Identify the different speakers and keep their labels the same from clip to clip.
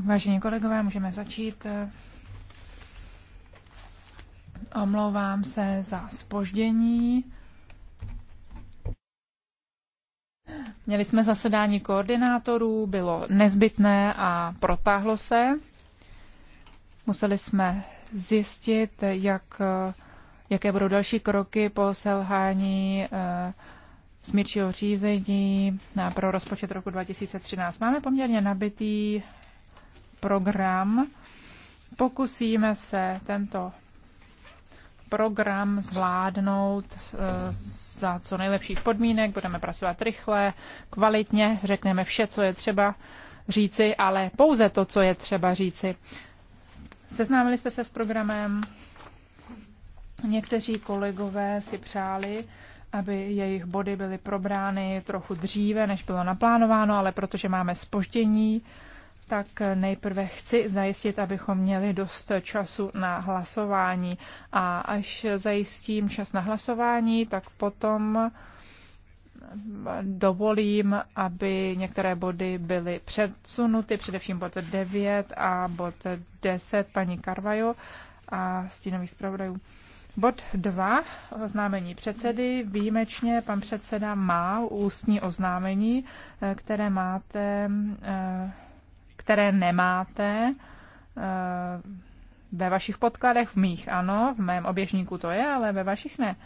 Speaker 1: Vážení kolegové, můžeme začít. Omlouvám se za spoždění. Měli jsme zasedání koordinátorů, bylo nezbytné a protáhlo se. Museli jsme zjistit, jak, jaké budou další kroky po selhání eh, smírčího řízení eh, pro rozpočet roku 2013. Máme poměrně nabitý program. Pokusíme se tento program zvládnout eh, za co nejlepších podmínek. Budeme pracovat rychle, kvalitně, řekneme vše, co je třeba říci, ale pouze to, co je třeba říci. Seznámili jste se s programem? Někteří kolegové si přáli, aby jejich body byly probrány trochu dříve, než bylo naplánováno, ale protože máme spoždění, tak nejprve chci zajistit, abychom měli dost času na hlasování. A až zajistím čas na hlasování, tak potom dovolím, aby některé body byly předsunuty, především bod 9 a bod 10 paní Karvajo a stínových zpravodajů. Bod 2, oznámení předsedy. Výjimečně pan předseda má ústní oznámení, eh, které máte, eh, které nemáte eh, ve vašich podkladech, v mých ano, v mém oběžníku to je, ale ve vašich ne.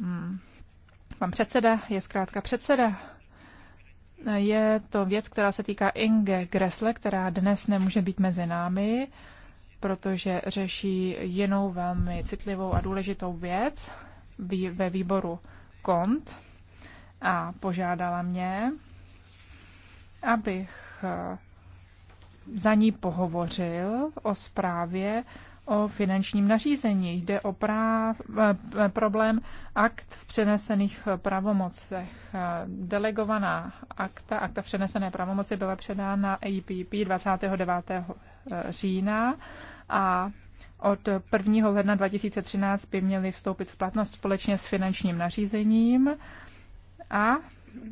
Speaker 1: Hmm. Pan předseda je zkrátka předseda. Je to věc, která se týká Inge Gressle, která dnes nemůže být mezi námi protože řeší jinou velmi citlivou a důležitou věc ve výboru KONT a požádala mě, abych eh, za ní pohovořil o zprávě o finančním nařízení. Jde o práv, eh, problém akt v přenesených pravomocech. Eh, delegovaná akta, akta v přenesené pravomoci byla předána EIPP 29. října a od 1. ledna 2013 by měly vstoupit v platnost společně s finančním nařízením a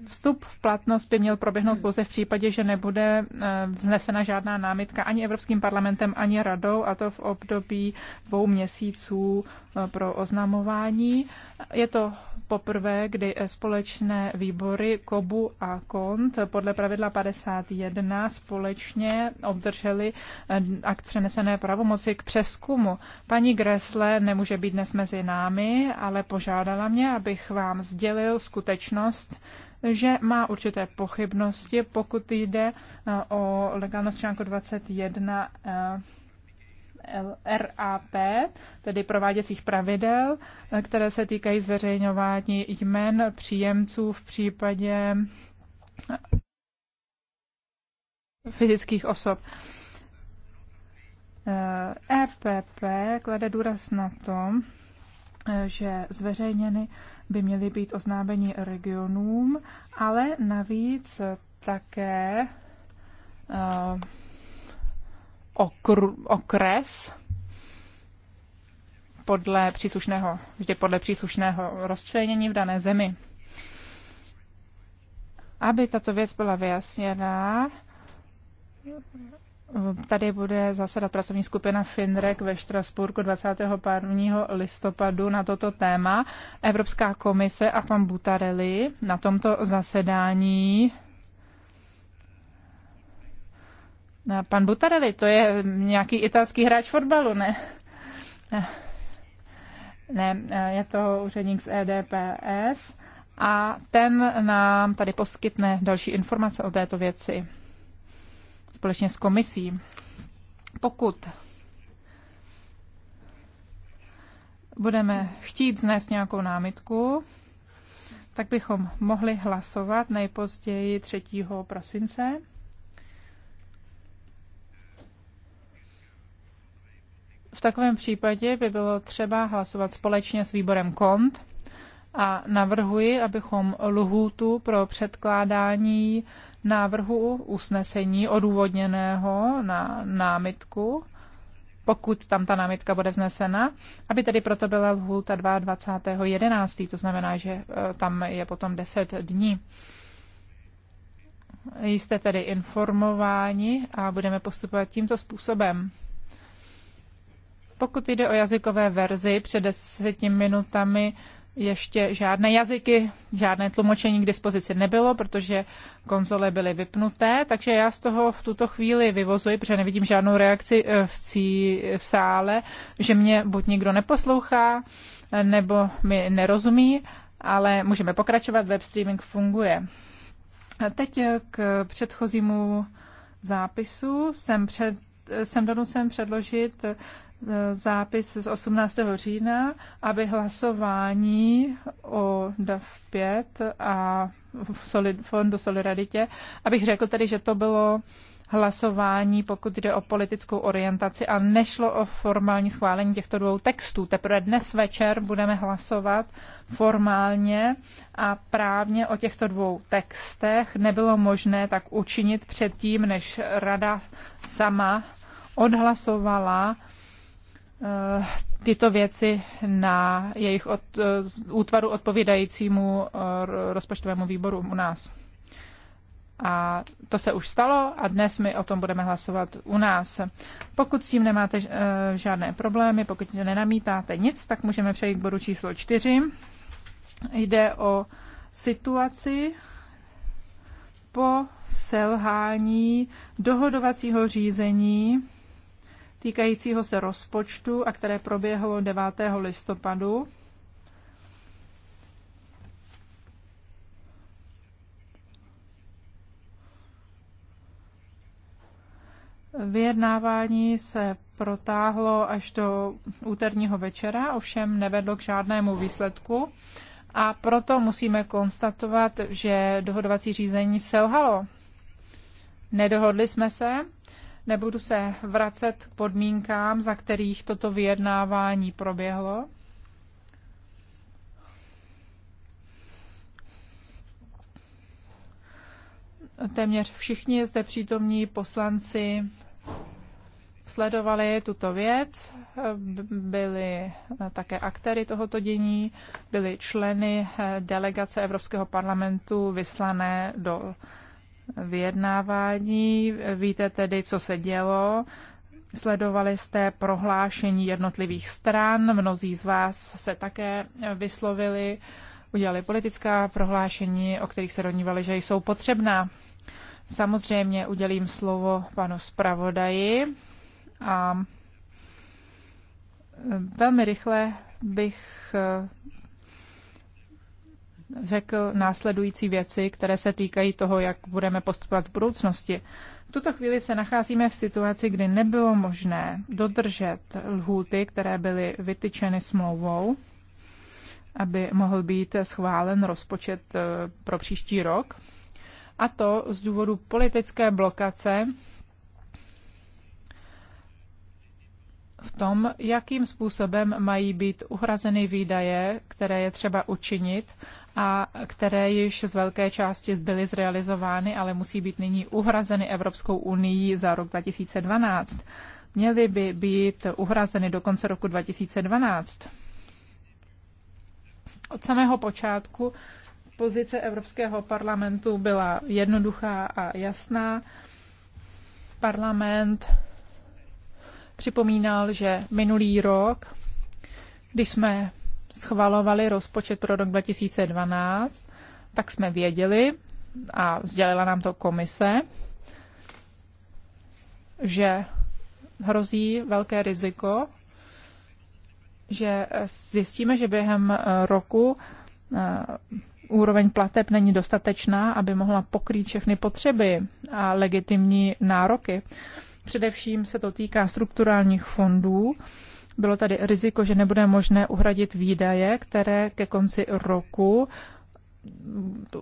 Speaker 1: Vstup v platnost by měl proběhnout pouze v případě, že nebude eh, vznesena žádná námitka ani Evropským parlamentem, ani radou, a to v období dvou měsíců eh, pro oznamování. Je to poprvé, kdy eh, společné výbory KOBU a KONT podle pravidla 51 společně obdrželi eh, akt přenesené pravomoci k přeskumu. Paní Gresle nemůže být dnes mezi námi, ale požádala mě, abych vám sdělil skutečnost, že má určité pochybnosti, pokud jde eh, o legálnost článku 21 RAP, tedy prováděcích pravidel, které se týkají zveřejňování jmen příjemců v případě fyzických osob. EPP klade důraz na to, že zveřejněny by měly být oznámení regionům, ale navíc také okr- okres podle příslušného, vždy podle příslušného rozčlenění v dané zemi. Aby tato věc byla vyjasněná, Tady bude zasedat pracovní skupina FINREC ve Štrasburku 21. listopadu na toto téma. Evropská komise a pan Butarelli na tomto zasedání Pan Butarelli, to je nějaký italský hráč fotbalu, ne? Ne, je to úředník z EDPS a ten nám tady poskytne další informace o této věci společně s komisí. Pokud budeme chtít znést nějakou námitku, tak bychom mohli hlasovat nejpozději 3. prosince V takovém případě by bylo třeba hlasovat společně s výborem KONT a navrhuji, abychom lhůtu pro předkládání návrhu usnesení odůvodněného na námitku, pokud tam ta námitka bude vznesena, aby tedy proto byla lhůta 22.11., to znamená, že e, tam je potom 10 dní. Jste tedy informováni a budeme postupovat tímto způsobem. Pokud jde o jazykové verzi, před deseti minutami ještě žádné jazyky, žádné tlumočení k dispozici nebylo, protože konzole byly vypnuté, takže já z toho v tuto chvíli vyvozuji, protože nevidím žádnou reakci eh, v, cí, v sále, že mě buď nikdo neposlouchá, eh, nebo mi nerozumí, ale můžeme pokračovat, web streaming funguje. A teď eh, k předchozímu zápisu jsem před jsem donucen předložit zápis z 18. října, aby hlasování o DAF 5 a solid, Fondu Solidaritě, abych řekl tedy, že to bylo hlasování, pokud jde o politickou orientaci a nešlo o formální schválení těchto dvou textů. Teprve dnes večer budeme hlasovat formálně a právně o těchto dvou textech. Nebylo možné tak učinit předtím, než rada sama odhlasovala Eh, tyto věci na jejich od, eh, útvaru odpovídajícímu eh, rozpočtovému výboru u nás. A to se už stalo a dnes my o tom budeme hlasovat u nás. Pokud s tím nemáte žádné problémy, pokud nenamítáte nic, tak můžeme přejít k bodu číslo čtyři. Jde o situaci po selhání dohodovacího řízení týkajícího se rozpočtu a které proběhlo 9. listopadu. Vyjednávání se protáhlo až do úterního večera, ovšem nevedlo k žádnému výsledku a proto musíme konstatovat, že dohodovací řízení selhalo. Nedohodli jsme se Nebudu se vracet k podmínkám, za kterých toto vyjednávání proběhlo. Téměř všichni zde přítomní poslanci sledovali tuto věc, byli také aktéry tohoto dění, byli členy delegace Evropského parlamentu vyslané do vyjednávání, víte tedy, co se dělo. Sledovali jste prohlášení jednotlivých stran, mnozí z vás se také vyslovili, udělali politická prohlášení, o kterých se rodnívali, že jsou potřebná. Samozřejmě udělím slovo panu zpravodaji a eh, velmi rychle bych eh, řekl následující věci, které se týkají toho, jak budeme postupovat v budoucnosti. V tuto chvíli se nacházíme v situaci, kdy nebylo možné dodržet lhůty, které byly vytyčeny smlouvou, aby mohl být schválen rozpočet eh, pro příští rok. A to z důvodu politické blokace v tom, jakým způsobem mají být uhrazeny výdaje, které je třeba učinit a které již z velké části byly zrealizovány, ale musí být nyní uhrazeny Evropskou unii za rok 2012. Měly by být uhrazeny do konce roku 2012. Od samého počátku pozice Evropského parlamentu byla jednoduchá a jasná. Parlament připomínal, že minulý rok, když jsme schvalovali rozpočet pro rok 2012, tak jsme věděli a vzdělila nám to komise, že hrozí velké riziko, že zjistíme, že během eh, roku eh, úroveň plateb není dostatečná, aby mohla pokrýt všechny potřeby a legitimní nároky. Především se to týká strukturálních fondů. Bylo tady riziko, že nebude možné uhradit výdaje, které ke konci roku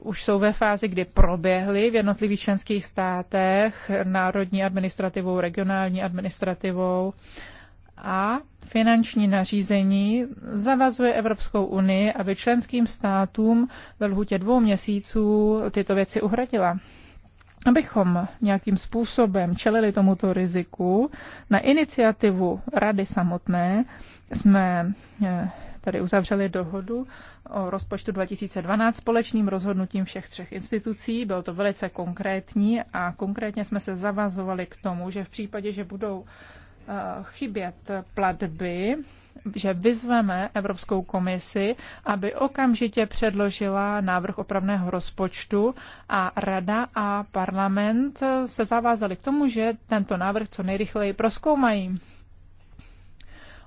Speaker 1: už jsou ve fázi, kdy proběhly v jednotlivých členských státech národní administrativou, regionální administrativou a finanční nařízení zavazuje Evropskou unii, aby členským státům ve lhutě dvou měsíců tyto věci uhradila. Abychom nějakým způsobem čelili tomuto riziku, na iniciativu rady samotné jsme eh, tady uzavřeli dohodu o rozpočtu 2012 společným rozhodnutím všech třech institucí. Bylo to velice konkrétní a konkrétně jsme se zavazovali k tomu, že v případě, že budou eh, chybět platby že vyzveme Evropskou komisi, aby okamžitě předložila návrh opravného rozpočtu a Rada a parlament se zavázali k tomu, že tento návrh co nejrychleji proskoumají.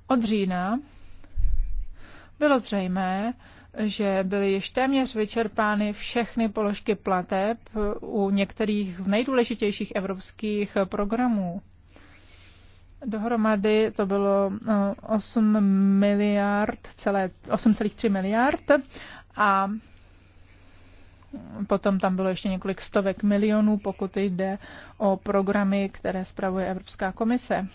Speaker 1: Od října bylo zřejmé, že byly již téměř vyčerpány všechny položky plateb u některých z nejdůležitějších evropských programů. Dohromady to bylo 8 no, miliard, celé 8,3 miliard a potom tam bylo ještě několik stovek milionů, pokud jde o programy, které spravuje Evropská komise.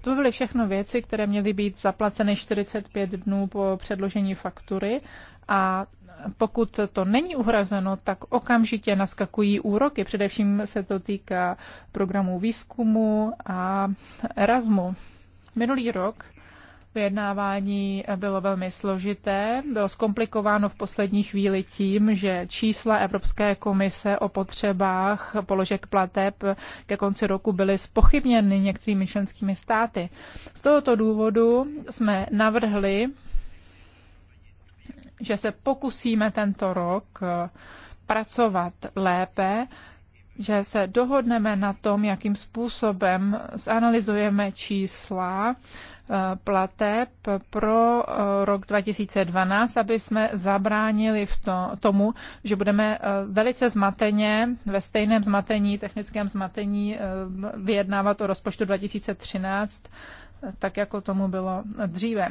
Speaker 1: To byly všechno věci, které měly být zaplaceny 45 dnů po předložení faktury a pokud to není uhrazeno, tak okamžitě naskakují úroky. Především se to týká programů výzkumu a Erasmu. Minulý rok vyjednávání bylo velmi složité, bylo zkomplikováno v poslední chvíli tím, že čísla Evropské komise o potřebách položek plateb ke konci roku byly spochybněny některými členskými státy. Z tohoto důvodu jsme navrhli že se pokusíme tento rok eh, pracovat lépe, že se dohodneme na tom, jakým způsobem zanalizujeme čísla eh, plateb pro eh, rok 2012, aby jsme zabránili v to, tomu, že budeme velice zmateně, ve stejném zmatení, technickém zmatení vyjednávat o rozpočtu 2013, tak jako tomu bylo dříve.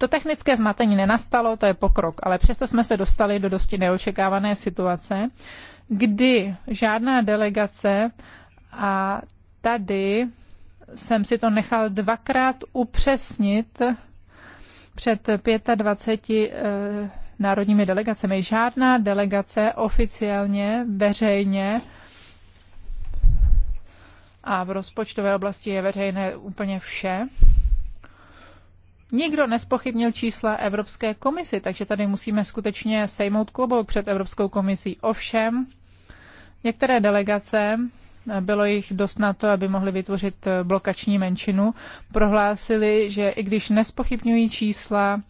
Speaker 1: To technické zmatení nenastalo, to je pokrok, ale přesto jsme se dostali do dosti neočekávané situace, kdy žádná delegace a tady jsem si to nechal dvakrát upřesnit před 25 eh, národními delegacemi. Žádná delegace oficiálně, veřejně a v rozpočtové oblasti je veřejné úplně vše. Nikdo nespochybnil čísla Evropské komisy, takže tady musíme skutečně sejmout klobouk před Evropskou komisí. Ovšem, některé delegace, bylo jich dost na to, aby mohli vytvořit blokační menšinu, prohlásili, že i když nespochybňují čísla,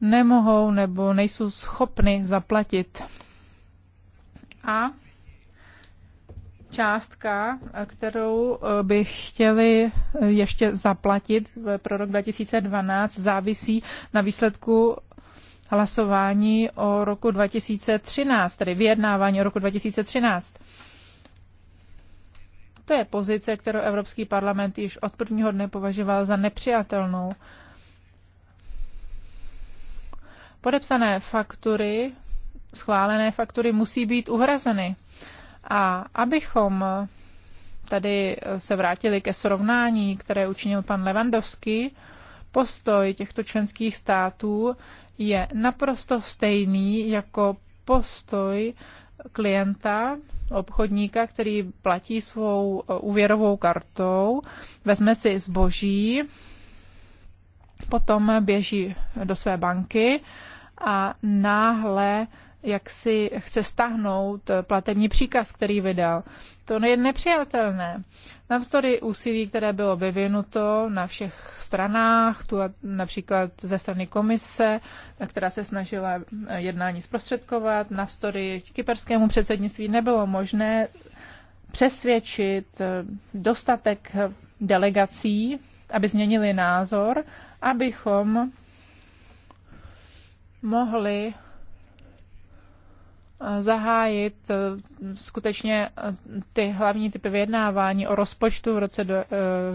Speaker 1: nemohou nebo nejsou schopny zaplatit. A částka, kterou eh, by chtěli eh, ještě zaplatit pro rok 2012, závisí na výsledku hlasování o roku 2013, tedy vyjednávání o roku 2013. To je pozice, kterou Evropský parlament již od prvního dne považoval za nepřijatelnou. Podepsané faktury, schválené faktury musí být uhrazeny. A abychom tady se vrátili ke srovnání, které učinil pan Levandovský, postoj těchto členských států je naprosto stejný jako postoj klienta, obchodníka, který platí svou úvěrovou kartou, vezme si zboží, potom běží do své banky a náhle jak si chce stáhnout platební příkaz, který vydal. To je nepřijatelné. Navzdory úsilí, které bylo vyvinuto na všech stranách, tu například ze strany komise, která se snažila jednání zprostředkovat, navzdory kyperskému předsednictví nebylo možné přesvědčit eh, dostatek delegací, aby změnili názor, abychom mohli Eh, zahájit eh, skutečně eh, ty hlavní typy vyjednávání o rozpočtu v roce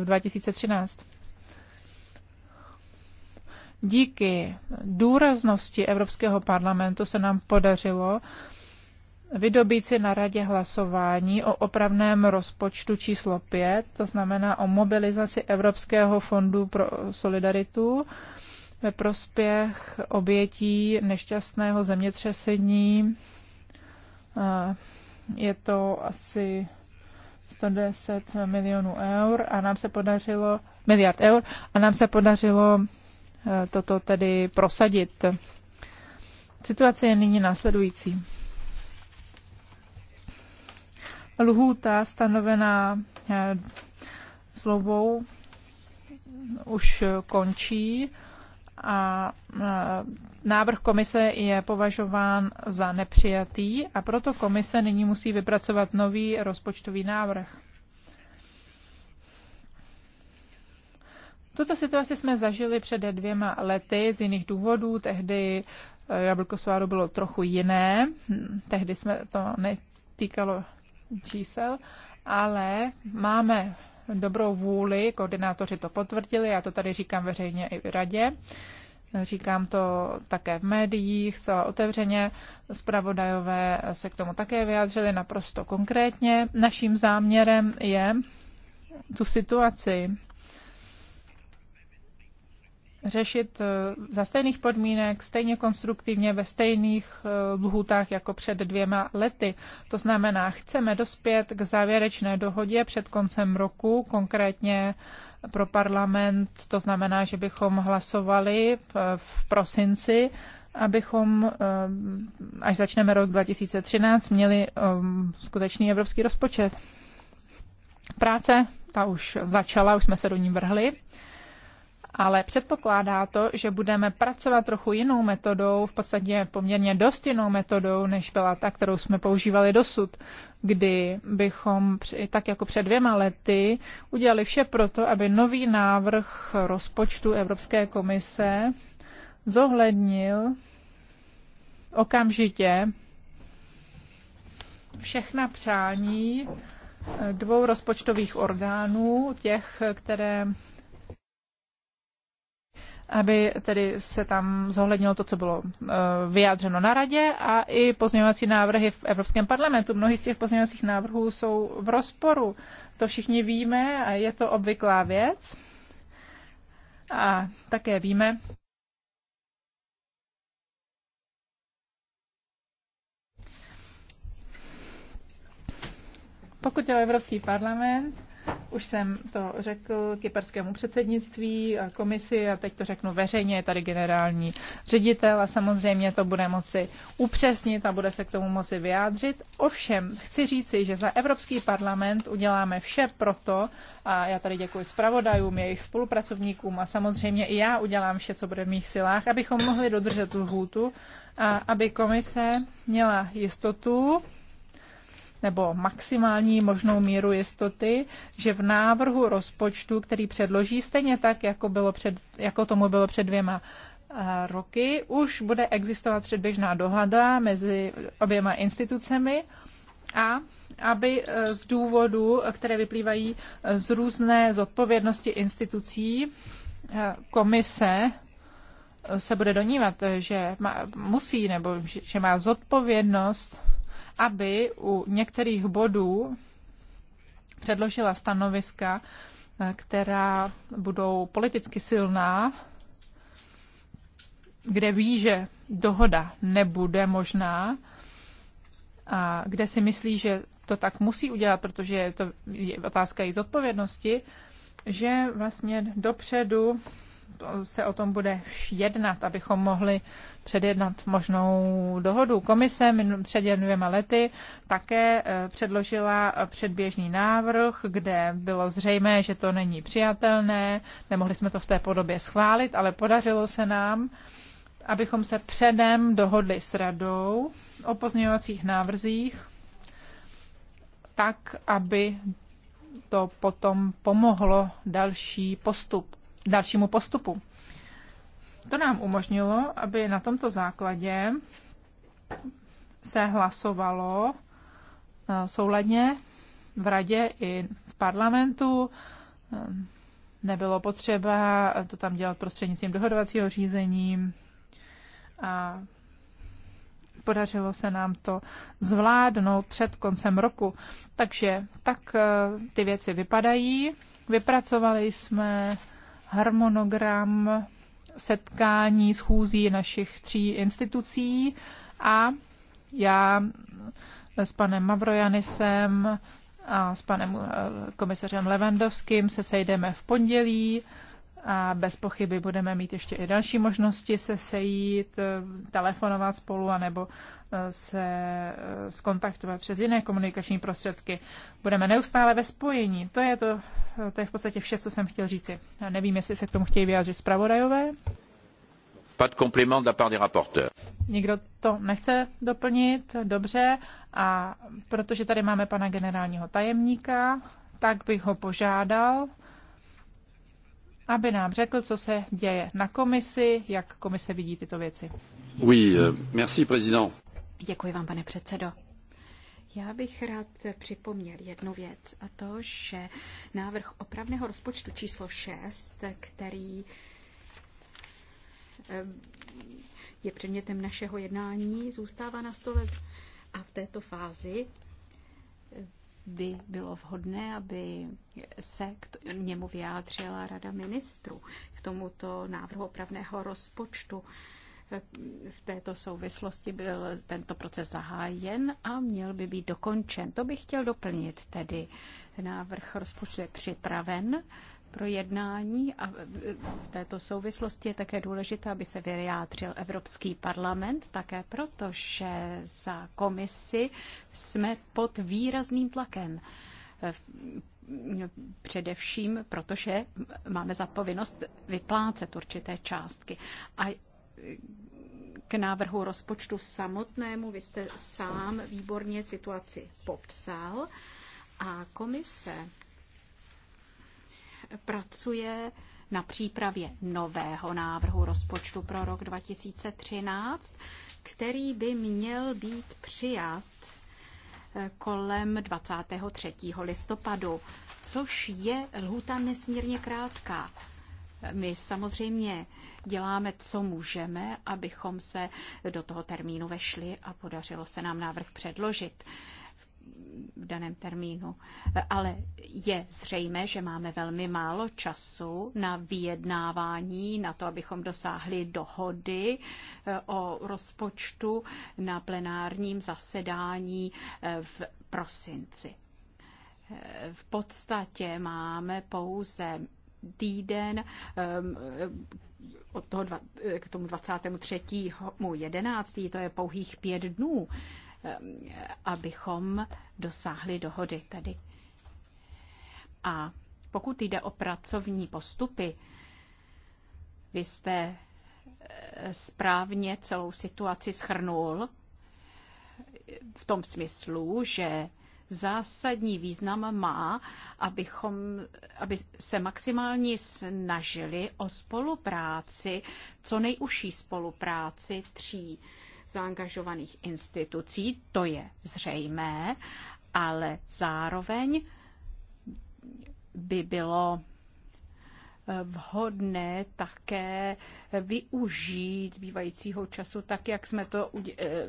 Speaker 1: 2013. Díky důraznosti Evropského parlamentu se nám podařilo vydobít si na radě hlasování o opravném rozpočtu číslo 5, to znamená o mobilizaci Evropského fondu pro solidaritu ve prospěch obětí nešťastného zemětřesení je to asi 110 milionů eur a nám se podařilo, miliard eur, a nám se podařilo eh, toto tedy prosadit. Situace je nyní následující. Lhůta stanovená eh, slovou už končí a e, návrh komise je považován za nepřijatý a proto komise nyní musí vypracovat nový rozpočtový návrh. Tuto situaci jsme zažili před dvěma lety z jiných důvodů. Tehdy e, jablko sváru bylo trochu jiné. Tehdy jsme to netýkalo čísel, ale máme dobrou vůli, koordinátoři to potvrdili, já to tady říkám veřejně i v radě, říkám to také v médiích, zcela otevřeně, zpravodajové se k tomu také vyjádřili naprosto konkrétně. Naším záměrem je tu situaci řešit eh, za stejných podmínek, stejně konstruktivně, ve stejných eh, lhůtách jako před dvěma lety. To znamená, chceme dospět k závěrečné dohodě před koncem roku, konkrétně pro parlament, to znamená, že bychom hlasovali v prosinci, abychom, eh, až začneme rok 2013, měli skutečný evropský rozpočet. Práce, ta už začala, už jsme se do ní vrhli ale předpokládá to, že budeme pracovat trochu jinou metodou, v podstatě poměrně dost jinou metodou, než byla ta, kterou jsme používali dosud, kdy bychom tak jako před dvěma lety udělali vše proto, aby nový návrh rozpočtu Evropské komise zohlednil okamžitě všechna přání dvou rozpočtových orgánů, těch, které aby tedy se tam zohlednilo to, co bylo eh, vyjádřeno na radě a i pozměňovací návrhy v Evropském parlamentu. Mnohý z těch pozměňovacích návrhů jsou v rozporu. To všichni víme a je to obvyklá věc. A také víme, pokud je o Evropský parlament, už jsem to řekl kyperskému předsednictví a komisi a teď to řeknu veřejně, je tady generální ředitel a samozřejmě to bude moci upřesnit a bude se k tomu moci vyjádřit. Ovšem, chci říci, že za Evropský parlament uděláme vše proto, a já tady děkuji zpravodajům, jejich spolupracovníkům a samozřejmě i já udělám vše, co bude v mých silách, abychom mohli dodržet lhůtu a aby komise měla jistotu, nebo maximální možnou míru jistoty, že v návrhu rozpočtu, který předloží stejně tak, jako, bylo před, jako tomu bylo před dvěma eh, roky, už bude existovat předběžná dohoda mezi oběma institucemi a aby eh, z důvodů, které vyplývají eh, z různé zodpovědnosti institucí, komise se bude donívat, že má, musí nebo že má zodpovědnost aby u některých bodů předložila stanoviska, eh, která budou politicky silná, kde ví, že dohoda nebude možná a kde si myslí, že to tak musí udělat, protože je to otázka její zodpovědnosti, že vlastně dopředu se o tom bude jednat, abychom mohli předjednat možnou dohodu. Komise před dvěma lety také eh, předložila předběžný návrh, kde bylo zřejmé, že to není přijatelné, nemohli jsme to v té podobě schválit, ale podařilo se nám, abychom se předem dohodli s radou o pozměňovacích návrzích, tak, aby to potom pomohlo další postup dalšímu postupu. To nám umožnilo, aby na tomto základě se hlasovalo eh, souladně v radě i v parlamentu. Eh, nebylo potřeba to tam dělat prostřednictvím dohodovacího řízení. A podařilo se nám to zvládnout před koncem roku. Takže tak eh, ty věci vypadají. Vypracovali jsme harmonogram setkání, schůzí našich tří institucí a já s panem Mavrojanisem a s panem eh, komisařem Levandovským se sejdeme v pondělí a bez pochyby budeme mít ještě i další možnosti se sejít, eh, telefonovat spolu anebo eh, se eh, skontaktovat přes jiné komunikační prostředky. Budeme neustále ve spojení. To je, to, to je v podstatě vše, co jsem chtěl říci. Já nevím, jestli se k tomu chtějí vyjádřit zpravodajové. Pas de compliment de la part des rapporteurs. Nikdo to nechce doplnit, dobře. A protože tady máme pana generálního tajemníka, tak bych ho požádal, aby nám řekl, co se děje na komisi, jak komise vidí tyto věci. Oui, euh, merci, président. Děkuji vám, pane předsedo.
Speaker 2: Já bych rád připomněl jednu věc a to, že návrh opravného rozpočtu číslo 6, který eh, je předmětem našeho jednání, zůstává na stole a v této fázi by bylo vhodné, aby se k němu vyjádřila Rada ministrů k tomuto návrhu opravného rozpočtu. V této souvislosti byl tento proces zahájen a měl by být dokončen. To bych chtěl doplnit tedy. Návrh rozpočtu je připraven pro jednání a v této souvislosti je také důležité, aby se vyjádřil Evropský parlament, také proto, že za komisi jsme pod výrazným tlakem eh, především, protože máme zapovinnost vyplácet určité částky. A eh, k návrhu rozpočtu samotnému, vy jste sám výborně situaci popsal a komise pracuje na přípravě nového návrhu rozpočtu pro rok 2013, který by měl být přijat eh, kolem 23. listopadu, což je lhuta nesmírně krátká. My samozřejmě děláme, co můžeme, abychom se do toho termínu vešli a podařilo se nám návrh předložit v daném termínu. Ale je zřejmé, že máme velmi málo času na vyjednávání, na to, abychom dosáhli dohody eh, o rozpočtu na plenárním zasedání eh, v prosinci. Eh, v podstatě máme pouze týden ehm, od toho, k tomu 23. 11. to je pouhých pět dnů Eh, abychom dosáhli dohody tady. A pokud jde o pracovní postupy, vy jste eh, správně celou situaci schrnul v tom smyslu, že zásadní význam má, abychom, aby se maximálně snažili o spolupráci, co nejužší spolupráci tří zaangažovaných institucí, to je zřejmé, ale zároveň by bylo eh, vhodné také využít zbývajícího času, tak jak jsme to eh,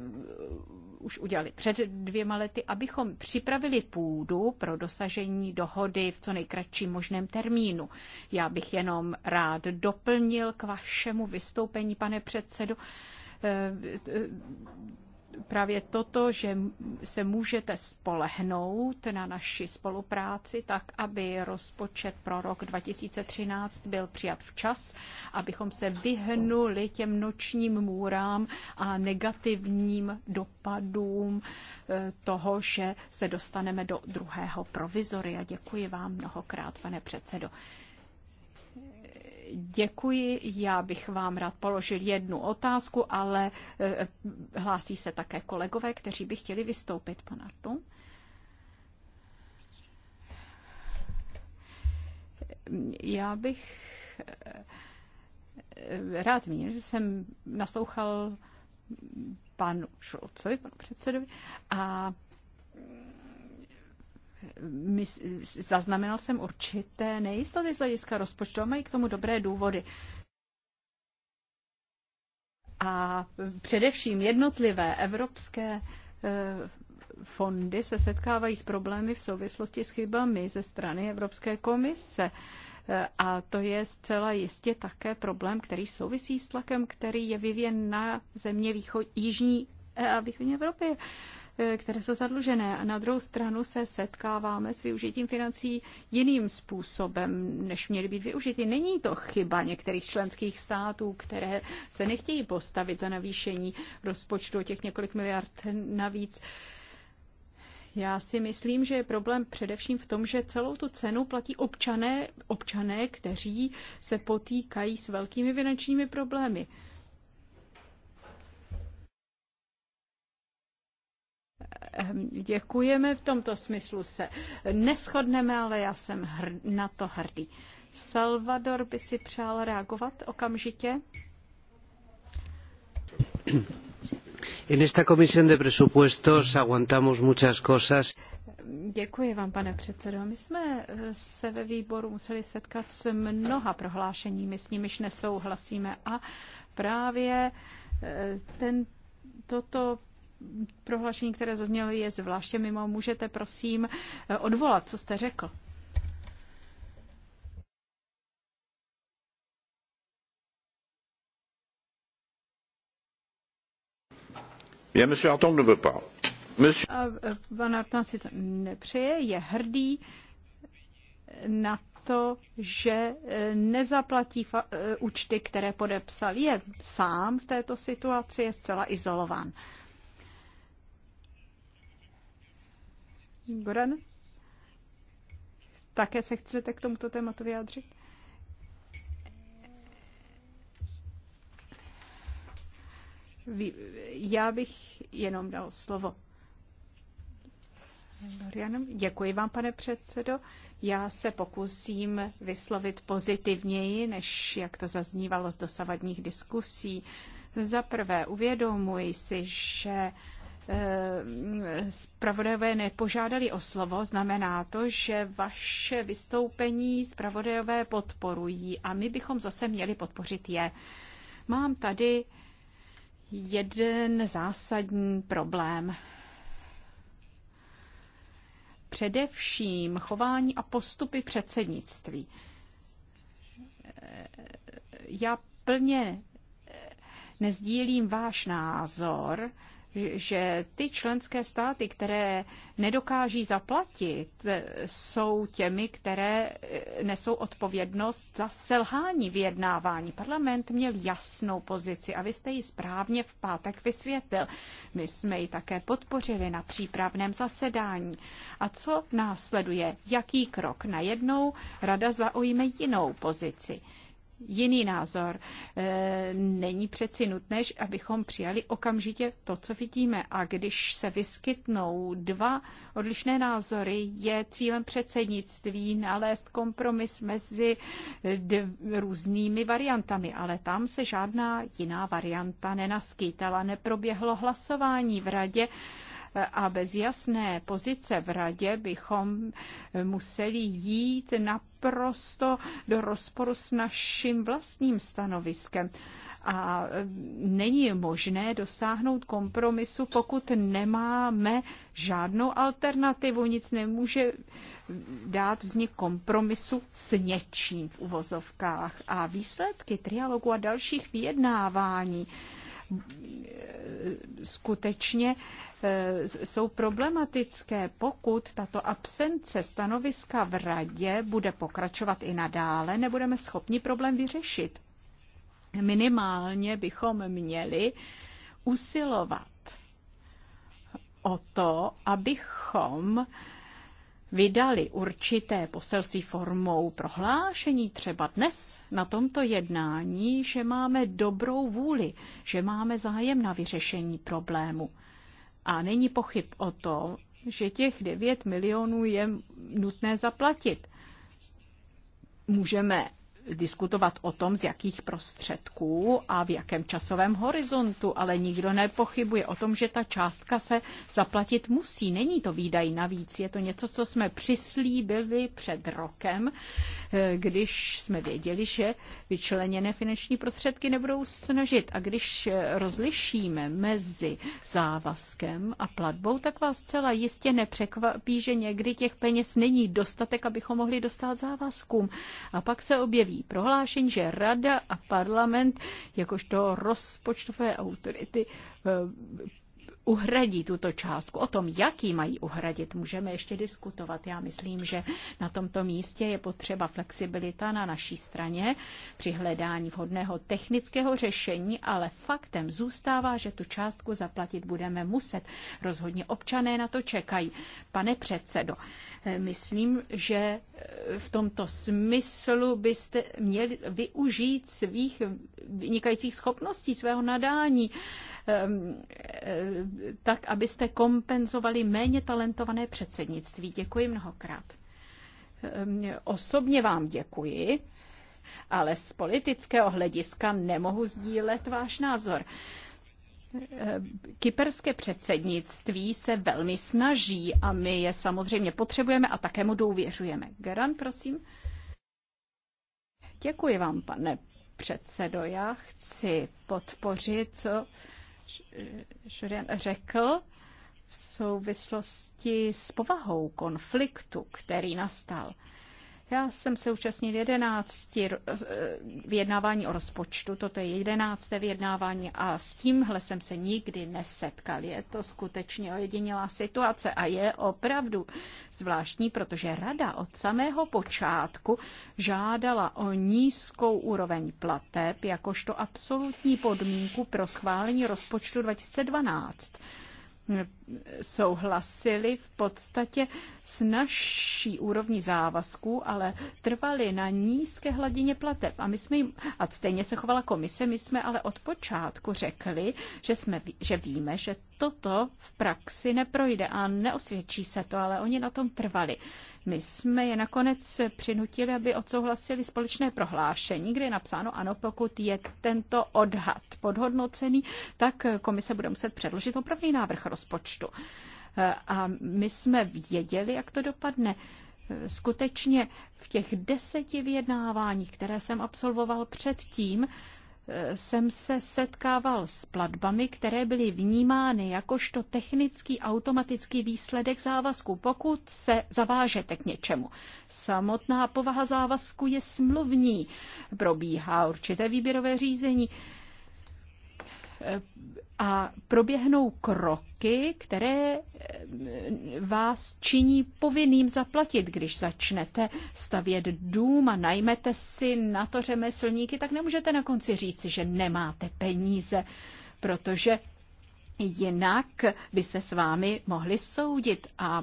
Speaker 2: už udělali před dvěma lety, abychom připravili půdu pro dosažení dohody v co nejkratším možném termínu. Já bych jenom rád doplnil k vašemu vystoupení, pane předsedo, Eh, eh, právě toto, že se můžete spolehnout na naši spolupráci tak, aby rozpočet pro rok 2013 byl přijat včas, abychom se vyhnuli těm nočním můrám a negativním dopadům eh, toho, že se dostaneme do druhého provizoria. Děkuji vám mnohokrát, pane předsedo. Děkuji, já bych vám rád položil jednu otázku, ale eh, eh, hlásí se také kolegové, kteří by chtěli vystoupit, po Artum. Já bych eh, rád zmínil, že jsem naslouchal panu Šulcovi, panu předsedovi, a zaznamenal jsem určité nejistoty z hlediska rozpočtu a mají k tomu dobré důvody. A především jednotlivé evropské eh, fondy se setkávají s problémy v souvislosti s chybami ze strany Evropské komise. Eh, a to je zcela jistě také problém, který souvisí s tlakem, který je vyvěn na země východ, jižní eh, a východní Evropy. Eh, které jsou zadlužené. A na druhou stranu se setkáváme s využitím financí jiným způsobem, než měly být využity. Není to chyba některých členských států, které se nechtějí postavit za navýšení rozpočtu o těch několik miliard navíc. Já si myslím, že je problém především v tom, že celou tu cenu platí občané, občané, kteří se potýkají s velkými finančními problémy. Ehm, děkujeme, v tomto smyslu se neschodneme, ale já jsem hr- na to hrdý. Salvador by si přál reagovat okamžitě. En esta comisión de presupuestos aguantamos muchas cosas. Děkuji vám, pane předsedo. My jsme eh, se ve výboru museli setkat s mnoha prohlášeními, s nimiž nesouhlasíme a právě eh, ten, toto prohlášení, které zaznělo, je zvláště mimo. Můžete prosím odvolat, co jste řekl?
Speaker 1: Je, monsieur Hartong ne veut pas. Monsieur...
Speaker 2: E, pan Hartong si to nepřeje, je hrdý na to, že e, nezaplatí e, účty, které podepsal. Je sám v této situaci, je zcela izolován. Goran? Také se chcete k tomuto tématu vyjádřit? Já bych jenom dal slovo. Děkuji vám, pane předsedo. Já se pokusím vyslovit pozitivněji, než jak to zaznívalo z dosavadních diskusí. Za prvé, uvědomuji si, že Eh, zpravodajové nepožádali o slovo, znamená to, že vaše vystoupení zpravodajové podporují a my bychom zase měli podpořit je. Mám tady jeden zásadní problém. Především chování a postupy předsednictví. Eh, já plně eh, nezdílím váš názor, že ty členské státy, které nedokáží zaplatit, jsou těmi, které eh, nesou odpovědnost za selhání vyjednávání. Parlament měl jasnou pozici a vy jste ji správně v pátek vysvětlil. My jsme ji také podpořili na přípravném zasedání. A co následuje? Jaký krok? Najednou rada zaujme jinou pozici jiný názor. E, není přeci nutné, abychom přijali okamžitě to, co vidíme. A když se vyskytnou dva odlišné názory, je cílem předsednictví nalézt kompromis mezi různými variantami. Ale tam se žádná jiná varianta nenaskytala. Neproběhlo hlasování v radě a bez jasné pozice v radě bychom museli jít naprosto do rozporu s naším vlastním stanoviskem a není možné dosáhnout kompromisu, pokud nemáme žádnou alternativu. Nic nemůže dát vznik kompromisu s něčím v uvozovkách. A výsledky trialogu a dalších vyjednávání e, skutečně Eh, jsou problematické, pokud tato absence stanoviska v radě bude pokračovat i nadále, nebudeme schopni problém vyřešit. Minimálně bychom měli usilovat o to, abychom vydali určité poselství formou prohlášení třeba dnes na tomto jednání, že máme dobrou vůli, že máme zájem na vyřešení problému. A není pochyb o tom, že těch 9 milionů je nutné zaplatit. Můžeme diskutovat o tom, z jakých prostředků a v jakém časovém horizontu, ale nikdo nepochybuje o tom, že ta částka se zaplatit musí. Není to výdaj navíc, je to něco, co jsme přislíbili před rokem, eh, když jsme věděli, že vyčleněné finanční prostředky nebudou snažit. A když eh, rozlišíme mezi závazkem a platbou, tak vás zcela jistě nepřekvapí, že někdy těch peněz není dostatek, abychom mohli dostat závazkům. A pak se objeví její prohlášení, že Rada a parlament jakožto rozpočtové autority eh, uhradí tuto částku. O tom, jaký mají uhradit, můžeme ještě diskutovat. Já myslím, že na tomto místě je potřeba flexibilita na naší straně při hledání vhodného technického řešení, ale faktem zůstává, že tu částku zaplatit budeme muset. Rozhodně občané na to čekají. Pane předsedo, myslím, že v tomto smyslu byste měli využít svých vynikajících schopností, svého nadání Ehm, eh, tak abyste kompenzovali méně talentované předsednictví. Děkuji mnohokrát. Ehm, osobně vám děkuji, ale z politického hlediska nemohu sdílet váš názor. Ehm, kyperské předsednictví se velmi snaží a my je samozřejmě potřebujeme a také mu důvěřujeme. Geran, prosím. Děkuji vám, pane předsedo. Já chci podpořit, co Šurian řekl v souvislosti s povahou konfliktu, který nastal. Já jsem se účastnil jedenácti eh, vyjednávání o rozpočtu, toto je jedenácté vyjednávání a s tímhle jsem se nikdy nesetkal. Je to skutečně ojedinělá situace a je opravdu zvláštní, protože rada od samého počátku žádala o nízkou úroveň plateb jakožto absolutní podmínku pro schválení rozpočtu 2012 souhlasili v podstatě s naší úrovní závazků, ale trvali na nízké hladině plateb. A my jsme jim, a stejně se chovala komise, my jsme ale od počátku řekli, že, jsme, že víme, že toto v praxi neprojde a neosvědčí se to, ale oni na tom trvali. My jsme je nakonec přinutili, aby odsouhlasili společné prohlášení, kde je napsáno, ano, pokud je tento odhad podhodnocený, tak komise bude muset předložit opravný návrh rozpočtu. A my jsme věděli, jak to dopadne skutečně v těch deseti vyjednáváních, které jsem absolvoval předtím, jsem se setkával s platbami, které byly vnímány jakožto technický automatický výsledek závazku, pokud se zavážete k něčemu. Samotná povaha závazku je smluvní, probíhá určité výběrové řízení, a proběhnou kroky, které eh, vás činí povinným zaplatit. Když začnete stavět dům a najmete si na to řemeslníky, tak nemůžete na konci říci, že nemáte peníze, protože jinak by se s vámi mohli soudit a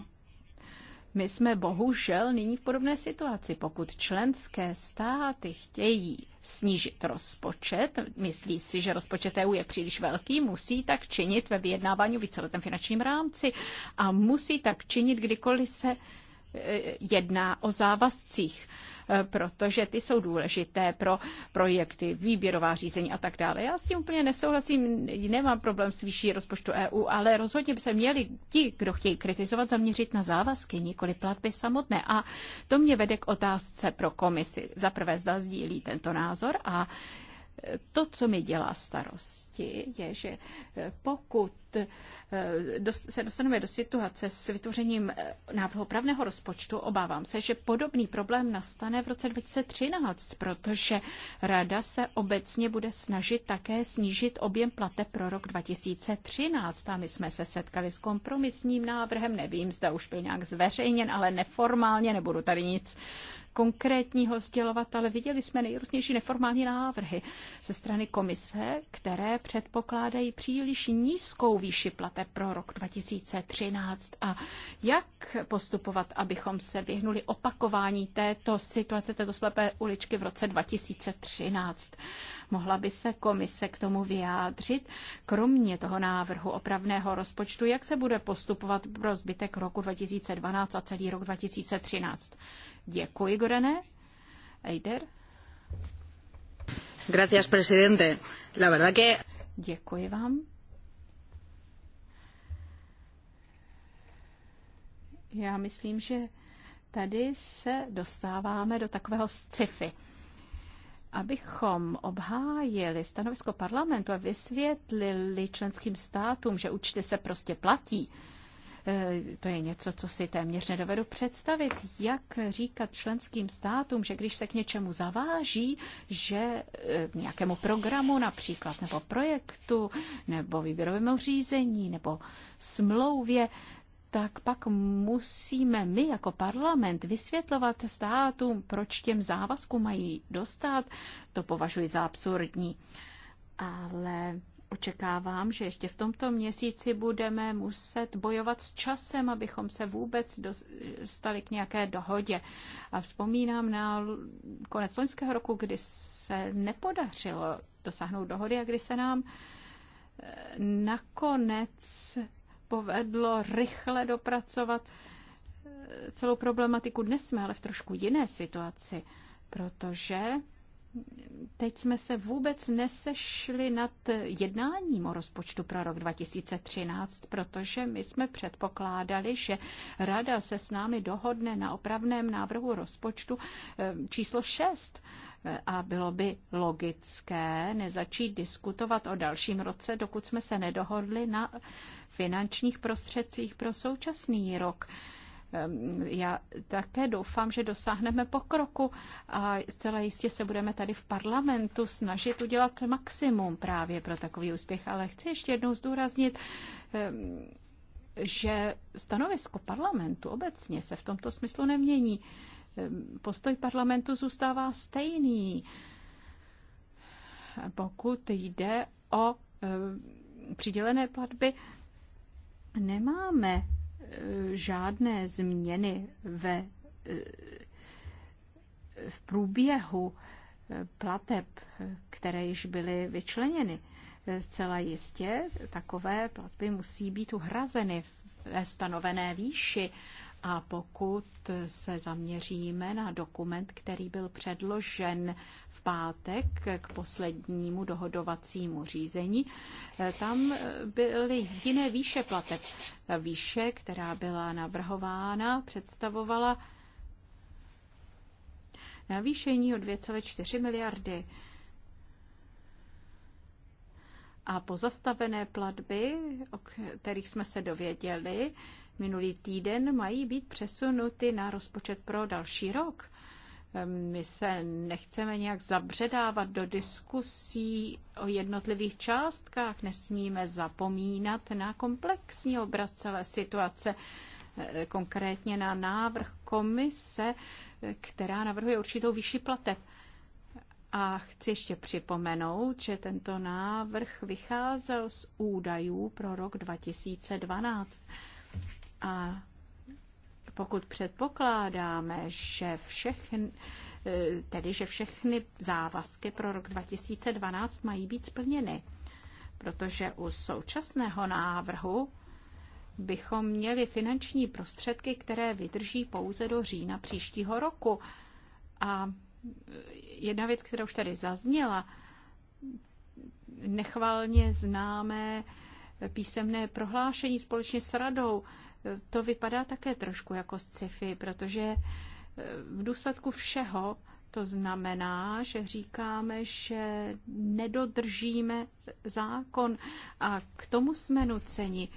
Speaker 2: my jsme bohužel nyní v podobné situaci. Pokud členské státy chtějí snížit rozpočet, myslí si, že rozpočet EU je příliš velký, musí tak činit ve vyjednávání o víceletém finančním rámci a musí tak činit, kdykoliv se e, jedná o závazcích. Eh, protože ty jsou důležité pro projekty, výběrová řízení a tak dále. Já s tím úplně nesouhlasím, nemám problém s výší rozpočtu EU, ale rozhodně by se měli ti, kdo chtějí kritizovat, zaměřit na závazky, nikoli platby samotné. A to mě vede k otázce pro komisi. Za prvé zda sdílí tento názor a eh, to, co mi dělá starosti, je, že eh, pokud Eh, se dostaneme do situace s vytvořením eh, návrhu pravného rozpočtu, obávám se, že podobný problém nastane v roce 2013, protože Rada se obecně bude snažit také snížit objem plate pro rok 2013. A my jsme se setkali s kompromisním návrhem, nevím, zda už byl nějak zveřejněn, ale neformálně, nebudu tady nic konkrétního sdělovatele. Viděli jsme nejrůznější neformální návrhy ze strany komise, které předpokládají příliš nízkou výši plateb pro rok 2013. A jak postupovat, abychom se vyhnuli opakování této situace, této slepé uličky v roce 2013? Mohla by se komise k tomu vyjádřit? Kromě toho návrhu opravného rozpočtu, jak se bude postupovat pro zbytek roku 2012 a celý rok 2013? Děkuji, Gorané. Eider. Gracias, presidente. La verdad que... Děkuji vám. Já myslím, že tady se dostáváme do takového sci-fi. Abychom obhájili stanovisko parlamentu a vysvětlili členským státům, že účty se prostě platí, Eh, to je něco, co si téměř nedovedu představit. Jak říkat členským státům, že když se k něčemu zaváží, že v eh, nějakému programu například, nebo projektu, nebo výběrovému řízení, nebo smlouvě, tak pak musíme my jako parlament vysvětlovat státům, proč těm závazku mají dostat. To považuji za absurdní. Ale Očekávám, že ještě v tomto měsíci budeme muset bojovat s časem, abychom se vůbec dostali k nějaké dohodě. A vzpomínám na konec loňského roku, kdy se nepodařilo dosáhnout dohody a kdy se nám eh, nakonec povedlo rychle dopracovat eh, celou problematiku. Dnes jsme ale v trošku jiné situaci, protože teď jsme se vůbec nesešli nad jednáním o rozpočtu pro rok 2013, protože my jsme předpokládali, že Rada se s námi dohodne na opravném návrhu rozpočtu eh, číslo 6 eh, a bylo by logické nezačít diskutovat o dalším roce, dokud jsme se nedohodli na finančních prostředcích pro současný rok. Já také doufám, že dosáhneme pokroku a zcela jistě se budeme tady v parlamentu snažit udělat maximum právě pro takový úspěch. Ale chci ještě jednou zdůraznit, že stanovisko parlamentu obecně se v tomto smyslu nemění. Postoj parlamentu zůstává stejný, pokud jde o přidělené platby. Nemáme Eh, žádné změny ve, eh, v průběhu eh, plateb, které již byly vyčleněny. Zcela jistě takové platby musí být uhrazeny ve stanovené výši a pokud se zaměříme na dokument, který byl předložen v pátek k poslednímu dohodovacímu řízení, tam byly jiné výše plateb. Ta výše, která byla navrhována, představovala navýšení o 2,4 miliardy. A pozastavené platby, o kterých jsme se dověděli, minulý týden, mají být přesunuty na rozpočet pro další rok. My se nechceme nějak zabředávat do diskusí o jednotlivých částkách, nesmíme zapomínat na komplexní obraz celé situace, e, konkrétně na návrh komise, která navrhuje určitou vyšší plateb. A chci ještě připomenout, že tento návrh vycházel z údajů pro rok 2012. A pokud předpokládáme, že všechny, eh, tedy že všechny závazky pro rok 2012 mají být splněny, protože u současného návrhu bychom měli finanční prostředky, které vydrží pouze do října příštího roku. A jedna věc, která už tady zazněla, nechvalně známé písemné prohlášení společně s radou, to vypadá také trošku jako sci-fi, protože eh, v důsledku všeho to znamená, že říkáme, že nedodržíme zákon a k tomu jsme nuceni.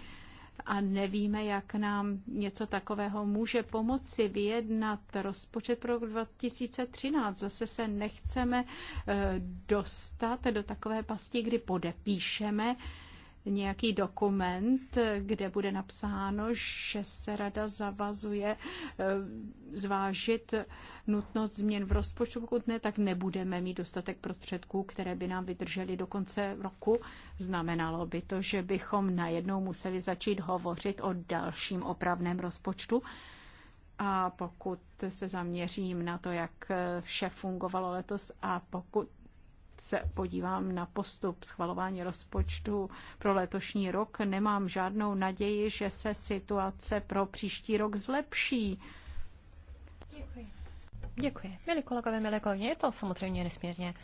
Speaker 2: A nevíme, jak nám něco takového může pomoci vyjednat rozpočet pro 2013. Zase se nechceme eh, dostat do takové pasti, kdy podepíšeme nějaký dokument, kde bude napsáno, že se rada zavazuje eh, zvážit nutnost změn v rozpočtu. Pokud ne, tak nebudeme mít dostatek prostředků, které by nám vydržely do konce roku. Znamenalo by to, že bychom najednou museli začít hovořit o dalším opravném rozpočtu. A pokud se zaměřím na to, jak vše fungovalo letos a pokud se podívám na postup schvalování rozpočtu pro letošní rok, nemám žádnou naději, že se situace pro příští rok zlepší. Děkuji. Děkuji. Milí kolegové,
Speaker 3: milé kolegyně, je to samozřejmě nesmírně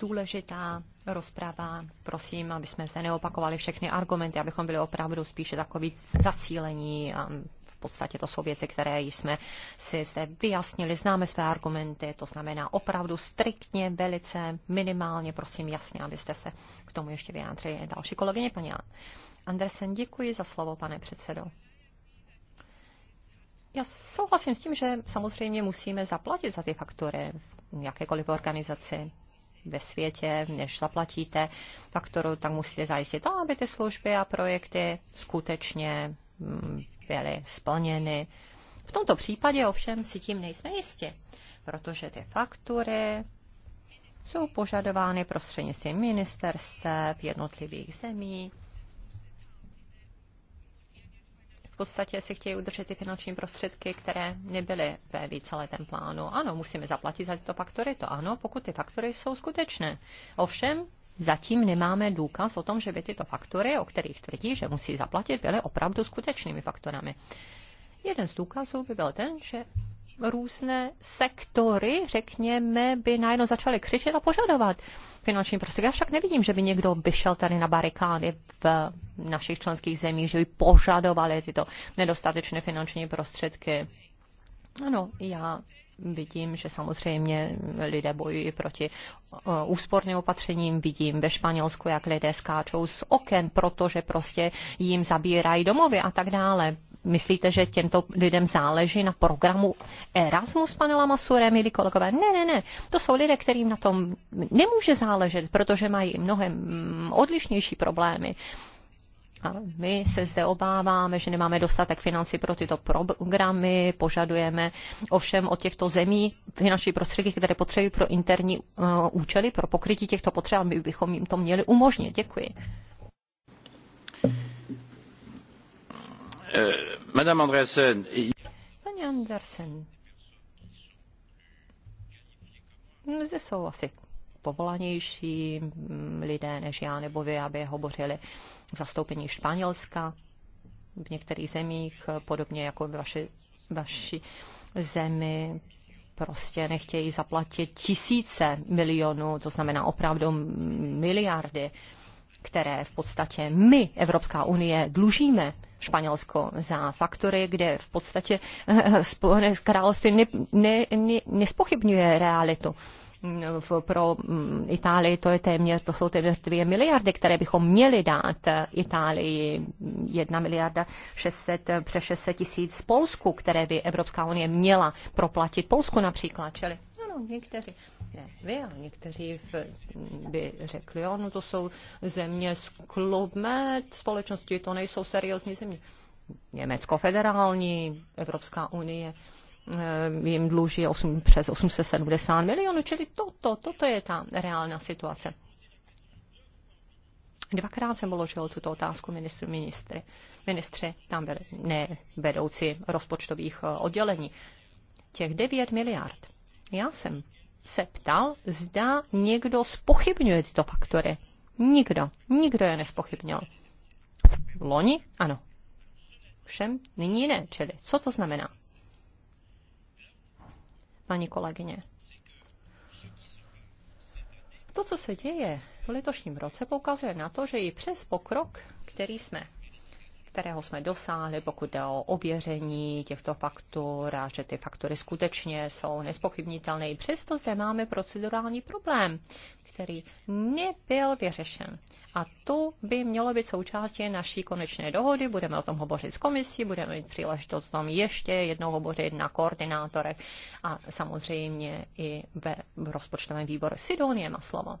Speaker 3: důležitá rozprava. Prosím, aby jsme zde neopakovali všechny argumenty, abychom byli opravdu spíše takový zacílení a v podstatě to jsou věci, které jsme si zde vyjasnili, známe své argumenty, to znamená opravdu striktně, velice, minimálně, prosím jasně, abyste se k tomu ještě vyjádřili. Další kolegyně, paní Andersen, děkuji za slovo, pane předsedo. Já souhlasím s tím, že samozřejmě musíme zaplatit za ty faktory v jakékoliv organizaci ve světě, než zaplatíte faktoru, tak musíte zajistit to, aby ty služby a projekty skutečně byly splněny. V tomto případě ovšem si tím nejsme jistě, protože ty faktury jsou požadovány prostřednictvím ministerstev jednotlivých zemí. V podstatě si chtějí udržet ty finanční prostředky, které nebyly ve víceletém plánu. Ano, musíme zaplatit za tyto faktory, to ano, pokud ty faktory jsou skutečné. Ovšem, zatím nemáme důkaz o tom, že by tyto faktory, o kterých tvrdí, že musí zaplatit, byly opravdu skutečnými faktorami. Jeden z důkazů by byl ten, že různé sektory, řekněme, by najednou začaly křičet a požadovat finanční prostředky. Já však nevidím, že by někdo by šel tady na barikády v našich členských zemích, že by požadovali tyto nedostatečné finanční prostředky. Ano, já vidím, že samozřejmě lidé bojují proti eh, úsporným opatřením. Vidím ve Španělsku, jak lidé skáčou z oken, protože prostě jim zabírají domovy a tak dále. Myslíte, že těmto lidem záleží na programu Erasmus, pane Lamasure, milí kolegové? Ne, ne, ne. To jsou lidé, kterým na tom nemůže záležet, protože mají mnohem mm, odlišnější problémy my se zde obáváme, že nemáme dostatek financí pro tyto programy, požadujeme ovšem od těchto zemí finanční prostředky, které potřebují pro interní uh, účely, pro pokrytí těchto potřeb, my bychom jim to měli umožnit. Děkuji. Eh, Madame Andersen. Paní Andersen, zde jsou asi povolanější mm, lidé než já nebo vy, aby hovořili v zastoupení Španělska v některých zemích, podobně jako v vaši, vaši zemi prostě nechtějí zaplatit tisíce milionů, to znamená opravdu miliardy, které v podstatě my, Evropská unie, dlužíme Španělsko za faktory, kde v podstatě Spojené království ne, ne, ne, realitu pro mm, Itálii to je téměř, to jsou téměř 2 miliardy, které bychom měli dát Itálii, 1 miliarda 600, přes 600 tisíc Polsku, které by Evropská unie měla proplatit Polsku například, čili no, někteří, ne vy, ale někteří v, by řekli, no to jsou země z klubmet společnosti, to nejsou seriózní země. Německo federální, Evropská unie, Eh, jim dluží 8, přes 870 milionů, čili toto, to je ta reálná situace. Dvakrát jsem položil tuto otázku ministru ministry. Ministři tam byli ne vedoucí rozpočtových eh, oddělení. Těch 9 miliard. Já jsem se ptal, zda někdo spochybňuje tyto faktory. Nikdo. Nikdo je nespochybnil. Loni? Ano. Všem nyní ne. Čili co to znamená? paní kolegyně. To, co se děje v letošním roce, poukazuje na to, že i přes pokrok, který jsme kterého jsme dosáhli, pokud jde o ověření těchto faktur a že ty faktury skutečně jsou nespochybnitelné. přesto zde máme procedurální problém, který nebyl vyřešen. A to by mělo být součástí naší konečné dohody. Budeme o tom hovořit s komisí, budeme mít příležitost o tom ještě jednou hovořit na koordinátorech a samozřejmě i ve rozpočtovém výboru. Sidonie má slovo.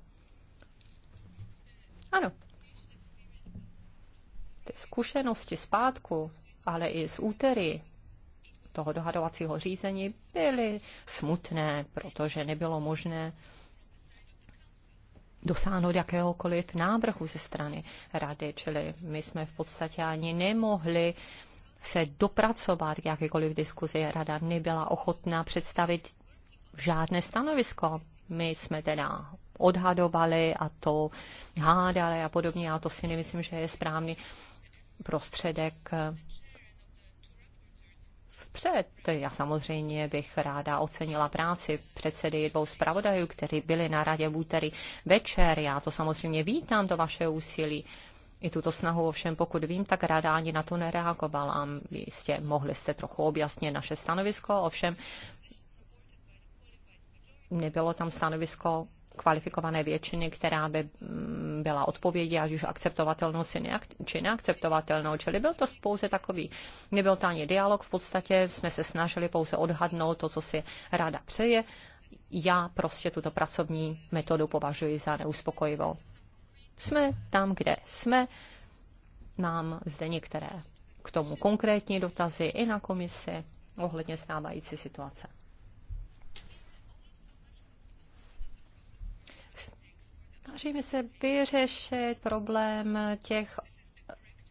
Speaker 3: Ano ty zkušenosti z pátku, ale i z úterý toho dohadovacího řízení byly smutné, protože nebylo možné dosáhnout jakéhokoliv návrhu ze strany rady, čili my jsme v podstatě ani nemohli se dopracovat k jakékoliv diskuzi. Rada nebyla ochotná představit žádné stanovisko. My jsme teda odhadovali a to hádali a podobně. A to si nemyslím, že je správný prostředek vpřed. Já samozřejmě bych ráda ocenila práci předsedy dvou zpravodajů, kteří byli na radě v úterý večer. Já to samozřejmě vítám, to vaše úsilí. I tuto snahu ovšem, pokud vím, tak rada ani na to nereagovala. Jistě mohli jste trochu objasnit naše stanovisko, ovšem nebylo tam stanovisko kvalifikované většiny, která by mm, byla odpovědi, ať už akceptovatelnou či neakceptovatelnou. Čili byl to pouze takový, nebyl to ani dialog, v podstatě jsme se snažili pouze odhadnout to, co si rada přeje. Já prostě tuto pracovní metodu považuji za neuspokojivou. Jsme tam, kde jsme. Mám zde některé k tomu konkrétní dotazy i na komisi ohledně stávající situace. snažíme se vyřešit problém těch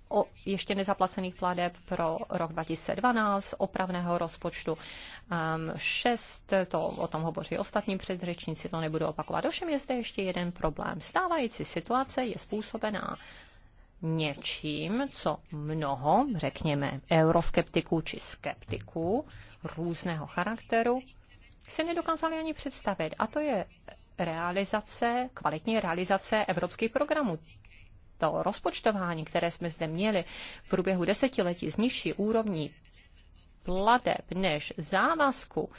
Speaker 3: o ještě nezaplacených pladeb pro rok 2012, opravného rozpočtu um, ehm, 6, to o tom hovoří ostatní předřečníci, to nebudu opakovat. Ovšem je zde ještě jeden problém. Stávající situace je způsobená něčím, co mnoho, řekněme, euroskeptiků či skeptiků různého charakteru se nedokázali ani představit. A to je realizace, kvalitní realizace evropských programů. To rozpočtování, které jsme zde měli v průběhu desetiletí z nižší úrovní plateb než závazku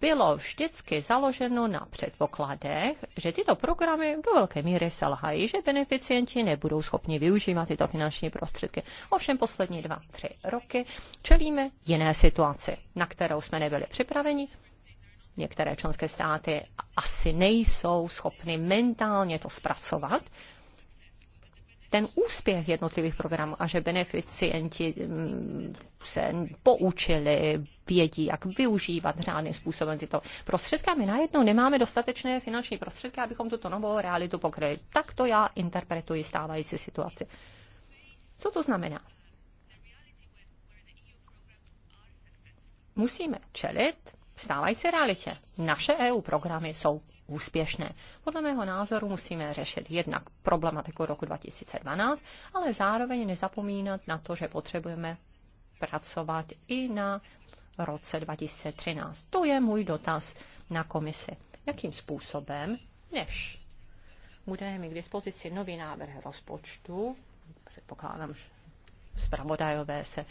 Speaker 3: bylo vždycky založeno na předpokladech, že tyto programy do velké míry selhají, že beneficienti nebudou schopni využívat tyto finanční prostředky. Ovšem poslední dva, tři roky čelíme jiné situaci, na kterou jsme nebyli připraveni Některé členské státy asi nejsou schopny mentálně to zpracovat, ten úspěch jednotlivých programů a že beneficienti mm, se poučili, vědí, jak využívat řádným způsobem tyto prostředky. A my najednou nemáme dostatečné finanční prostředky, abychom tuto novou realitu pokryli. Tak to já interpretuji stávající situaci. Co to znamená? Musíme čelit stávající realitě. Naše EU programy jsou úspěšné. Podle mého názoru musíme řešit jednak problematiku roku 2012, ale zároveň nezapomínat na to, že potřebujeme pracovat i na roce 2013. To je můj dotaz na komisi. Jakým způsobem, než budeme mít k dispozici nový návrh rozpočtu, předpokládám, že zpravodajové se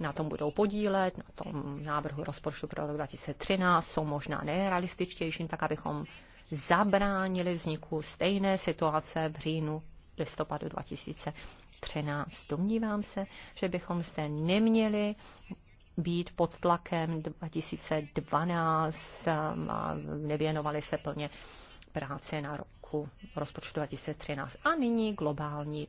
Speaker 3: na tom budou podílet, na tom návrhu rozpočtu pro rok 2013, jsou možná nerealističtějším, tak abychom zabránili vzniku stejné situace v říjnu listopadu 2013. Domnívám se, že bychom zde neměli být pod tlakem 2012 a nevěnovali se plně práce na roku rozpočtu 2013. A nyní globální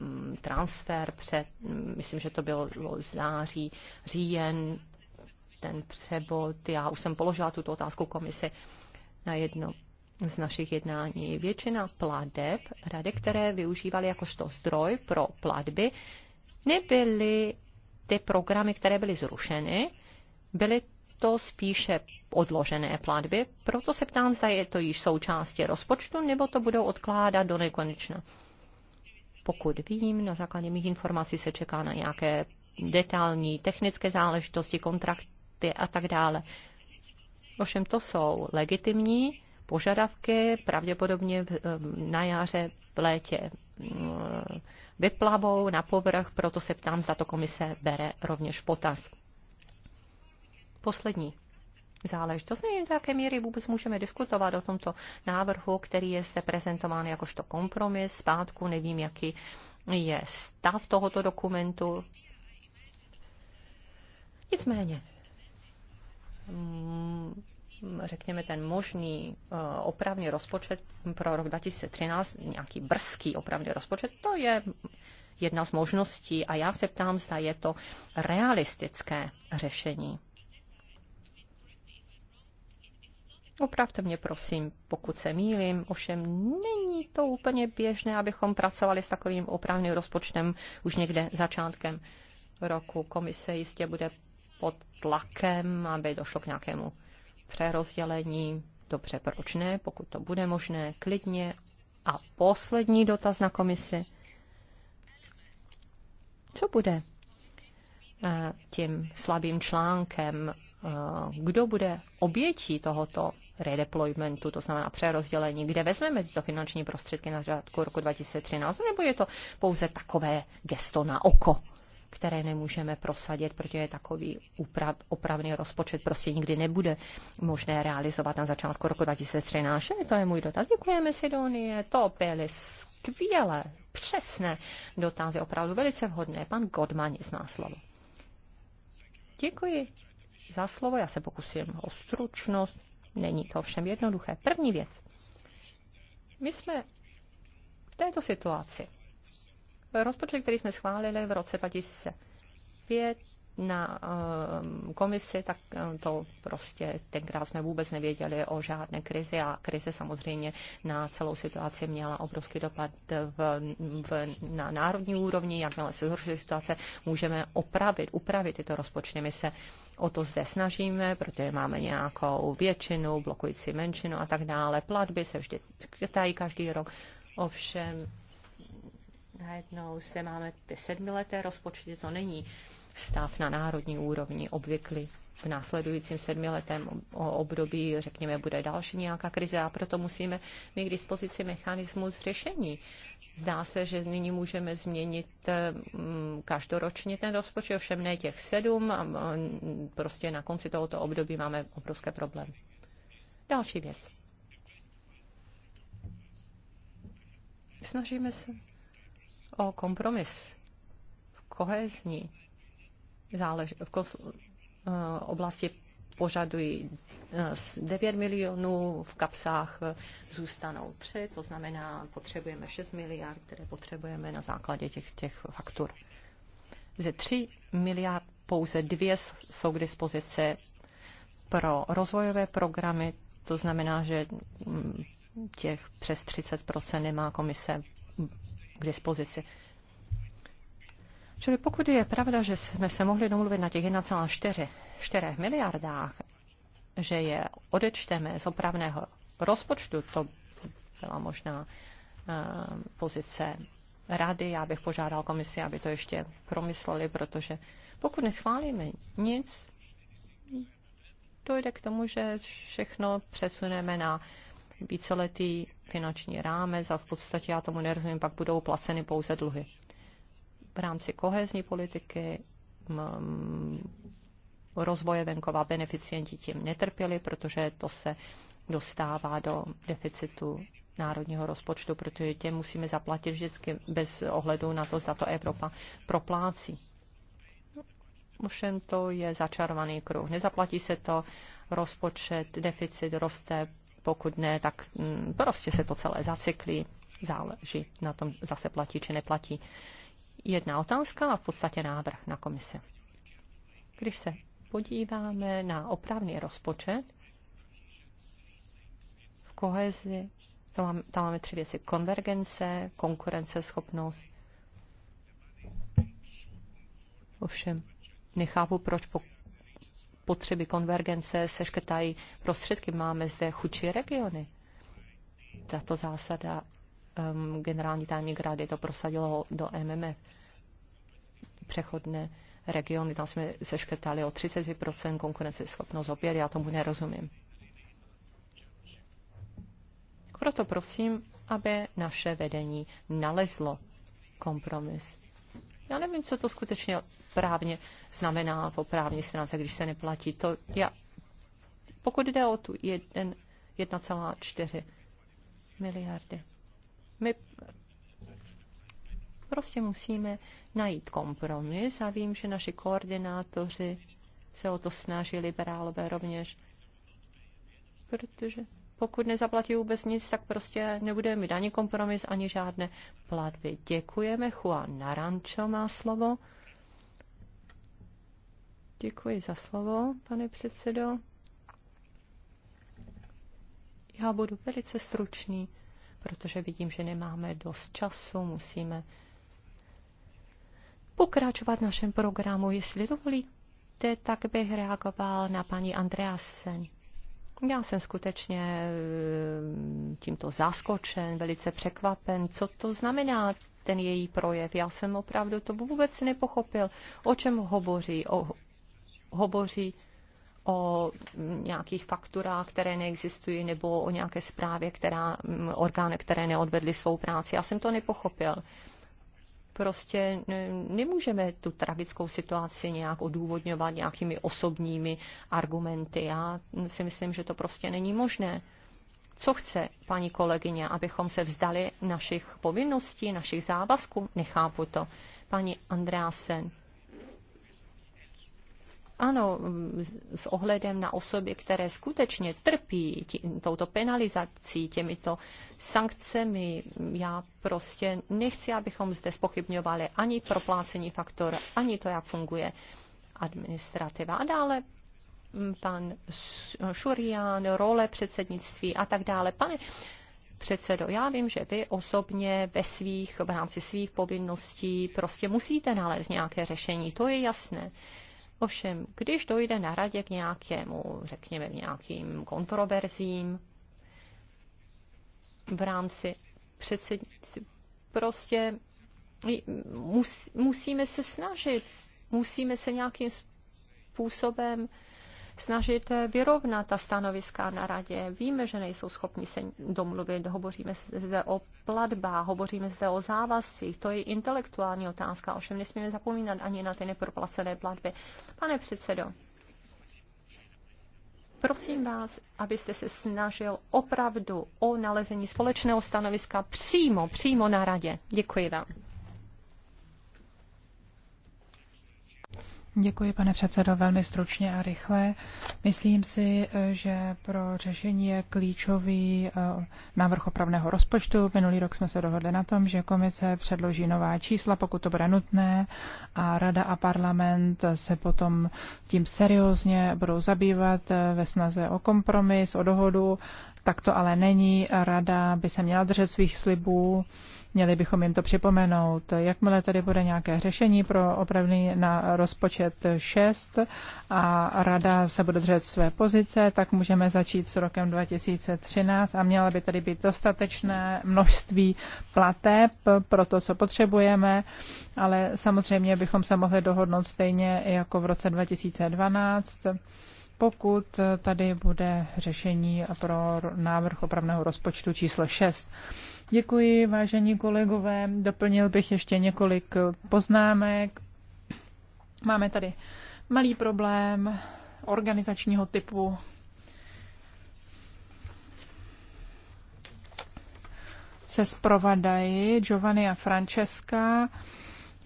Speaker 3: Mm, transfer před, mm, myslím, že to bylo září, říjen, ten převod. Já už jsem položila tuto otázku komisi na jedno z našich jednání. Většina pladeb rady, které využívali jakožto zdroj pro platby, nebyly ty programy, které byly zrušeny, byly to spíše odložené platby, proto se ptám, zda je to již součástí rozpočtu, nebo to budou odkládat do nekonečna. Pokud vím, na základě mých informací se čeká na nějaké detailní technické záležitosti, kontrakty a tak dále. Ovšem to jsou legitimní požadavky, pravděpodobně na jaře, v létě vyplavou na povrch, proto se ptám, zda to komise bere rovněž potaz. Poslední záležitost. Nevím, do jaké míry vůbec můžeme diskutovat o tomto návrhu, který je zde prezentován jakožto kompromis. Zpátku nevím, jaký je stav tohoto dokumentu. Nicméně, mm, řekněme, ten možný eh, opravný rozpočet pro rok 2013, nějaký brzký opravný rozpočet, to je jedna z možností a já se ptám, zda je to realistické řešení. Opravte mě, prosím, pokud se mýlím, ovšem není to úplně běžné, abychom pracovali s takovým opravným rozpočtem už někde začátkem roku. Komise jistě bude pod tlakem, aby došlo k nějakému přerozdělení. Dobře, proč ne, pokud to bude možné, klidně. A poslední dotaz na komisi. Co bude eh, tím slabým článkem? Eh, kdo bude obětí tohoto redeploymentu, to znamená přerozdělení, kde vezmeme tyto finanční prostředky na řádku roku 2013, nebo je to pouze takové gesto na oko? které nemůžeme prosadit, protože takový uprav, opravný rozpočet prostě nikdy nebude možné realizovat na začátku roku 2013. To je můj dotaz. Děkujeme Sidonie, to byly skvělé, přesné dotazy, opravdu velice vhodné. Pan Godman je zná slovo. Děkuji za slovo, já se pokusím o stručnost. Není to ovšem jednoduché. První věc. My jsme v této situaci. Rozpočet, který jsme schválili v roce 2005, na ehm, komisi, tak ehm, to prostě tenkrát jsme vůbec nevěděli o žádné krizi a krize samozřejmě na celou situaci měla obrovský dopad v, v, na národní úrovni. Jakmile se zhorší situace, můžeme opravit, upravit tyto rozpočty. My se o to zde snažíme, protože máme nějakou většinu, blokující menšinu a tak dále. Platby se vždy tají každý rok. Ovšem, najednou zde máme ty sedmileté rozpočty, to není stav na národní úrovni obvyklý. V následujícím sedmiletém období, řekněme, bude další nějaká krize a proto musíme mít k dispozici mechanismus řešení. Zdá se, že nyní můžeme změnit mm, každoročně ten rozpočet, ovšem ne těch sedm a prostě na konci tohoto období máme obrovské problémy. Další věc. Snažíme se o kompromis v kohezní zálež, v kos, eh, oblasti požadují 9 eh, milionů, v kapsách eh, zůstanou 3, to znamená, potřebujeme 6 miliard, které potřebujeme na základě těch, těch faktur. Ze 3 miliard pouze dvě jsou k dispozici pro rozvojové programy, to znamená, že mm, těch přes 30 nemá komise k dispozici. Čili pokud je pravda, že jsme se mohli domluvit na těch 1,4 miliardách, že je odečteme z opravného rozpočtu, to byla možná eh, pozice rady. Já bych požádal komisi, aby to ještě promysleli, protože pokud neschválíme nic, dojde k tomu, že všechno přesuneme na víceletý finanční rámec a v podstatě já tomu nerozumím, pak budou placeny pouze dluhy v rámci kohezní politiky rozvoje venkova beneficienti tím netrpěli, protože to se dostává do deficitu národního rozpočtu, protože tě musíme zaplatit vždycky bez ohledu na to, zda to Evropa proplácí. Ovšem to je začarovaný kruh. Nezaplatí se to, rozpočet, deficit roste, pokud ne, tak mm, prostě se to celé zacyklí, záleží na tom, zase platí či neplatí jedna otázka a v podstatě návrh na komise. Když se podíváme na opravný rozpočet, v kohezi tam máme, tam máme tři věci. Konvergence, konkurenceschopnost. Ovšem, nechápu, proč po potřeby konvergence se škrtají prostředky. Máme zde chudší regiony. Tato zásada um, generální tajemník rady to prosadilo do MMF. Přechodné regiony, tam jsme seškrtali o konkurence konkurenceschopnost opět, já tomu nerozumím. Proto prosím, aby naše vedení nalezlo kompromis. Já nevím, co to skutečně právně znamená po právní stránce, když se neplatí. To já, pokud jde o tu 1,4 miliardy, my prostě musíme najít kompromis a vím, že naši koordinátoři se o to snaží, liberálové rovněž, protože pokud nezaplatí vůbec nic, tak prostě nebude mít ani kompromis, ani žádné platby. Děkujeme. Juan Narančo má slovo. Děkuji za slovo, pane předsedo. Já budu velice stručný protože vidím, že nemáme dost času, musíme pokračovat v našem programu. Jestli dovolíte, tak bych reagoval na paní Andreasen. Já jsem skutečně eh, tímto zaskočen, velice překvapen. Co to znamená ten její projev? Já jsem opravdu to vůbec nepochopil. O čem hovoří? O, hovoří o nějakých fakturách, které neexistují, nebo o nějaké zprávě, která, mm, orgány, které neodvedly svou práci. Já jsem to nepochopil. Prostě nemůžeme tu tragickou situaci nějak odůvodňovat nějakými osobními argumenty. Já si myslím, že to prostě není možné. Co chce paní kolegyně, abychom se vzdali našich povinností, našich závazků? Nechápu to. Paní Andreasen, ano, mm, s ohledem na osoby, které skutečně trpí tí, touto penalizací, těmito sankcemi, já prostě nechci, abychom zde spochybňovali ani proplácení faktor, ani to, jak funguje administrativa. A dále mm, pan Šurian, role předsednictví a tak dále. Pane předsedo, já vím, že vy osobně ve svých, v rámci svých povinností prostě musíte nalézt nějaké řešení, to je jasné. Ovšem, když dojde na radě k nějakému, řekněme, nějakým kontroverzím v rámci předsednictví, prostě musí, musíme se snažit, musíme se nějakým způsobem snažit vyrovnat ta stanoviska na radě. Víme, že nejsou schopni se domluvit, hovoříme zde o platbách, hovoříme zde o závazcích, to je intelektuální otázka, ovšem nesmíme zapomínat ani na ty neproplacené platby. Pane předsedo, prosím vás, abyste se snažil opravdu o nalezení společného stanoviska přímo, přímo na radě. Děkuji vám.
Speaker 1: Děkuji, pane předsedo, velmi stručně a rychle. Myslím si, že pro řešení je klíčový eh, návrh opravného rozpočtu. Minulý rok jsme se dohodli na tom, že komise předloží nová čísla, pokud to bude nutné, a rada a parlament se potom tím seriózně budou zabývat eh, ve snaze o kompromis, o dohodu. Tak to ale není. Rada by se měla držet svých slibů Měli bychom jim to připomenout. Jakmile tady bude nějaké řešení pro opravný na rozpočet 6 a rada se bude držet své pozice, tak můžeme začít s rokem 2013 a měla by tady být dostatečné množství plateb pro to, co potřebujeme, ale samozřejmě bychom se mohli dohodnout stejně jako v roce 2012 pokud tady bude řešení pro návrh opravného rozpočtu číslo 6. Děkuji, vážení kolegové. Doplnil bych ještě několik poznámek. Máme tady malý problém organizačního typu. Se sprovadají Giovanni a Francesca.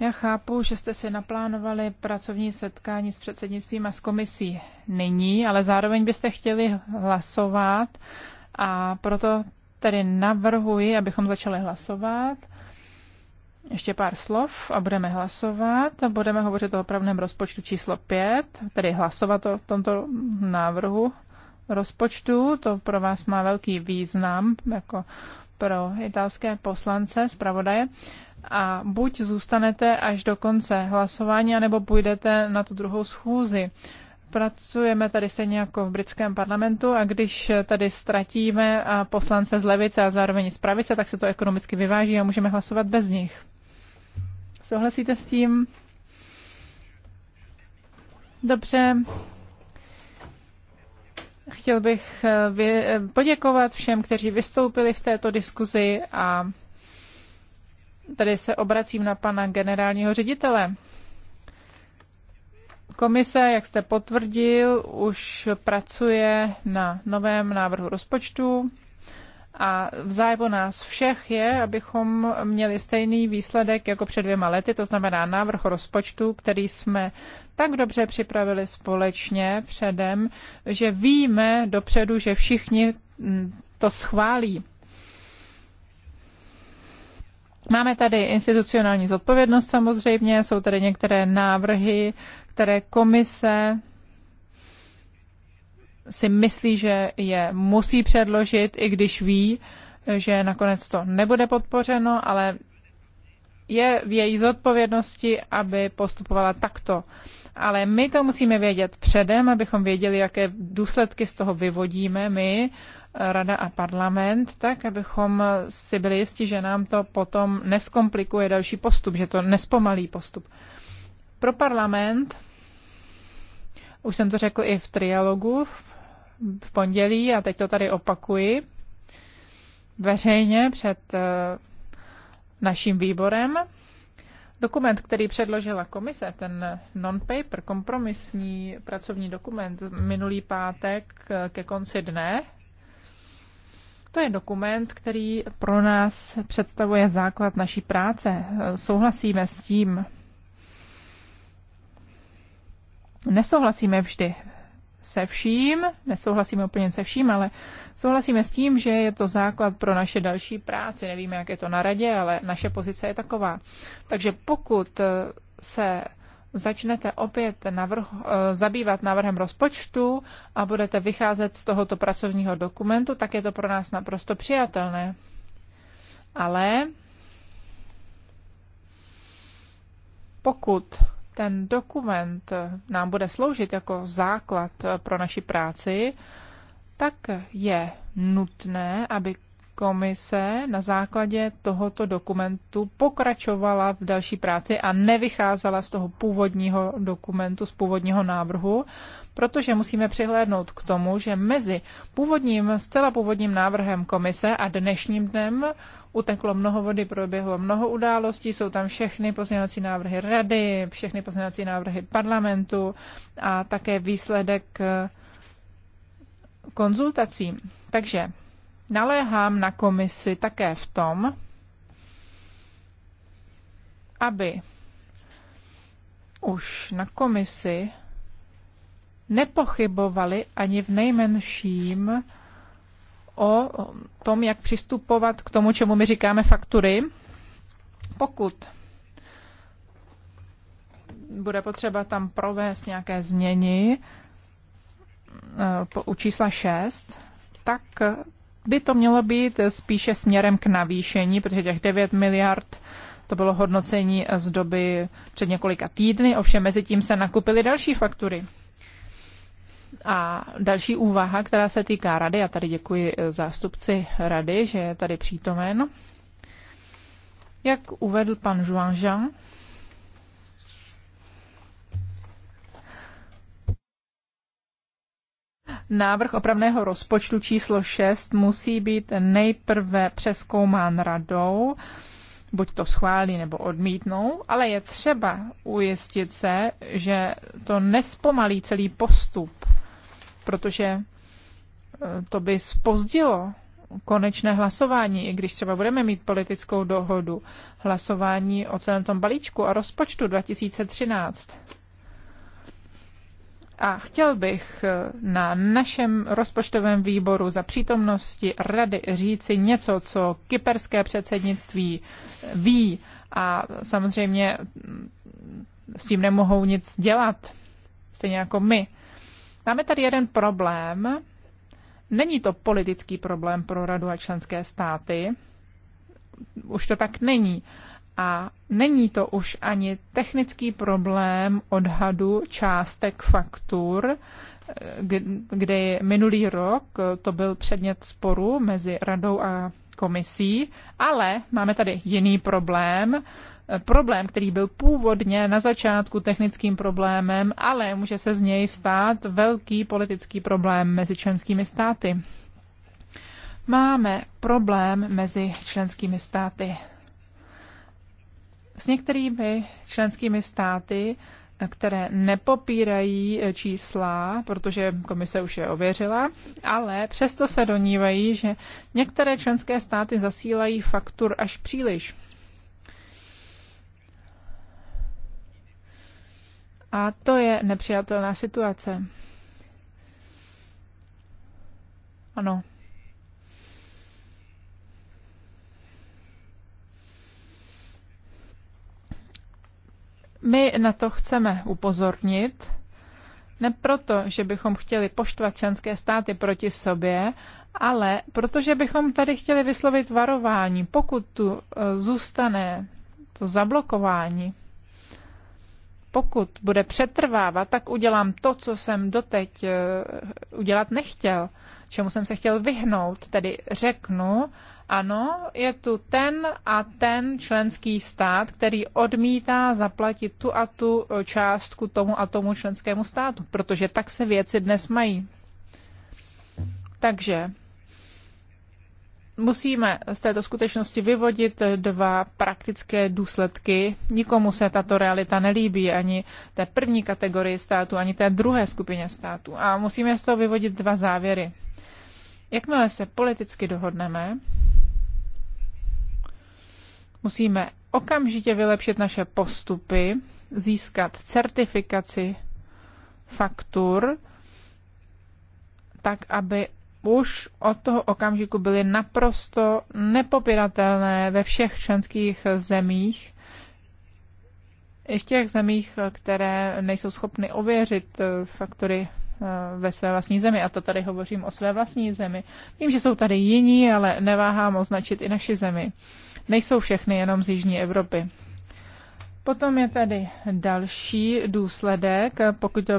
Speaker 1: Já chápu, že jste si naplánovali pracovní setkání s předsednictvím a s komisí nyní, ale zároveň byste chtěli hlasovat a proto tedy navrhuji, abychom začali hlasovat. Ještě pár slov a budeme hlasovat. Budeme hovořit o opravném rozpočtu číslo 5, tedy hlasovat o tomto návrhu rozpočtu. To pro vás má velký význam, jako pro italské poslance, zpravodaje. A buď zůstanete až do konce hlasování, anebo půjdete na tu druhou schůzi pracujeme tady stejně jako v britském parlamentu a když tady ztratíme a poslance z levice a zároveň z pravice, tak se to ekonomicky vyváží a můžeme hlasovat bez nich. Souhlasíte s tím? Dobře. Chtěl bych eh, eh, poděkovat všem, kteří vystoupili v této diskuzi a tady se obracím na pana generálního ředitele. Komise, jak jste potvrdil, už pracuje na novém návrhu rozpočtu a v zájmu nás všech je, abychom měli stejný výsledek jako před dvěma lety, to znamená návrh rozpočtu, který jsme tak dobře připravili společně předem, že víme dopředu, že všichni mm, to schválí. Máme tady institucionální zodpovědnost samozřejmě, jsou tady některé návrhy, které komise si myslí, že je musí předložit, i když ví, že nakonec to nebude podpořeno, ale je v její zodpovědnosti, aby postupovala takto. Ale my to musíme vědět předem, abychom věděli, jaké důsledky z toho vyvodíme my rada a parlament, tak abychom si byli jisti, že nám to potom neskomplikuje další postup, že to nespomalí postup. Pro parlament, už jsem to řekl i v trialogu v pondělí a teď to tady opakuji, veřejně před eh, naším výborem. Dokument, který předložila komise, ten non-paper, kompromisní pracovní dokument minulý pátek eh, ke konci dne, to je dokument, který pro nás představuje základ naší práce. Souhlasíme s tím. Nesouhlasíme vždy se vším, nesouhlasíme úplně se vším, ale souhlasíme s tím, že je to základ pro naše další práci. Nevíme, jak je to na radě, ale naše pozice je taková. Takže pokud se začnete opět navrh, eh, zabývat návrhem rozpočtu a budete vycházet z tohoto pracovního dokumentu, tak je to pro nás naprosto přijatelné. Ale pokud ten dokument nám bude sloužit jako základ pro naši práci, tak je nutné, aby komise na základě tohoto dokumentu pokračovala v další práci a nevycházela z toho původního dokumentu, z původního návrhu, protože musíme přihlédnout k tomu, že mezi původním, zcela původním návrhem komise a dnešním dnem uteklo mnoho vody, proběhlo mnoho událostí, jsou tam všechny pozměňovací návrhy rady, všechny pozměňovací návrhy parlamentu a také výsledek eh, konzultací. Takže naléhám na komisi také v tom, aby už na komisi nepochybovali ani v nejmenším o tom, jak přistupovat k tomu, čemu my říkáme faktury. Pokud bude potřeba tam provést nějaké změny eh, u čísla 6, tak by to mělo být spíše směrem k navýšení, protože těch 9 miliard to bylo hodnocení z doby před několika týdny, ovšem mezi tím se nakupily další faktury. A další úvaha, která se týká rady, a tady děkuji zástupci rady, že je tady přítomen. Jak uvedl pan Juan Jean, návrh opravného rozpočtu číslo 6 musí být nejprve přeskoumán radou, buď to schválí nebo odmítnou, ale je třeba ujistit se, že to nespomalí celý postup, protože eh, to by spozdilo konečné hlasování, i když třeba budeme mít politickou dohodu, hlasování o celém tom balíčku a rozpočtu 2013. A chtěl bych eh, na našem rozpočtovém výboru za přítomnosti rady říci něco, co kyperské předsednictví eh, ví a samozřejmě mm, s tím nemohou nic dělat, stejně jako my. Máme tady jeden problém. Není to politický problém pro radu a členské státy. Už to tak není. A není to už ani technický problém odhadu částek faktur, eh, kde minulý rok eh, to byl předmět sporu mezi radou a komisí, ale máme tady jiný problém, eh, problém, který byl původně na začátku technickým problémem, ale může se z něj stát velký politický problém mezi členskými státy. Máme problém mezi členskými státy s některými členskými státy, které nepopírají eh, čísla, protože komise už je ověřila, ale přesto se donívají, že některé členské státy zasílají faktur až příliš. A to je nepřijatelná situace. Ano. My na to chceme upozornit, ne proto, že bychom chtěli poštvat členské státy proti sobě, ale protože bychom tady chtěli vyslovit varování, pokud tu e, zůstane to zablokování, pokud bude přetrvávat, tak udělám to, co jsem doteď eh, udělat nechtěl, čemu jsem se chtěl vyhnout, tedy řeknu, ano, je tu ten a ten členský stát, který odmítá zaplatit tu a tu částku tomu a tomu členskému státu, protože tak se věci dnes mají. Takže musíme z této skutečnosti vyvodit dva praktické důsledky. Nikomu se tato realita nelíbí, ani té první kategorii států, ani té druhé skupině států. A musíme z toho vyvodit dva závěry. Jakmile se politicky dohodneme, musíme okamžitě vylepšit naše postupy, získat certifikaci faktur, tak aby už od toho okamžiku byly naprosto nepopiratelné ve všech členských zemích, i v těch zemích, které nejsou schopny ověřit eh, faktory eh, ve své vlastní zemi. A to tady hovořím o své vlastní zemi. Vím, že jsou tady jiní, ale neváhám označit i naši zemi. Nejsou všechny jenom z Jižní Evropy. Potom je tady další důsledek, pokud to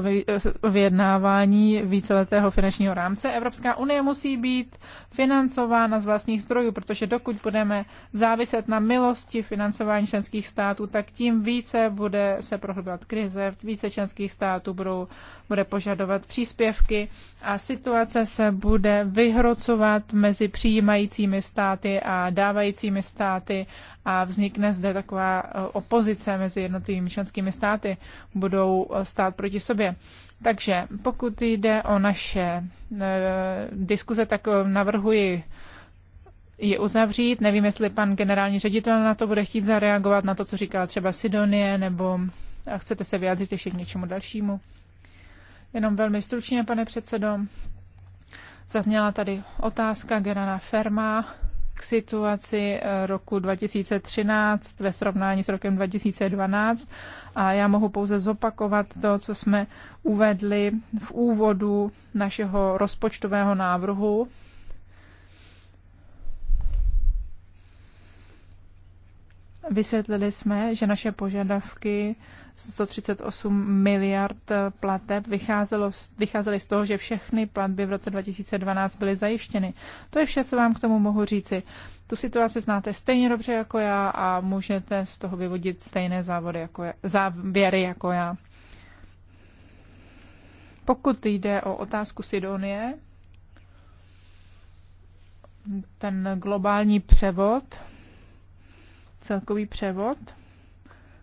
Speaker 1: vyjednávání víceletého finančního rámce. Evropská unie musí být financována z vlastních zdrojů, protože dokud budeme záviset na milosti financování členských států, tak tím více bude se prohlubovat krize, více členských států budou, bude požadovat příspěvky a situace se bude vyhrocovat mezi přijímajícími státy a dávajícími státy a vznikne zde taková eh, opozice mezi jednotlivými členskými státy, budou eh, stát proti sobě. Takže pokud jde o naše eh, diskuze, tak eh, navrhuji je uzavřít. Nevím, jestli pan generální ředitel na to bude chtít zareagovat, na to, co říká třeba Sidonie, nebo chcete se vyjádřit ještě k něčemu dalšímu. Jenom velmi stručně, pane předsedo. Zazněla tady otázka Gerana Ferma k situaci eh, roku 2013 ve srovnání s rokem 2012 a já mohu pouze zopakovat to, co jsme uvedli v úvodu našeho rozpočtového návrhu. Vysvětlili jsme, že naše požadavky 138 miliard eh, plateb vycházelo, vycházely z toho, že všechny platby v roce 2012 byly zajištěny. To je vše, co vám k tomu mohu říci. Tu situaci znáte stejně dobře jako já a můžete z toho vyvodit stejné závody jako já, závěry jako já. Pokud jde o otázku Sidonie, ten globální převod, celkový převod,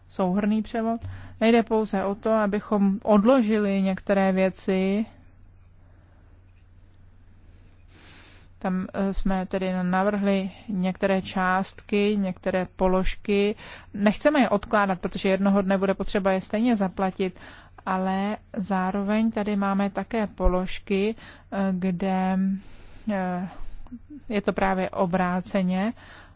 Speaker 1: souhrný převod, Nejde pouze o to, abychom odložili některé věci. Tam eh, jsme tedy navrhli některé částky, některé položky. Nechceme je odkládat, protože jednoho dne bude potřeba je stejně zaplatit, ale zároveň tady máme také položky, eh, kde eh, je to právě obráceně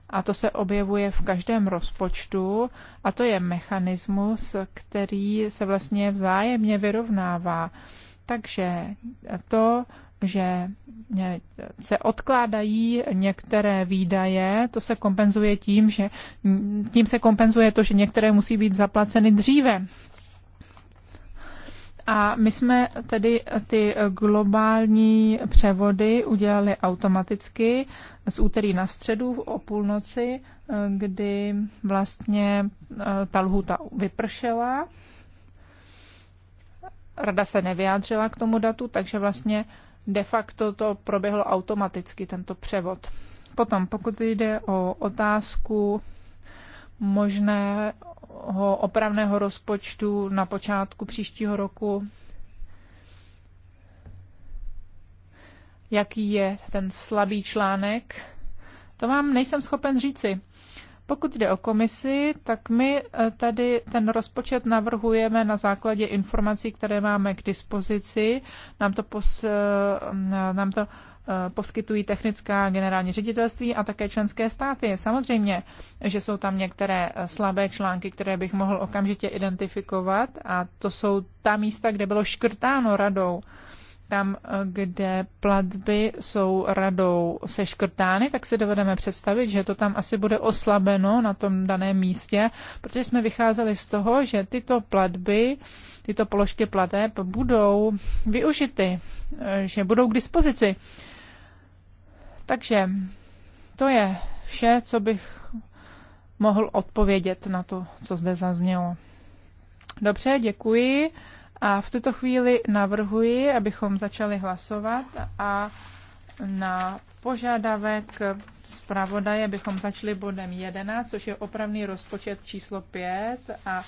Speaker 1: a to se objevuje v každém rozpočtu, a to je mechanismus, který se vlastně vzájemně vyrovnává. Takže to, že se odkládají některé výdaje, to se kompenzuje tím, že tím se kompenzuje to, že některé musí být zaplaceny dříve. A my jsme tedy ty globální převody udělali automaticky z úterý na středu o půlnoci, kdy vlastně e, ta lhuta vypršela. Rada se nevyjádřila k tomu datu, takže vlastně de facto to proběhlo automaticky, tento převod. Potom, pokud jde o otázku možného opravného rozpočtu na počátku příštího roku. Jaký je ten slabý článek? To vám nejsem schopen říci. Pokud jde o komisi, tak my eh, tady ten rozpočet navrhujeme na základě informací, které máme k dispozici. Nám to, pos, eh, nám to Eh, poskytují technická generální ředitelství a také členské státy. Samozřejmě, že jsou tam některé eh, slabé články, které bych mohl okamžitě identifikovat a to jsou ta místa, kde bylo škrtáno radou. Tam, eh, kde platby jsou radou seškrtány, tak si dovedeme představit, že to tam asi bude oslabeno na tom daném místě, protože jsme vycházeli z toho, že tyto platby, tyto položky plateb budou využity, že budou k dispozici takže to je vše, co bych mohl odpovědět na to, co zde zaznělo. Dobře, děkuji. A v tuto chvíli navrhuji, abychom začali hlasovat a na požadavek zpravodaje bychom začali bodem 11, což je opravný rozpočet číslo 5 a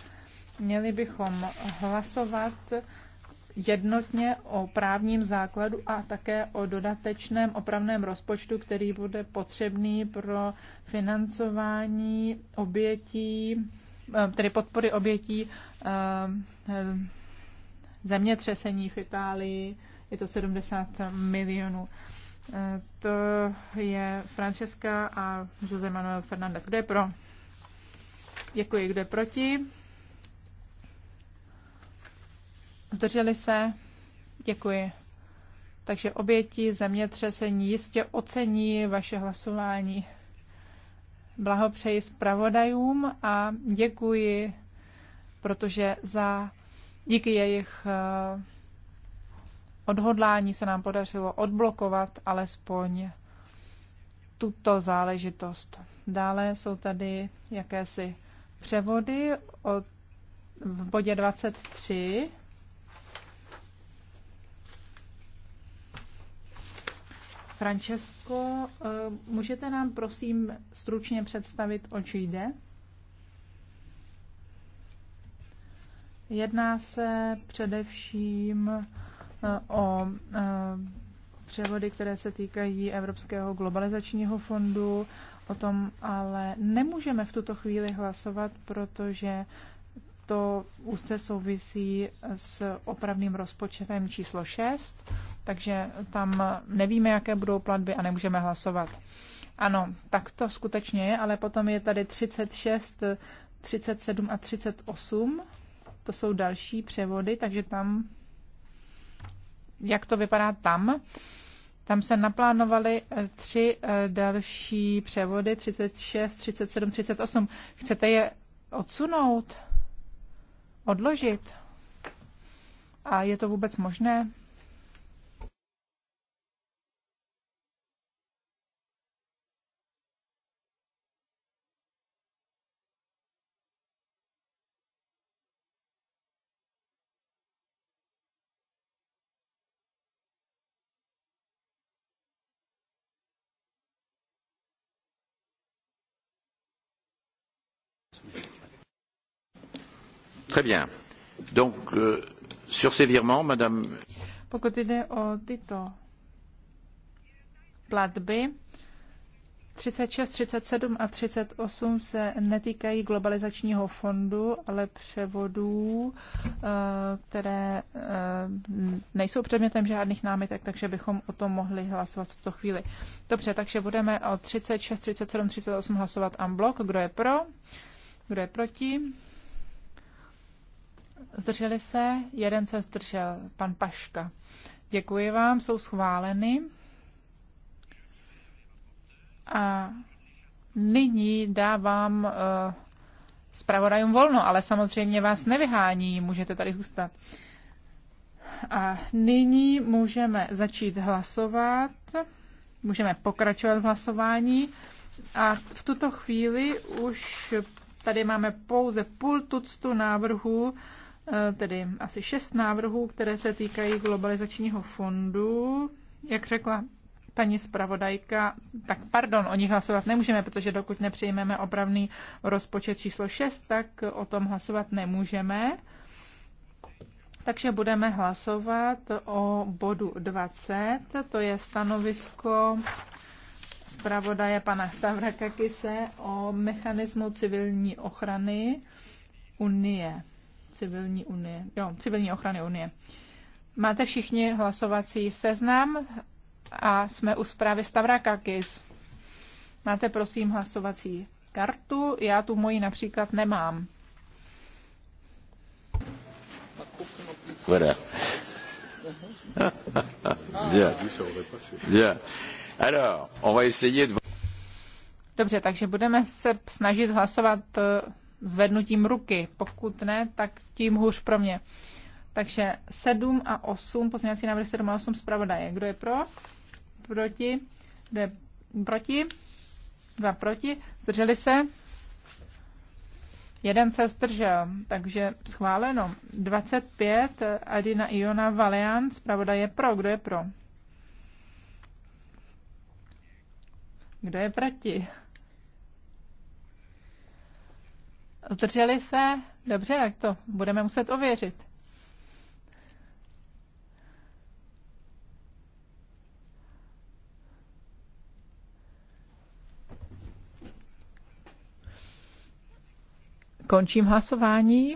Speaker 1: měli bychom hlasovat jednotně o právním základu a také o dodatečném opravném rozpočtu, který bude potřebný pro financování obětí, eh, tedy podpory obětí eh, zemětřesení v Itálii. Je to 70 milionů. Eh, to je Francesca a Jose Manuel Fernández. Kdo je pro? Děkuji. Kdo je proti? Zdrželi se? Děkuji. Takže oběti zemětřesení jistě ocení vaše hlasování. Blahopřeji zpravodajům a děkuji, protože za díky jejich eh, odhodlání se nám podařilo odblokovat alespoň tuto záležitost. Dále jsou tady jakési převody od, v bodě 23 Francesco, eh, můžete nám prosím stručně představit, o čí jde? Jedná se především eh, o eh, převody, které se týkají Evropského globalizačního fondu. O tom ale nemůžeme v tuto chvíli hlasovat, protože to úzce souvisí s opravným rozpočtem číslo 6, takže tam nevíme, jaké budou platby a nemůžeme hlasovat. Ano, tak to skutečně je, ale potom je tady 36, 37 a 38. To jsou další převody, takže tam, jak to vypadá tam, tam se naplánovaly eh, tři eh, další převody, 36, 37, 38. Chcete je odsunout? odložit? A je to vůbec možné? Très bien. Donc, euh, sur ces virements, madame... Pokud jde o tyto platby, 36, 37 a 38 se netýkají globalizačního fondu, ale převodů, eh, které eh, nejsou předmětem žádných námitek, takže bychom o tom mohli hlasovat v tuto chvíli. Dobře, takže budeme o 36, 37, 38 hlasovat bloc. Kdo je pro? Kdo je proti? zdrželi se, jeden se zdržel, pan Paška. Děkuji vám, jsou schváleny. A nyní dávám uh, zpravodajům volno, ale samozřejmě vás nevyhání, můžete tady zůstat. A nyní můžeme začít hlasovat, můžeme pokračovat v hlasování. A v tuto chvíli už tady máme pouze půl tuctu návrhů, Eh, tedy asi šest návrhů, které se týkají globalizačního fondu. Jak řekla paní zpravodajka, tak pardon, o nich hlasovat nemůžeme, protože dokud nepřijmeme opravný rozpočet číslo 6, tak o tom hlasovat nemůžeme. Takže budeme hlasovat o bodu 20, to je stanovisko zpravodaje pana Stavrakakise o mechanismu civilní ochrany Unie civilní unie, jo, civilní ochrany unie. Máte všichni hlasovací seznam a jsme u zprávy Stavrakakis. Máte prosím hlasovací kartu, já tu moji například nemám.
Speaker 3: Voilà. Bien. Bien. Alors, on va essayer de...
Speaker 1: Dobře, takže budeme se snažit hlasovat zvednutím ruky. Pokud ne, tak tím hůř pro mě. Takže 7 a 8, pozměňovací návrh 7 a 8 zpravodaje. Kdo je pro? Proti? Kdo je proti? Dva proti. Zdrželi se? Jeden se zdržel, takže schváleno. 25, Adina Iona Valian, zpravodaje pro. Kdo je pro? Kdo je proti? Zdrželi se? Dobře, tak to budeme muset ověřit. Končím hlasování.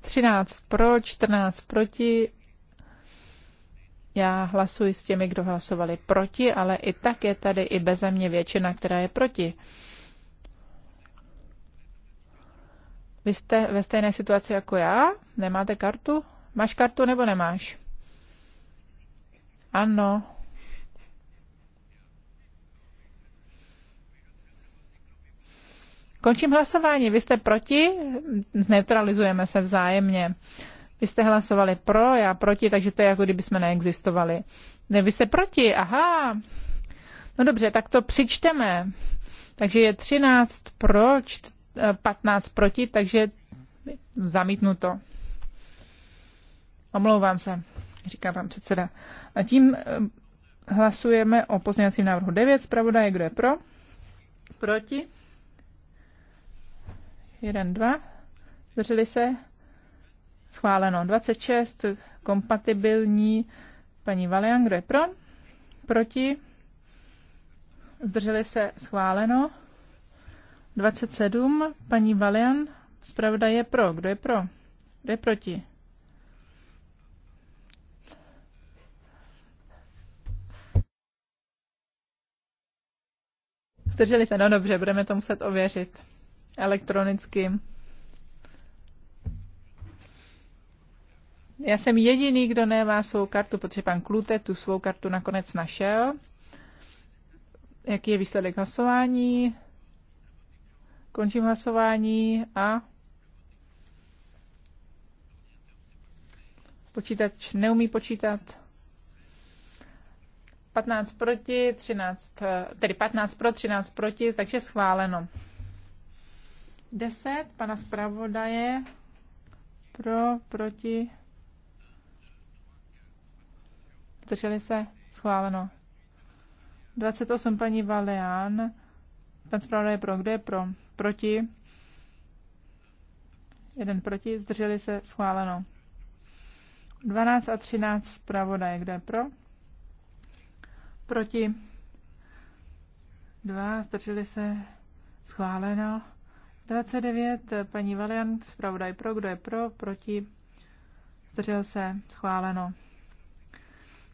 Speaker 1: 13 pro, 14 proti, já hlasuji s těmi, kdo hlasovali proti, ale i tak je tady i beze mě většina, která je proti. Vy jste ve stejné situaci jako já? Nemáte kartu? Máš kartu nebo nemáš? Ano. Končím hlasování. Vy jste proti? Zneutralizujeme se vzájemně. Vy jste hlasovali pro, já proti, takže to je jako kdyby jsme neexistovali. Ne, vy jste proti, aha. No dobře, tak to přičteme. Takže je 13 pro, 15 eh, proti, takže zamítnu to. Omlouvám se, říká pan předseda. A tím eh, hlasujeme o pozměňovacím návrhu 9. Zpravodaje, kdo je pro? Proti? 1, 2. Zdrželi se? Schváleno 26, kompatibilní paní Valian, kdo je pro? Proti? Zdrželi se schváleno. 27, paní Valian, zpravda je pro. Kdo je pro? Kdo je proti? Zdrželi se, no dobře, budeme to muset ověřit elektronicky. já jsem jediný, kdo nemá svou kartu, protože pan Klute tu svou kartu nakonec našel. Jaký je výsledek hlasování? Končím hlasování a počítač neumí počítat. 15 proti, 13, tedy 15 pro, 13 proti, takže schváleno. 10 pana zpravodaje pro, proti, Zdrželi se? Schváleno. 28 paní Valian. Pan zpravodaj je pro. Kdo je pro? Proti? Jeden proti. Zdrželi se? Schváleno. 12 a 13 zpravodaj. Kdo je pro? Proti? Dva. Zdrželi se? Schváleno. 29 paní Valiant. Zpravodaj pro. Kdo je pro? Proti? Zdržel se? Schváleno.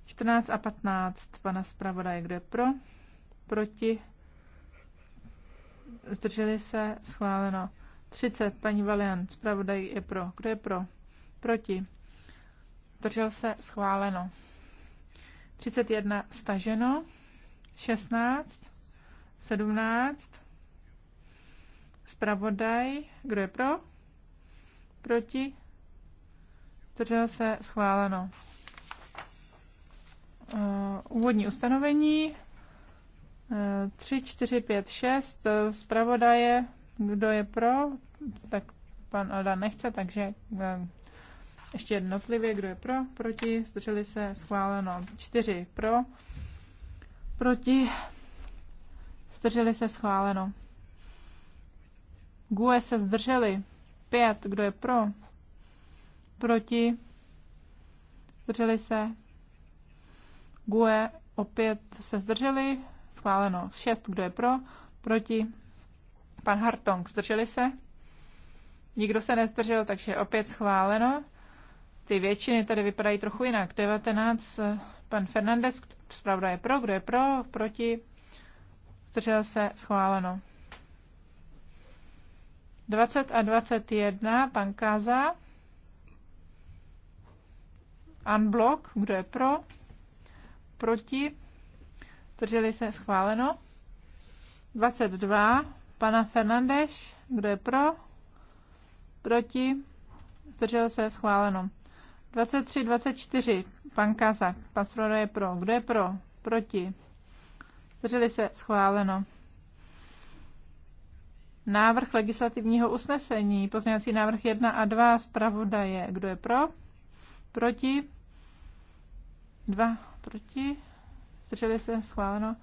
Speaker 1: 14 a 15 pana zpravodaje, je pro, proti, zdrželi se, schváleno. 30 paní Valian, zpravodaj je pro, kdo je pro, proti, zdržel se, schváleno. 31 staženo, 16, 17, zpravodaj, kdo je pro, proti, zdržel se, schváleno. Eh, úvodní ustanovení 3, 4, 5, 6 zpravodaje, kdo je pro, tak pan Alda nechce, takže eh, ještě jednotlivě, kdo je pro, proti, zdrželi se, schváleno 4 pro, proti, zdrželi se, schváleno. GUE se zdrželi 5, kdo je pro, proti, zdrželi se, GUE opět se zdrželi, schváleno 6, kdo je pro, proti, pan Hartong, zdrželi se, nikdo se nezdržel, takže opět schváleno. Ty většiny tady vypadají trochu jinak. 19, pan Fernandez, zpravda je pro, kdo je pro, proti, zdržel se, schváleno. 20 a 21, pan Kaza. Unblock, kdo je pro, proti, drželi se schváleno. 22, pana Fernandeš, kdo je pro, proti, zdržel se schváleno. 23, 24, pan Kazak, pan Srodo je pro, kdo je pro, proti, zdrželi se schváleno. Návrh legislativního usnesení, pozměňovací návrh 1 a 2, zpravodaje, kdo je pro, proti, 2, proti, zdrželi se, schváleno.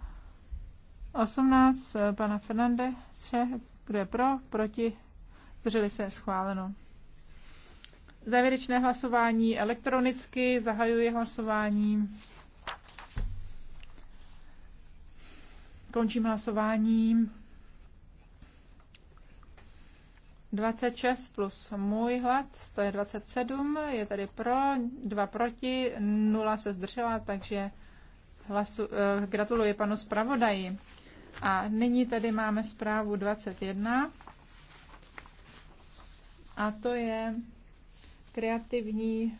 Speaker 1: 18 eh, pana Fernandeše, kdo je pro, proti, zdrželi se, schváleno. Závěrečné hlasování elektronicky, zahajuji hlasování. Končím hlasování. 26 plus můj hlad, to je 27, je tady pro, dva proti, nula se zdržela, takže hlasu, eh, gratuluji panu zpravodaji. A nyní tady máme zprávu 21. A to je kreativní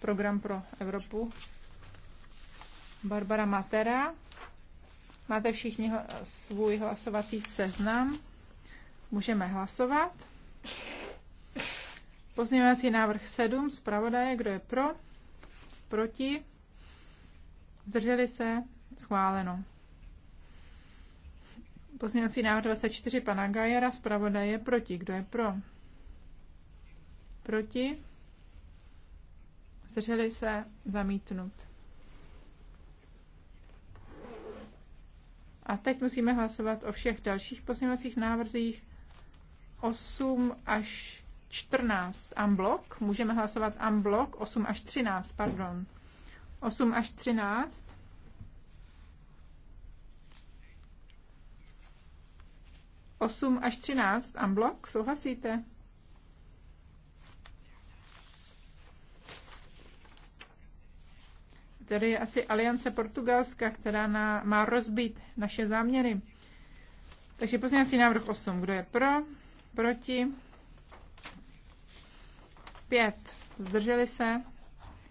Speaker 1: program pro Evropu. Barbara Matera. Máte všichni svůj hlasovací seznam. Můžeme hlasovat. Pozměňovací návrh 7 zpravodaje, kdo je pro, proti, zdrželi se, schváleno. Pozměňovací návrh 24 pana Gajera, zpravodaje proti, kdo je pro, proti, zdrželi se, zamítnut. A teď musíme hlasovat o všech dalších pozměňovacích návrzích 8 až 14 amblok. Můžeme hlasovat amblok 8 až 13, pardon. 8 až 13. Osm až třináct amblok, souhlasíte? Tady je asi Aliance Portugalska, která na, má rozbít naše záměry. Takže pozměňovací návrh 8. Kdo je pro? proti, pět, zdrželi se,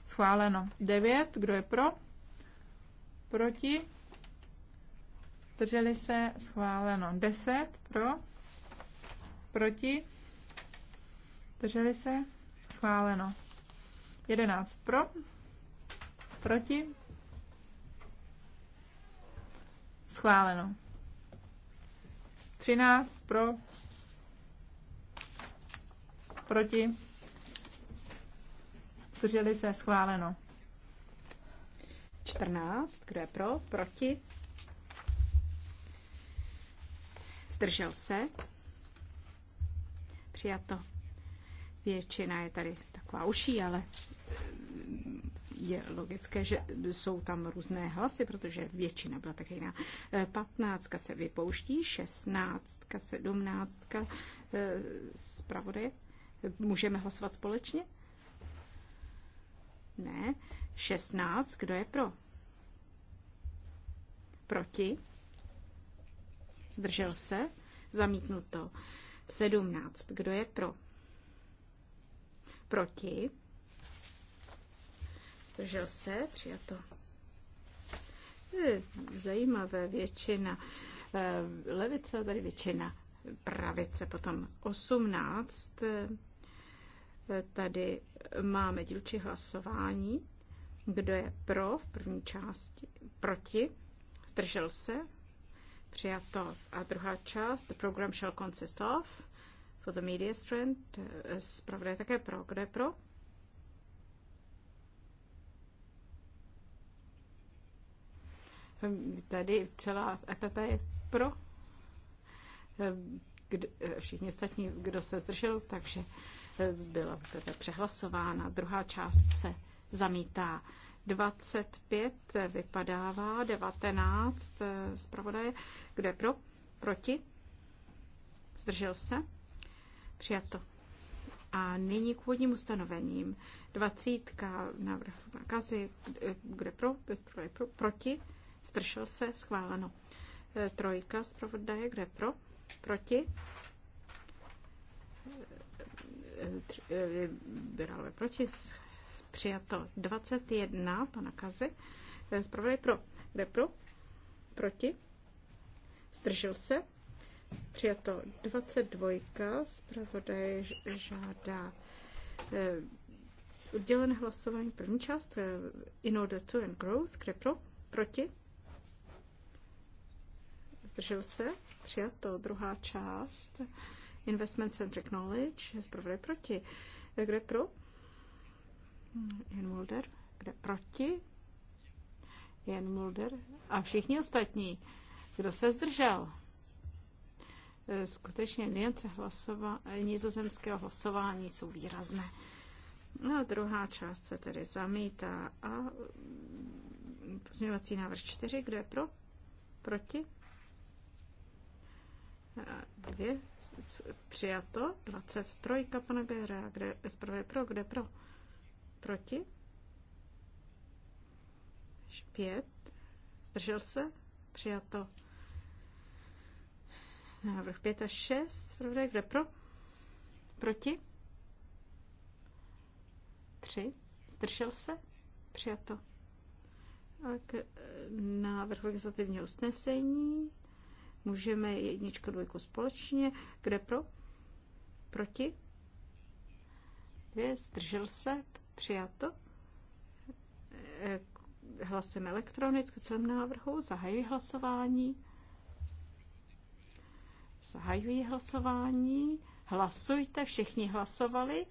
Speaker 1: schváleno, devět, kdo je pro, proti, zdrželi se, schváleno, deset, pro, proti, zdrželi se, schváleno, jedenáct, pro, proti, schváleno. 13 pro, proti, zdrželi se, schváleno. 14, kdo je pro,
Speaker 2: proti, zdržel se, přijato. Většina je tady taková uší, ale je logické, že jsou tam různé hlasy, protože většina byla také jiná. 15 se vypouští, 16, 17 zpravodaje Můžeme hlasovat společně? Ne. 16. Kdo je pro? Proti? Zdržel se? Zamítnuto. 17. Kdo je pro? Proti? Zdržel se? Přijato. Zajímavé většina. Eh, levice, tady většina pravice. Potom 18. Tady máme dílčí hlasování. Kdo je pro v první části? Proti? Zdržel se? Přijato. A druhá část, the program shall consist of, for the media strand, zpravodaj také pro. Kdo je pro? Tady celá EPP je pro. Kdo, všichni ostatní, kdo se zdržel, takže byla teda přehlasována. Druhá část se zamítá. 25 vypadává, 19 eh, zpravodaje. Kdo je pro? Proti? Zdržel se? Přijato. A nyní k úvodním ustanovením. 20 návrh nakazy, eh, kde pro, bez pro, proti, zdržel se, schváleno. Eh, trojka, zpravodaje, kde pro, proti, Eh, ve proti, přijato 21 pana Kazy, eh, zpravodaj pro, kde pro, proti, zdržel se, přijato 22, zpravodaj žádá udělené eh, hlasování, první část, in order to and growth, kde pro, proti, zdržel se, přijato druhá část, Investment Centric Knowledge, zpravodaj proti. Kde pro? Jen Mulder. Kde proti? Jen Mulder. A všichni ostatní. Kdo se zdržel? Eh, skutečně niance hlasova- eh, nizozemského hlasování jsou výrazné. No a druhá část se tedy zamítá. A mm, pozměňovací návrh 4, kde je pro? Proti? dvě přijato, 23 pana Gera, kde zprve pro, kde pro, proti, 5, zdržel se, přijato, návrh 5 a 6, zprve kde pro, proti, 3, zdržel se, přijato. A k návrhu legislativního usnesení Můžeme jedničku, dvojku společně. Kde pro? Proti? Dvě, zdržel se, přijato. E, hlasujeme elektronicky celém návrhu, zahajuji hlasování. Zahajuji hlasování. Hlasujte, všichni hlasovali.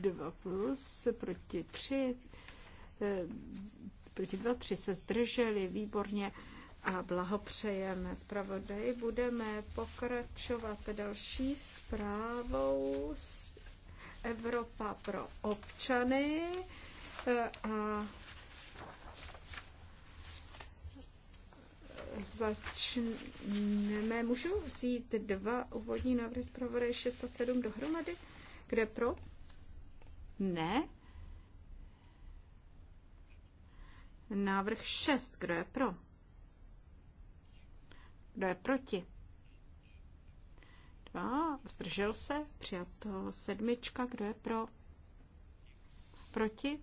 Speaker 2: 2 e, plus proti 3 proti dva tři se zdrželi, výborně a blahopřejeme Zpravodaj Budeme pokračovat další zprávou z Evropa pro občany a začneme. Můžu vzít dva úvodní návrhy zpravodaje 6 a 7 dohromady? Kde pro? Ne. Návrh 6. Kdo je pro? Kdo je proti? Dva. Zdržel se? Přijato sedmička. Kdo je pro? Proti?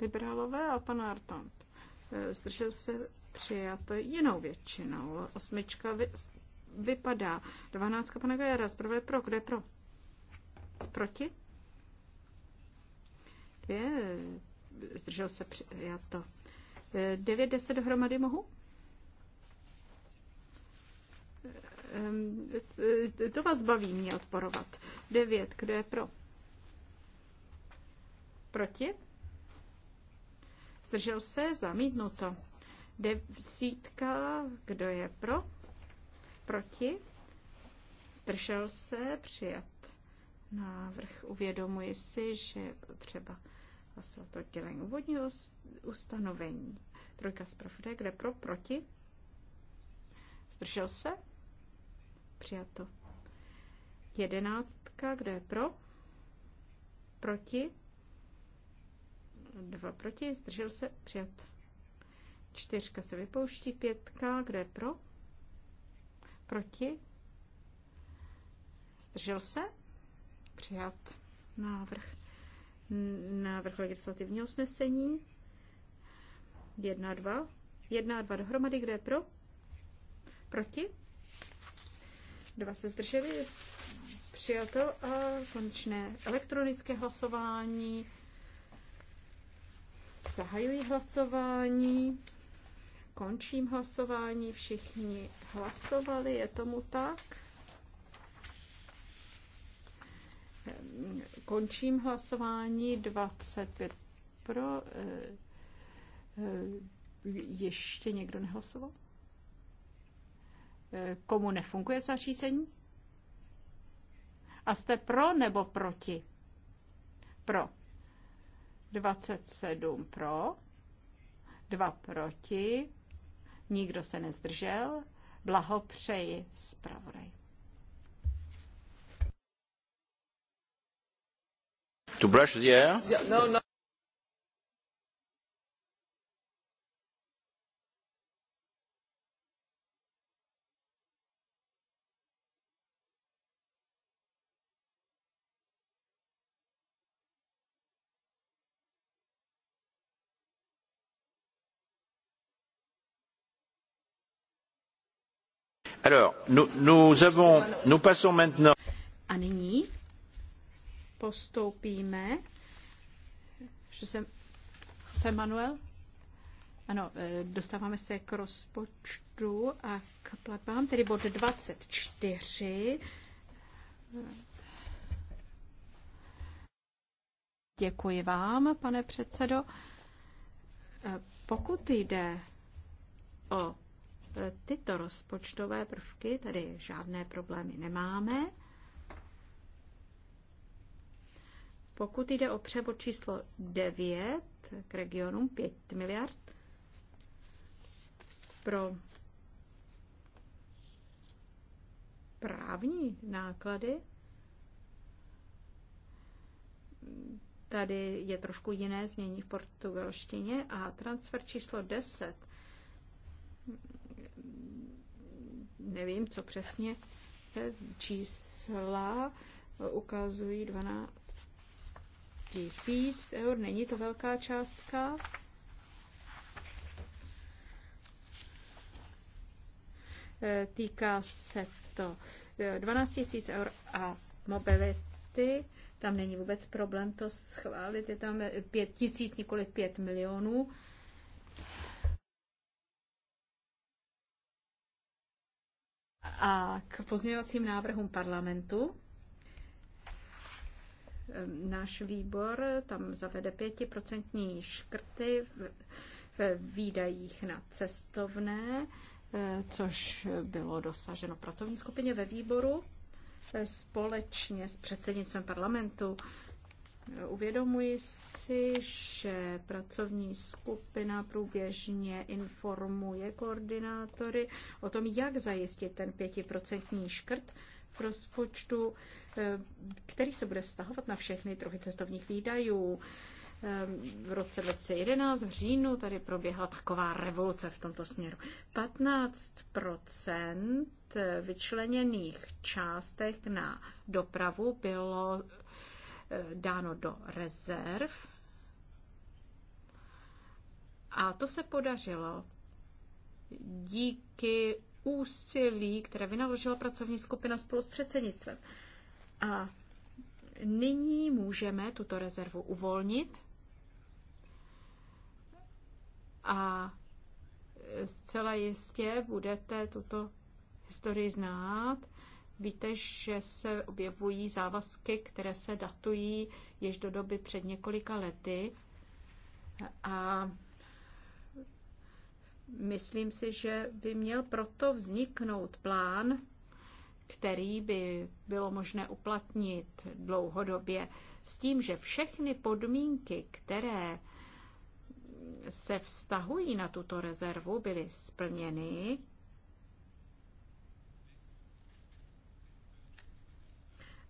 Speaker 2: Liberálové a pan Artant. E, zdržel se? Přijato jinou většinou. Osmička vy, vypadá. Dvanáctka pana Gajera. Zprve je pro. Kdo je pro? Proti? Dvě zdržel se to. 9, 10 dohromady mohu? Ehm, to vás baví mě odporovat. 9, kdo je pro? Proti? Zdržel se? Zamítnuto. Desítka, kdo je pro? Proti? Zdržel se? Přijat návrh. Uvědomuji si, že třeba to oddělení úvodního ustanovení. Trojka z profide, kde pro, proti. Zdržel se? Přijato. Jedenáctka, kde je pro? Proti. Dva proti, zdržel se? Přijat. Čtyřka se vypouští, pětka, kde je pro? Proti. Zdržel se? Přijat. Návrh návrh legislativního usnesení. 1 a 2. 1 a 2 dohromady, kdo je pro? Proti? Dva se zdrželi. Přijato a konečné elektronické hlasování. Zahajuji hlasování. Končím hlasování. Všichni hlasovali, je tomu tak. Končím hlasování 25 pro. Eh, eh, ještě někdo nehlasoval? Eh, komu nefunguje zařízení? A jste pro nebo proti? Pro. 27 pro, 2 proti, nikdo se nezdržel. Blahopřeji zpravodaj.
Speaker 3: To brush the air? Yeah, no, no. Alors, nous, nous, avons, nous passons maintenant
Speaker 2: postoupíme. Že jsem, jsem Manuel? Ano, e, dostáváme se k rozpočtu a k platbám, tedy bod 24. Děkuji vám, pane předsedo. E, pokud jde o e, tyto rozpočtové prvky, tady žádné problémy nemáme. Pokud jde o převod číslo 9 k regionům 5 miliard pro právní náklady, tady je trošku jiné znění v portugalštině a transfer číslo 10. Nevím, co přesně eh, čísla ukazují 12 tisíc eur, není to velká částka. Eh, týká se to 12 eh, tisíc eur a mobility. Tam není vůbec problém to schválit. Je tam 5 eh, tisíc, nikoli 5 milionů. A k pozměňovacím návrhům parlamentu. Náš výbor tam zavede pětiprocentní škrty ve výdajích na cestovné, eh, což bylo dosaženo pracovní skupině ve výboru eh, společně s předsednictvem parlamentu. Eh, uvědomuji si, že pracovní skupina průběžně informuje koordinátory o tom, jak zajistit ten pětiprocentní škrt v rozpočtu, eh, který se bude vztahovat na všechny druhy cestovních výdajů. Eh, v roce 2011 v říjnu tady proběhla taková revoluce v tomto směru. 15 vyčleněných částek na dopravu bylo eh, dáno do rezerv. A to se podařilo díky úsilí, které vynaložila pracovní skupina spolu s předsednictvem. A nyní můžeme tuto rezervu uvolnit a zcela jistě budete tuto historii znát. Víte, že se objevují závazky, které se datují již do doby před několika lety a Myslím si, že by měl proto vzniknout plán, který by bylo možné uplatnit dlouhodobě, s tím, že všechny podmínky, které se vztahují na tuto rezervu, byly splněny.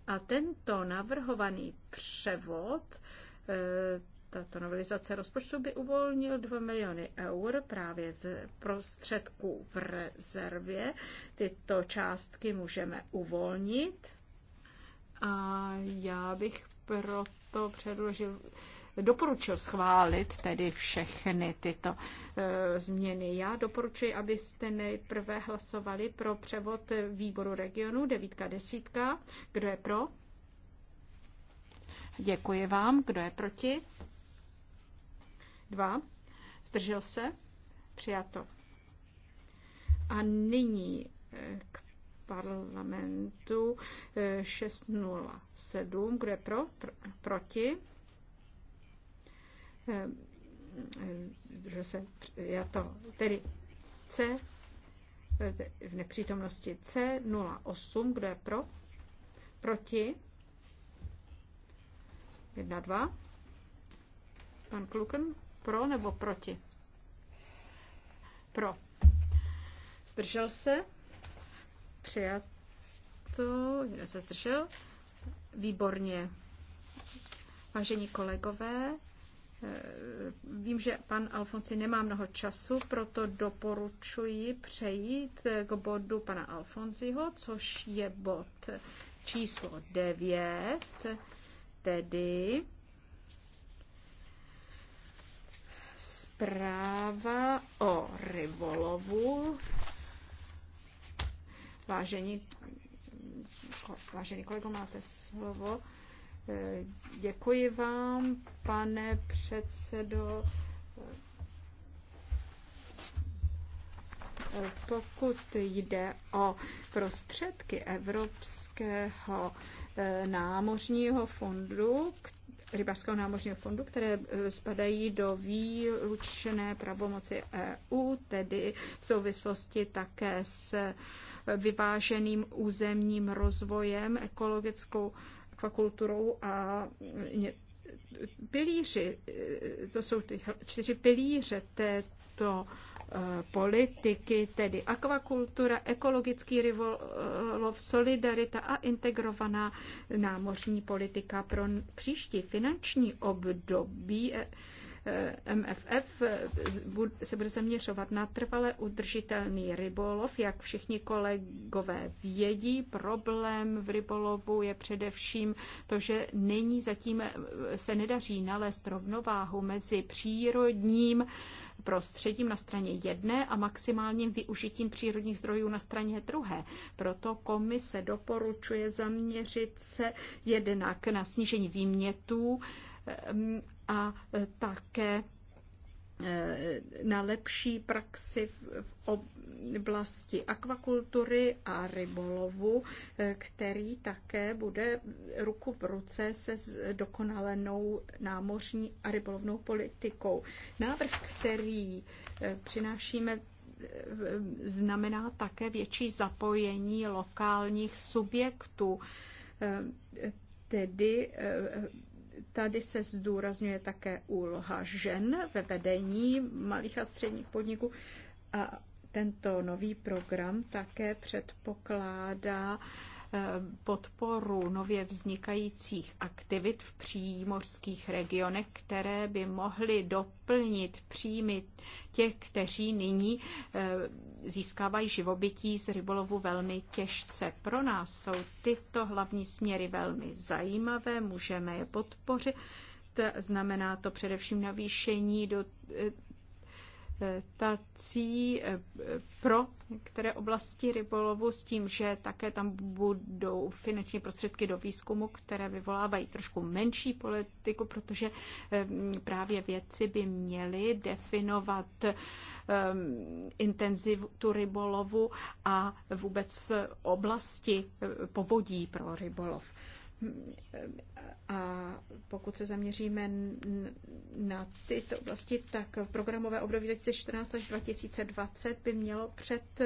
Speaker 2: A tento navrhovaný převod eh, tato novelizace rozpočtu by uvolnil 2 miliony eur právě z prostředků v rezervě. Tyto částky můžeme uvolnit. A já bych proto předložil doporučil schválit tedy všechny tyto e, změny. Já doporučuji, abyste nejprve hlasovali pro převod výboru regionu devítka desítka. Kdo je pro? Děkuji vám. Kdo je proti? 2. Zdržel se? Přijato. A nyní eh, k parlamentu 607. Eh, Kdo je pro? pro proti? Zdržel eh, se? Já to. Tedy C v nepřítomnosti C08. Kdo je pro? Proti? 1, 2. Pan Kluken pro nebo proti? Pro. Zdržel se? Přijato. Jeden se zdržel. Výborně. Vážení kolegové, eh, Vím, že pan Alfonsi nemá mnoho času, proto doporučuji přejít k bodu pana Alfonziho, což je bod číslo 9, tedy zpráva o rybolovu. Vážení, vážení kolego, máte slovo. E, děkuji vám, pane předsedo. E, pokud jde o prostředky Evropského e, námořního fondu, rybářského námořního fondu, které eh, spadají do výlučné pravomoci EU, tedy v souvislosti také s eh, vyváženým územním rozvojem, ekologickou akvakulturou a eh, pilíři, to jsou ty čtyři pilíře té, této eh, politiky, tedy akvakultura, ekologický rybolov, solidarita a integrovaná námořní politika pro příští finanční období. Eh, eh, MFF se bude zaměřovat na trvale udržitelný rybolov. Jak všichni kolegové vědí, problém v rybolovu je především to, že není zatím se nedaří nalézt rovnováhu mezi přírodním prostředím na straně jedné a maximálním využitím přírodních zdrojů na straně druhé. Proto komise doporučuje zaměřit se jednak na snížení výmětů a také na lepší praxi v oblasti akvakultury a rybolovu, eh, který také bude ruku v ruce se dokonalenou námořní a rybolovnou politikou. Návrh, který eh, přinášíme eh, znamená také větší zapojení lokálních subjektů, tedy Tady se zdůrazňuje také úloha žen ve vedení malých a středních podniků a tento nový program také předpokládá podporu nově vznikajících aktivit v přímořských regionech, které by mohly doplnit příjmy těch, kteří nyní eh, získávají živobytí z rybolovu velmi těžce. Pro nás jsou tyto hlavní směry velmi zajímavé, můžeme je podpořit. Znamená to především navýšení do eh, tací eh, pro některé oblasti rybolovu s tím, že také tam budou finanční prostředky do výzkumu, které vyvolávají trošku menší politiku, protože eh, právě věci by měly definovat ehm, intenzitu rybolovu a vůbec oblasti eh, povodí pro rybolov. A pokud se zaměříme na tyto oblasti, tak programové období 2014 až 2020 by mělo, před,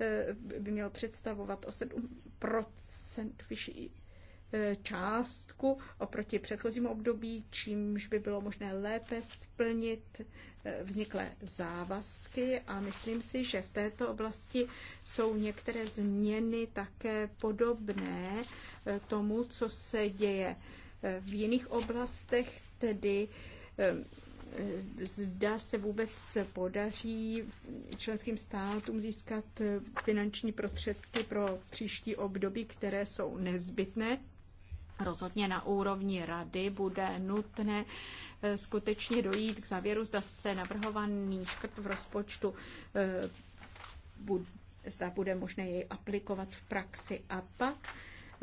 Speaker 2: eh, by mělo představovat o 7 vyšší E, částku oproti předchozímu období, čímž by bylo možné lépe splnit e, vzniklé závazky a myslím si, že v této oblasti jsou některé změny také podobné e, tomu, co se děje v jiných oblastech, tedy zda se vůbec podaří členským státům získat finanční prostředky pro příští období, které jsou nezbytné rozhodně na úrovni rady bude nutné eh, skutečně dojít k závěru, zda se navrhovaný škrt v rozpočtu eh, zda bude možné jej aplikovat v praxi. A pak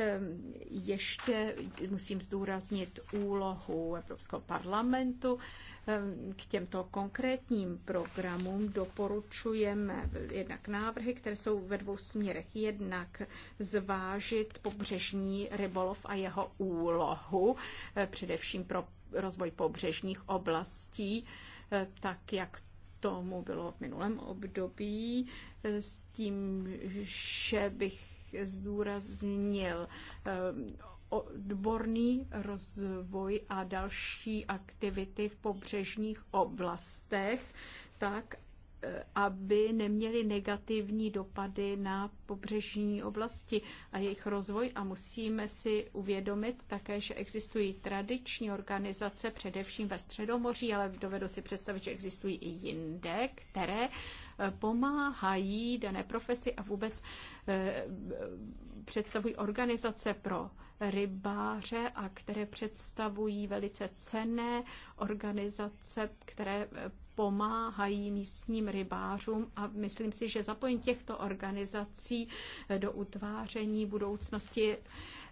Speaker 2: Ehm, ještě musím zdůraznit úlohu Evropského parlamentu. Ehm, k těmto konkrétním programům doporučujeme jednak návrhy, které jsou ve dvou směrech. Jednak zvážit pobřežní rybolov a jeho úlohu, eh, především pro rozvoj pobřežních oblastí, eh, tak jak tomu bylo v minulém období, eh, s tím, že bych zdůraznil eh, odborný rozvoj a další aktivity v pobřežních oblastech, tak, aby neměly negativní dopady na pobřežní oblasti a jejich rozvoj. A musíme si uvědomit také, že existují tradiční organizace, především ve Středomoří, ale dovedu si představit, že existují i jinde, které eh, pomáhají dané profesi a vůbec eh, představují organizace pro rybáře a které představují velice cené organizace, které eh, pomáhají místním rybářům a myslím si, že zapojení těchto organizací do utváření budoucnosti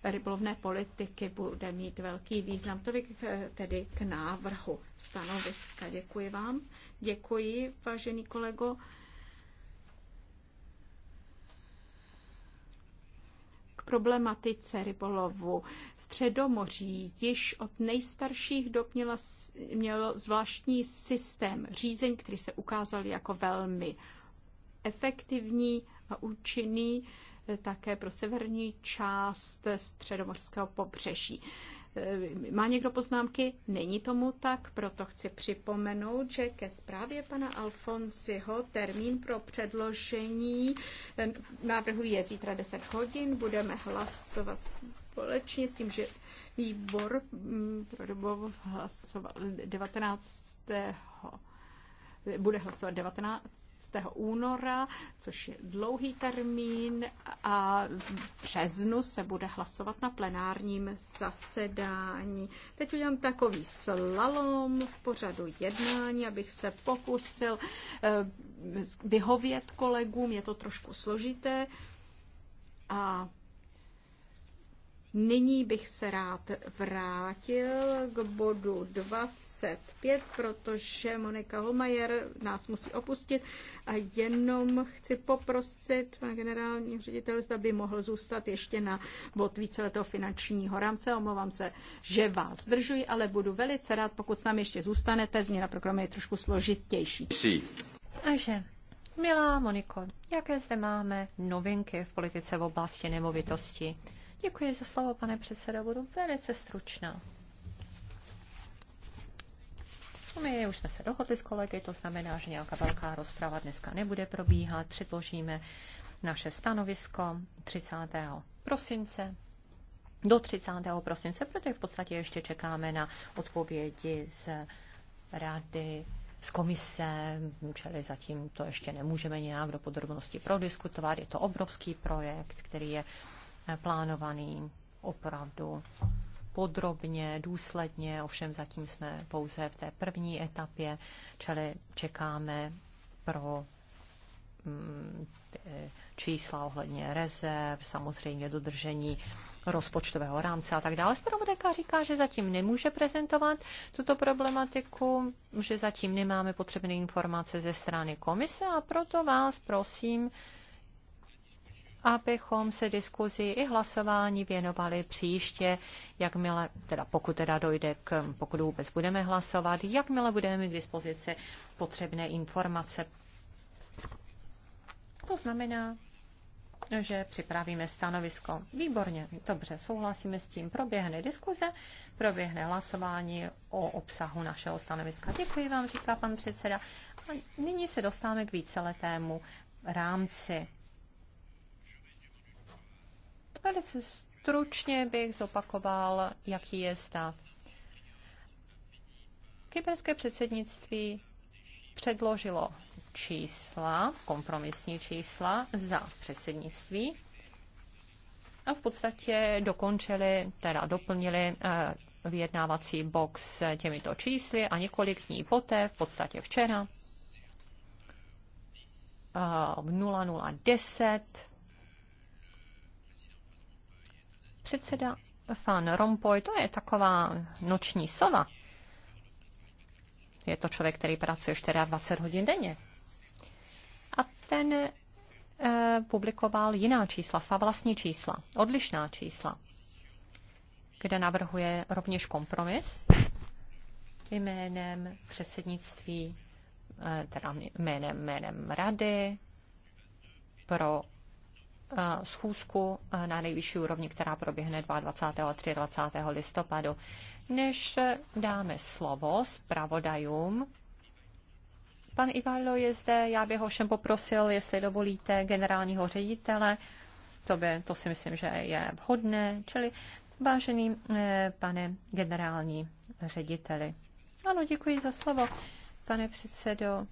Speaker 2: rybolovné politiky bude mít velký význam. Tolik eh, tedy k návrhu stanoviska. Děkuji vám. Děkuji, vážený kolego. problematice rybolovu Středomoří již od nejstarších dob měla, mělo zvláštní systém řízení, který se ukázal jako velmi efektivní a účinný eh, také pro severní část středomorského pobřeží. Eh, má někdo poznámky? Není tomu tak, proto chci připomenout, že ke zprávě pana Alfonsiho termín pro předložení eh, návrhu je zítra 10 hodin. Budeme hlasovat společně s tím, že výbor mm, pro hlasoval 19. bude hlasovat 19 února, což je dlouhý termín a v březnu se bude hlasovat na plenárním zasedání. Teď udělám takový slalom v pořadu jednání, abych se pokusil eh, vyhovět kolegům. Je to trošku složité a Nyní bych se rád vrátil k bodu 25, protože Monika Holmajer nás musí opustit a jenom chci poprosit pana generálního ředitele, zda by mohl zůstat ještě na bod víceletého finančního rámce. Omlouvám se, že vás zdržuji, ale budu velice rád, pokud s námi ještě zůstanete. Změna programu je trošku složitější. Takže, milá Moniko, jaké zde
Speaker 3: máme novinky v politice v oblasti nemovitosti? Děkuji za slovo, pane předsedo. Budu velice stručná. My už jsme se dohodli s kolegy, to znamená, že nějaká velká rozprava dneska nebude probíhat. Předložíme naše stanovisko 30. prosince do 30. prosince, protože v podstatě ještě čekáme na odpovědi z rady, z komise, čili zatím to ještě nemůžeme nějak do podrobnosti prodiskutovat. Je to obrovský projekt, který je plánovaný opravdu podrobně, důsledně, ovšem zatím jsme pouze v té první etapě, čili čekáme pro mm, eh, čísla ohledně rezerv, samozřejmě dodržení rozpočtového rámce a tak dále. Spravodajka říká, že zatím nemůže prezentovat tuto problematiku, že zatím nemáme potřebné informace ze strany komise a proto vás prosím, abychom se diskuzi i hlasování věnovali příště, jakmile, teda pokud teda dojde k, pokud vůbec budeme hlasovat, jakmile budeme mít k dispozici potřebné informace.
Speaker 2: To znamená,
Speaker 3: že připravíme stanovisko. Výborně, dobře, souhlasíme s tím. Proběhne diskuze, proběhne hlasování o obsahu našeho stanoviska. Děkuji vám, říká pan předseda. A nyní se dostáváme k víceletému rámci Velice stručně bych zopakoval, jaký je stav. Kyperské předsednictví předložilo čísla, kompromisní čísla za předsednictví a v podstatě dokončili, teda doplnili eh, vyjednávací box těmito čísly a několik dní poté, v podstatě včera, eh, v 0010 Předseda Fan Rompuy, to je taková noční sova. Je to člověk, který pracuje 24 hodin denně. A ten e, publikoval jiná čísla, svá vlastní čísla, odlišná čísla, kde navrhuje rovněž kompromis jménem předsednictví, e, teda jménem, jménem rady pro Eh, schůzku eh, na nejvyšší úrovni, která proběhne 22. a 23. listopadu. Než dáme slovo pravodajům, pan Ivalo je zde, já bych ho všem poprosil, jestli dovolíte, generálního ředitele, to, by, to si myslím, že je vhodné, čili vážený eh, pane generální řediteli. Ano, děkuji za slovo, pane předsedo.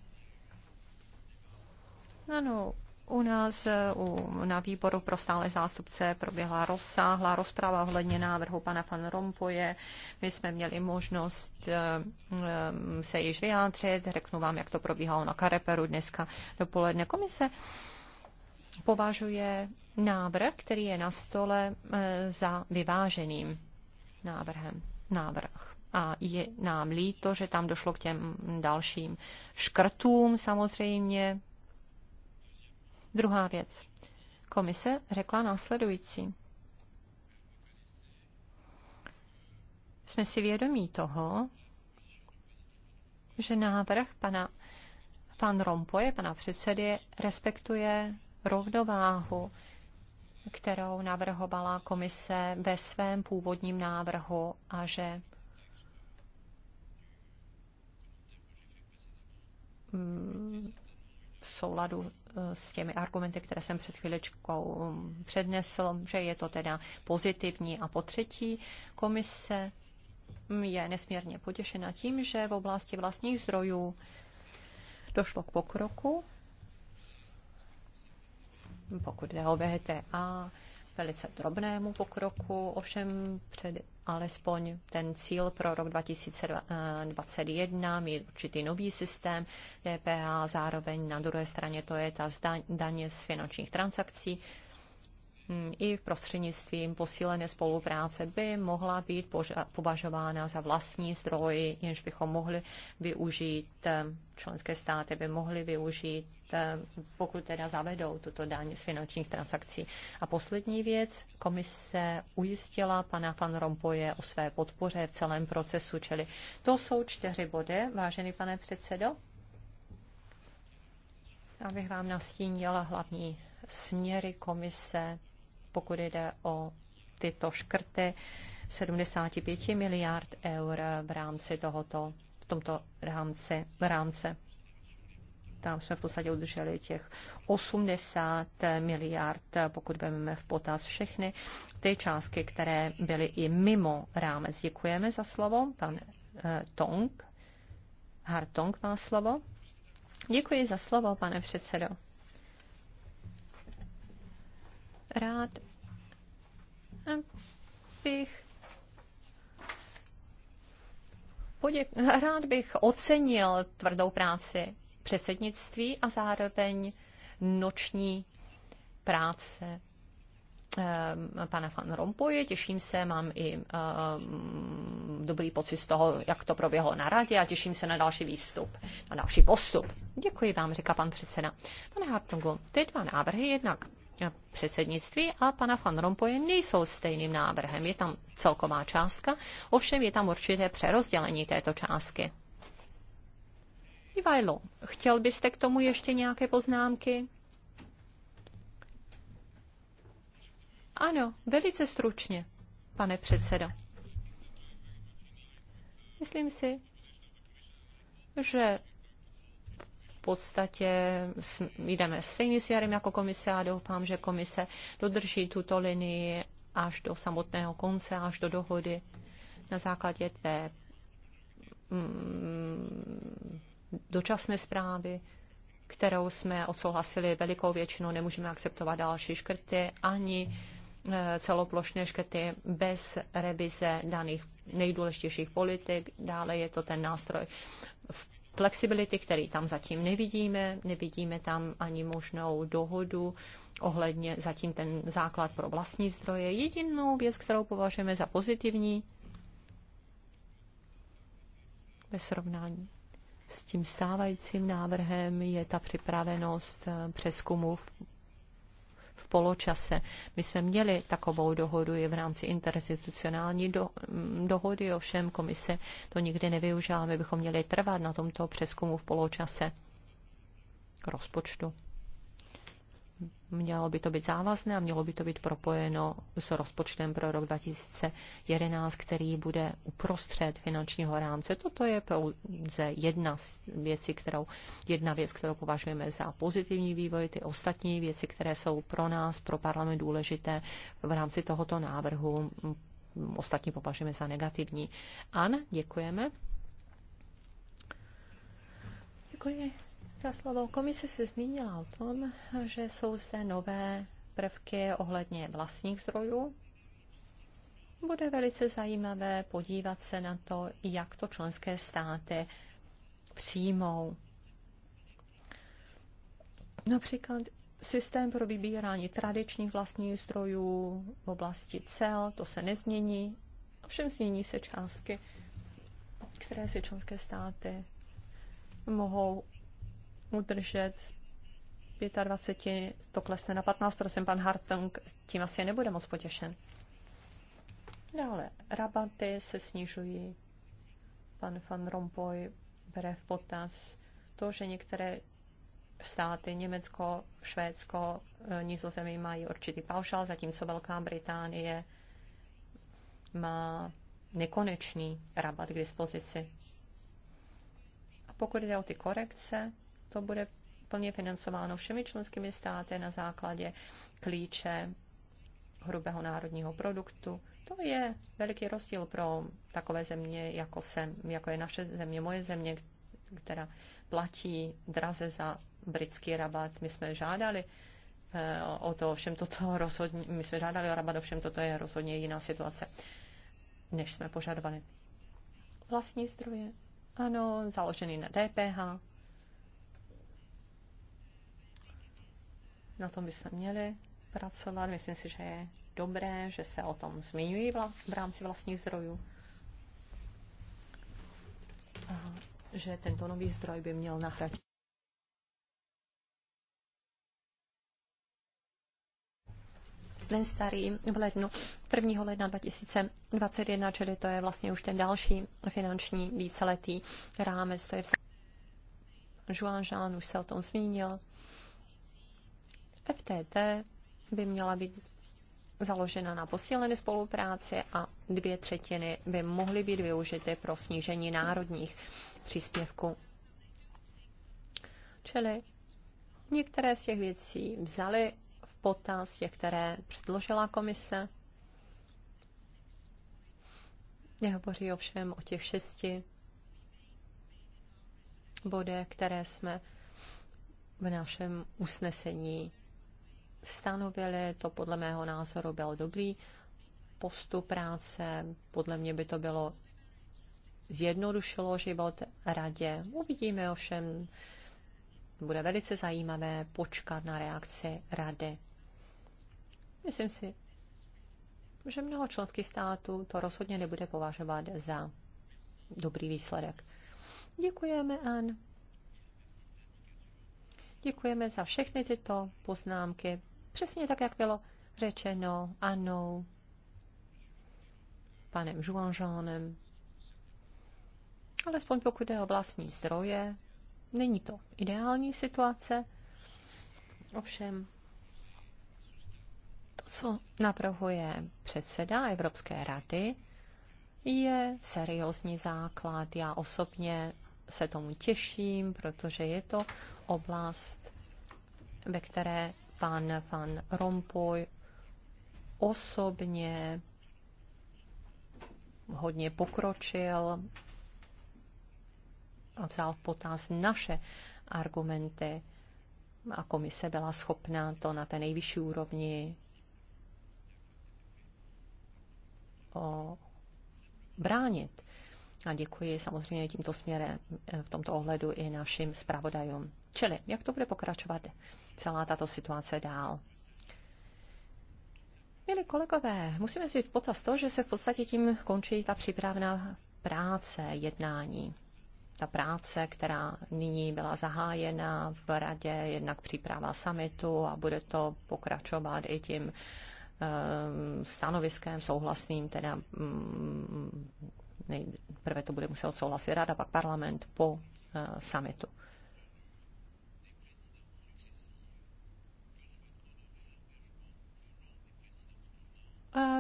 Speaker 3: Ano, u nás eh, u, na výboru pro stále zástupce proběhla rozsáhlá rozprava ohledně návrhu pana Van Rompoje. My jsme měli možnost um, se již vyjádřit. Řeknu vám, jak to probíhalo na Kareperu dneska dopoledne. Komise považuje návrh, který je na stole, eh, za vyváženým návrhem. Návrh a je nám líto, že tam došlo k těm dalším škrtům samozřejmě, Druhá věc. Komise řekla následující. Jsme si vědomí toho, že návrh pana pan Rompoje, pana předsedy, respektuje rovnováhu, kterou navrhovala komise ve svém původním návrhu a že v souladu s těmi argumenty, které jsem před chvíličkou um, přednesl, že je to teda pozitivní. A po třetí, komise mm, je nesmírně potěšena tím, že v oblasti vlastních zdrojů došlo k pokroku, pokud jde o a velice drobnému pokroku, ovšem před alespoň ten cíl pro rok 2021, mít určitý nový systém DPH, zároveň na druhé straně to je ta daně z finančních transakcí, Hmm, i v prostřednictvím posílené spolupráce by mohla být považována za vlastní zdroj, jenž bychom mohli využít, eh, členské státy by mohly využít, eh, pokud teda zavedou tuto daň z finančních transakcí. A poslední věc, komise ujistila pana Van Rompoje o své podpoře v celém procesu, čili to jsou čtyři body, vážený pane předsedo. Abych vám nastínila hlavní směry komise pokud jde o tyto škrty 75 miliard eur v rámci tohoto, v tomto rámci, v rámce. Tam jsme v podstatě udrželi těch 80 miliard, pokud budeme v potaz všechny ty částky, které byly i mimo rámec. Děkujeme za slovo. Pan eh, Tong, Hartong má slovo. Děkuji za slovo, pane předsedo. Rád bych poděk- rád bych ocenil tvrdou práci předsednictví a zároveň noční práce eh, pana Van Rompuye. Těším se, mám i um, dobrý pocit z toho, jak to proběhlo na radě a těším se na další výstup, na další postup. Děkuji vám, říká pan předseda. Pane Hartungu, ty dva návrhy, jednak předsednictví a pana Van Rompuy nejsou stejným návrhem. Je tam celková částka, ovšem je tam určité přerozdělení této částky. Ivajlo, chtěl byste k tomu ještě nějaké poznámky? Ano, velice stručně, pane předsedo. Myslím si, že podstatě jdeme stejným směrem jako komise a doufám, že komise dodrží tuto linii až do samotného konce, až do dohody na základě té mm, dočasné zprávy, kterou jsme odsouhlasili velikou většinou, nemůžeme akceptovat další škrty ani e, celoplošné škrty bez revize daných nejdůležitějších politik. Dále je to ten nástroj v flexibility, který tam zatím nevidíme. Nevidíme tam ani možnou dohodu ohledně zatím ten základ pro vlastní zdroje. Jedinou věc, kterou považujeme za pozitivní ve srovnání s tím stávajícím návrhem, je ta připravenost eh, přeskumu v poločase. My jsme měli takovou dohodu i v rámci interinstitucionální do, mm, dohody, ovšem komise to nikdy nevyužila. My bychom měli trvat na tomto přeskumu v poločase rozpočtu. Mělo by to být závazné a mělo by to být propojeno s rozpočtem pro rok 2011, který bude uprostřed finančního rámce. Toto je pouze jedna z věcí, kterou, jedna věc, kterou považujeme za pozitivní vývoj. Ty ostatní věci, které jsou pro nás, pro parlament důležité v rámci tohoto návrhu, ostatní považujeme za negativní. An, děkujeme. Děkuji za slovo. Komise se zmínila o tom, že jsou zde nové prvky ohledně vlastních zdrojů. Bude velice zajímavé podívat se na to, jak to členské státy přijmou. Například systém pro vybírání tradičních vlastních zdrojů v oblasti cel, to se nezmění. Ovšem změní se částky, které si členské státy mohou udržet z 25, to klesne na 15, prosím, pan Hartung tím asi nebude moc potěšen. Dále, rabaty se snižují. Pan Van Rompuy bere v potaz to, že některé státy, Německo, Švédsko, e, Nizozemí mají určitý paušál, zatímco Velká Británie má nekonečný rabat k dispozici. A pokud jde o ty korekce, to bude plně financováno všemi členskými státy na základě klíče hrubého národního produktu. To je veliký rozdíl pro takové země, jako, jsem, jako je naše země, moje země, která platí draze za britský rabat. My jsme žádali eh, o to, všem toto rozhodně, my jsme žádali o rabat, ovšem toto je rozhodně jiná situace, než jsme požadovali. Vlastní zdroje, ano, založený na DPH, na tom bychom měli pracovat. Myslím si, že je dobré, že se o tom zmiňují v rámci vlastních zdrojů. A že tento nový zdroj by měl nahradit. Ten starý v lednu 1. ledna 2021, čili to je vlastně už ten další finanční víceletý rámec. To je Juan Jean už se o tom zmínil. FTT by měla být založena na posílené spolupráci a dvě třetiny by mohly být využity pro snížení národních příspěvků. Čili některé z těch věcí vzali v potaz, těch, které předložila komise. Nehovoří ovšem o těch šesti bodech, které jsme v našem usnesení stanovili. To podle mého názoru byl dobrý postup práce. Podle mě by to bylo zjednodušilo život radě. Uvidíme ovšem, bude velice zajímavé počkat na reakci rady. Myslím si, že mnoho členských států to rozhodně nebude považovat za dobrý výsledek. Děkujeme, Ann. Děkujeme za všechny tyto poznámky. Přesně tak, jak bylo řečeno ano panem Žuanžánem. Alespoň pokud je o vlastní zdroje, není to ideální situace. Ovšem, to, co navrhuje předseda Evropské rady, je seriózní základ. Já osobně se tomu těším, protože je to oblast, ve které pan Van Rompuy osobně hodně pokročil a vzal v potaz naše argumenty a komise byla schopná to na té nejvyšší úrovni bránit. A děkuji samozřejmě tímto směrem v tomto ohledu i našim zpravodajům. Čili, jak to bude pokračovat celá tato situace dál. Milí kolegové, musíme si v potaz to, že se v podstatě tím končí ta přípravná práce jednání. Ta práce, která nyní byla zahájena v radě, jednak příprava samitu a bude to pokračovat i tím ehm, stanoviskem souhlasným, teda mm, nejprve to bude muset souhlasit rada, pak parlament po uh,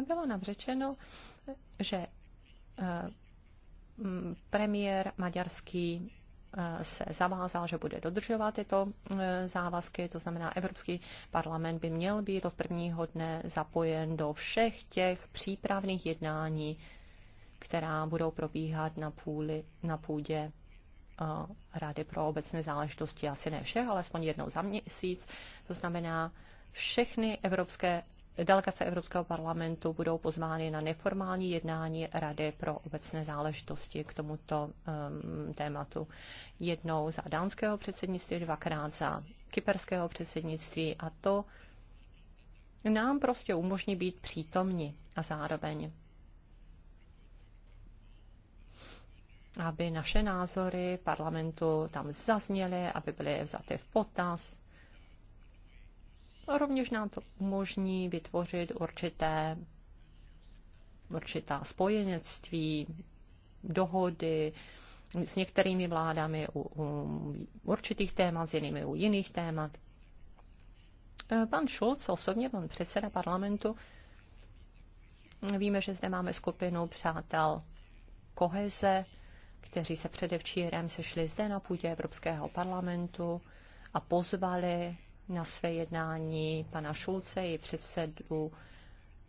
Speaker 3: bylo nám řečeno, že eh, premiér maďarský eh, se zavázal, že bude dodržovat tyto eh, závazky, to znamená, Evropský parlament by měl být od prvního dne zapojen do všech těch přípravných jednání, která budou probíhat na, půli, na půdě Rady pro obecné záležitosti, asi ne všech, ale aspoň jednou za měsíc. To znamená, všechny evropské delegace Evropského parlamentu budou pozvány na neformální jednání Rady pro obecné záležitosti k tomuto um, tématu. Jednou za dánského předsednictví, dvakrát za kyperského předsednictví a to nám prostě umožní být přítomni a zároveň aby naše názory parlamentu tam zazněly, aby byly vzaty v potaz, a rovněž nám to umožní vytvořit určité, určitá spojenectví, dohody s některými vládami u, u určitých témat, s jinými u jiných témat. Eh, pan Schulz, osobně pan předseda parlamentu, víme, že zde máme skupinu přátel koheze, kteří se předevčírem sešli zde na půdě Evropského parlamentu a pozvali na své jednání pana Šulce i předsedu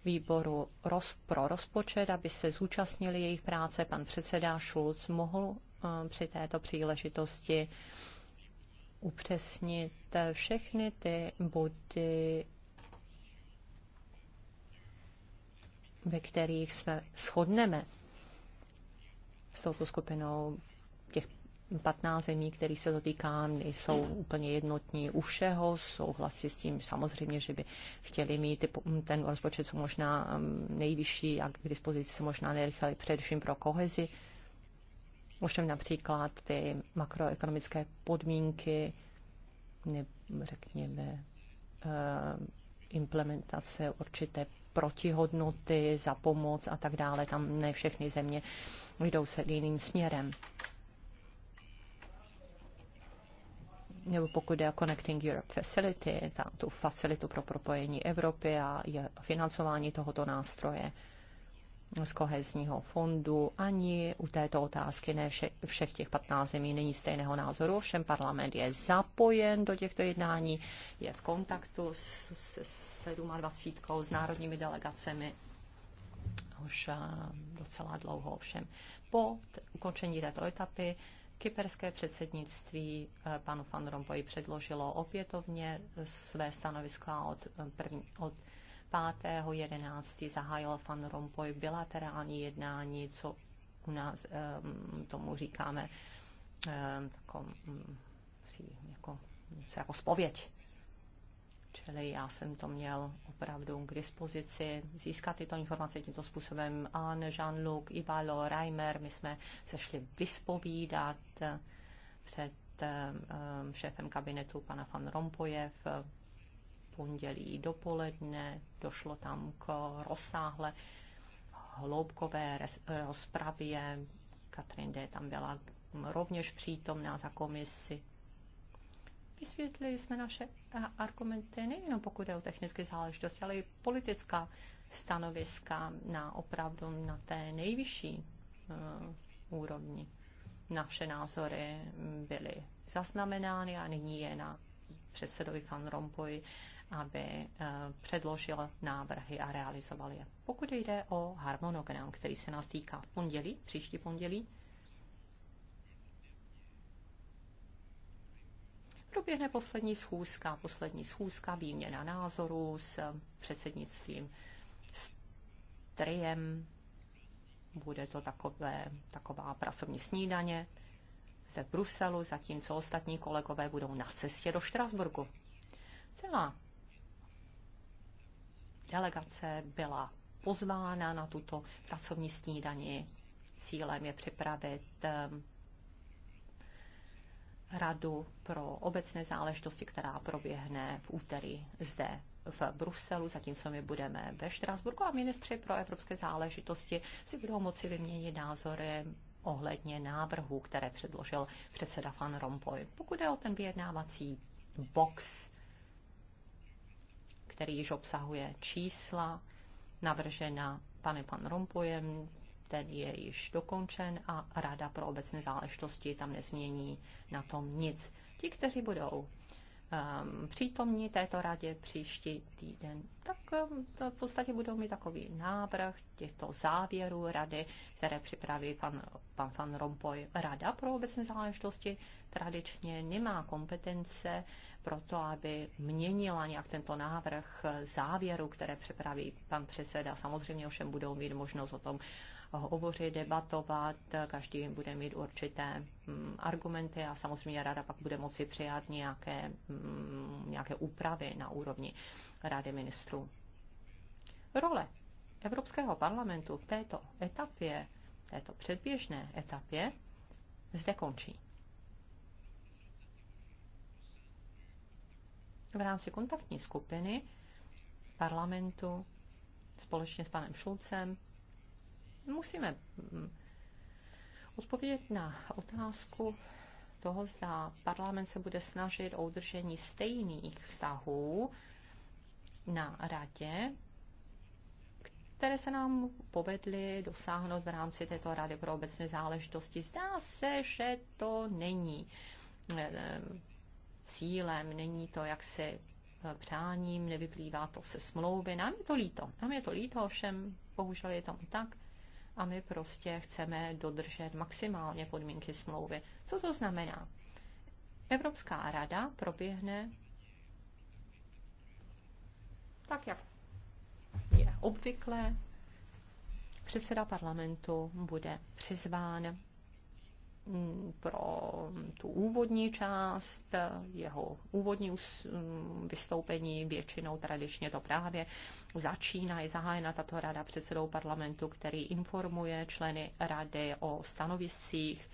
Speaker 3: výboru roz, pro rozpočet, aby se zúčastnili jejich práce. Pan předseda Šulc mohl eh, při této příležitosti upřesnit eh, všechny ty body, ve kterých se shodneme s touto skupinou. 15 zemí, které se dotýká, nejsou úplně jednotní u všeho, souhlasí s tím samozřejmě, že by chtěli mít ten rozpočet co možná mm, nejvyšší a k dispozici se možná nejrychleji, především pro kohezi. Možná například ty makroekonomické podmínky, ne, řekněme, eh, implementace určité protihodnoty za pomoc a tak dále, tam ne všechny země jdou se jiným směrem. nebo pokud jde o Connecting Europe Facility, tam tu facilitu pro propojení Evropy a je financování tohoto nástroje z kohezního fondu, ani u této otázky ne vše, všech těch 15 zemí není stejného názoru, ovšem parlament je zapojen do těchto jednání, je v kontaktu se 27, s národními delegacemi už eh, docela dlouho ovšem. Po ukončení této etapy Kyperské předsednictví eh, panu Van Rompuy předložilo opětovně své stanovisko od, eh, první, od 5.11. zahájil Van Rompuy bilaterální jednání, co u nás um, tomu říkáme um, ehm, takom, mm, um, jako, jako spověď Čili já jsem to měl opravdu k dispozici, získat tyto informace tímto způsobem. A Jean-Luc, Ivalo, Reimer, my jsme se šli vyspovídat před eh, šéfem kabinetu pana Van Rompoje v pondělí dopoledne. Došlo tam k rozsáhlé hloubkové rozpravě. Katrin D. tam byla rovněž přítomná za komisi Vysvětlili jsme naše argumenty nejenom pokud je o technické záležitosti, ale i politická stanoviska na opravdu na té nejvyšší uh, úrovni. Naše názory byly zaznamenány a nyní je na předsedovi Van Rompuy, aby uh, předložil návrhy a realizoval je. Pokud jde o harmonogram, který se nás týká v pondělí, příští pondělí, proběhne poslední schůzka, poslední schůzka, výměna názorů s předsednictvím, s triem, bude to takové, taková pracovní snídaně zde v Bruselu, zatímco ostatní kolegové budou na cestě do Štrasburgu. Celá delegace byla pozvána na tuto pracovní snídani. Cílem je připravit eh, radu pro obecné záležitosti, která proběhne v úterý zde v Bruselu, zatímco my budeme ve Štrásburku a ministři pro evropské záležitosti si budou moci vyměnit názory ohledně návrhů, které předložil předseda Van Rompuy. Pokud je o ten vyjednávací box, který již obsahuje čísla navržena panem Van Rompuyem, ten je již dokončen a Rada pro obecné záležitosti tam nezmění na tom nic. Ti, kteří budou um, přítomní této radě příští týden, tak um, to v podstatě budou mít takový návrh těchto závěrů rady, které připraví pan, pan Van Rompuy. Rada pro obecné záležitosti tradičně nemá kompetence pro to, aby měnila nějak tento návrh závěru, které připraví pan předseda. Samozřejmě ovšem budou mít možnost o tom hovořit, debatovat, každý bude mít určité mm, argumenty a samozřejmě rada pak bude moci přijat nějaké, mm, nějaké úpravy na úrovni rady ministrů. Role Evropského parlamentu v této etapě, této předběžné etapě, zde končí. V rámci kontaktní skupiny parlamentu společně s panem Šulcem musíme mm, odpovědět na otázku toho, zda parlament se bude snažit o udržení stejných vztahů na radě, které se nám povedly dosáhnout v rámci této rady pro obecné záležitosti. Zdá se, že to není eh, cílem, není to jaksi eh, přáním, nevyplývá to se smlouvy. Nám je to líto. Nám je to líto, ovšem bohužel je tomu tak a my prostě chceme dodržet maximálně podmínky smlouvy. Co to znamená? Evropská rada proběhne tak, jak je obvykle. Předseda parlamentu bude přizván Mm, pro tu úvodní část, jeho úvodní mm, vystoupení, většinou tradičně to právě začíná, je zahájena tato rada předsedou parlamentu, který informuje členy rady o stanoviscích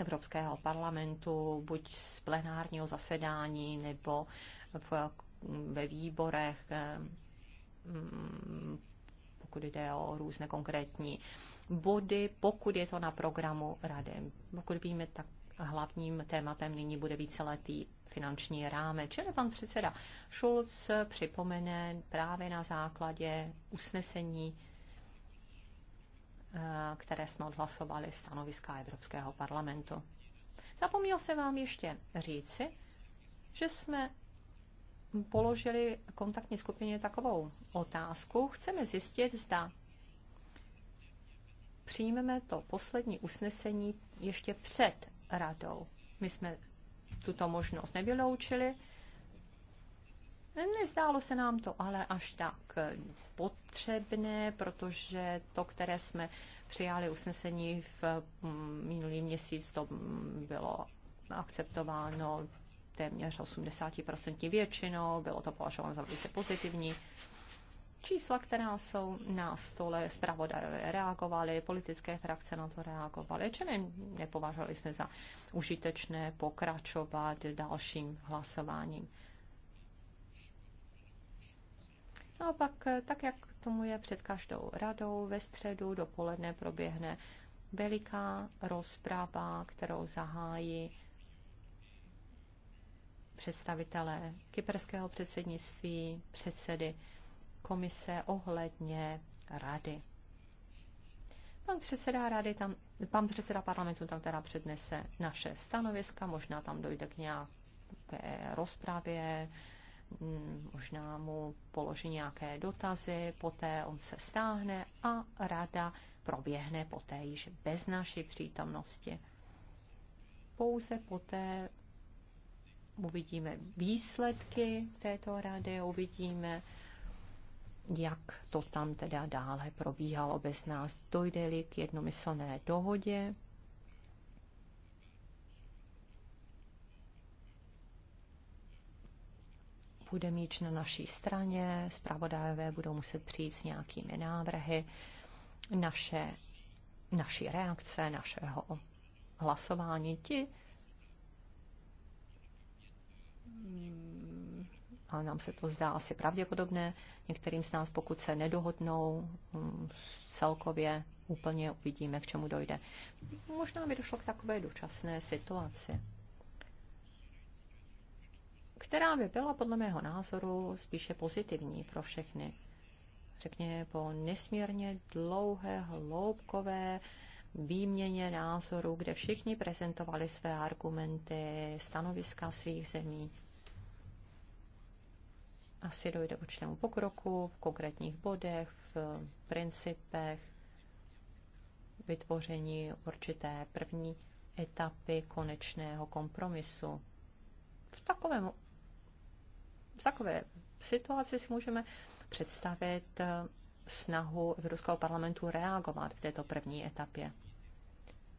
Speaker 3: Evropského parlamentu, buď z plenárního zasedání nebo v, ve výborech, eh, mm, pokud jde o různé konkrétní body, pokud je to na programu Rady. Pokud víme, tak hlavním tématem nyní bude víceletý finanční rámec. Čili pan předseda Schulz připomene právě na základě usnesení, eh, které jsme odhlasovali stanoviska Evropského parlamentu. Zapomněl se vám ještě říci, že jsme položili kontaktní skupině takovou otázku. Chceme zjistit, zda přijmeme to poslední usnesení ještě před radou. My jsme tuto možnost nevyloučili. Nezdálo se nám to ale až tak potřebné, protože to, které jsme přijali usnesení v mm, minulý měsíc, to bylo akceptováno téměř 80% většinou, bylo to považováno za velice pozitivní Čísla, která jsou na stole, zpravodajové reagovaly, politické frakce na to reagovaly, či ne, nepovažovali jsme za užitečné pokračovat dalším hlasováním. Naopak, no tak jak tomu je před každou radou, ve středu dopoledne proběhne veliká rozprava, kterou zahájí představitelé kyperského předsednictví, předsedy komise ohledně rady. Pan předseda rady tam, pan předseda parlamentu tam teda přednese naše stanoviska, možná tam dojde k nějaké rozpravě, mm, možná mu položí nějaké dotazy, poté on se stáhne a rada proběhne poté již bez naší přítomnosti. Pouze poté uvidíme výsledky této rady, uvidíme, jak to tam teda dále probíhalo bez nás. Dojde-li k jednomyslné dohodě, bude mít na naší straně, zpravodajové budou muset přijít s nějakými návrhy, naše, naší reakce, našeho hlasování. Ti a nám se to zdá asi pravděpodobné. Některým z nás, pokud se nedohodnou mm, celkově, úplně uvidíme, k čemu dojde. Možná by došlo k takové dočasné situaci, která by byla podle mého názoru spíše pozitivní pro všechny. Řekněme po nesmírně dlouhé, hloubkové výměně názorů, kde všichni prezentovali své argumenty, stanoviska svých zemí asi dojde k určitému pokroku v konkrétních bodech, v principech, vytvoření určité první etapy konečného kompromisu. V, takovém, v takové situaci si můžeme představit eh, snahu Evropského parlamentu reagovat v této první etapě.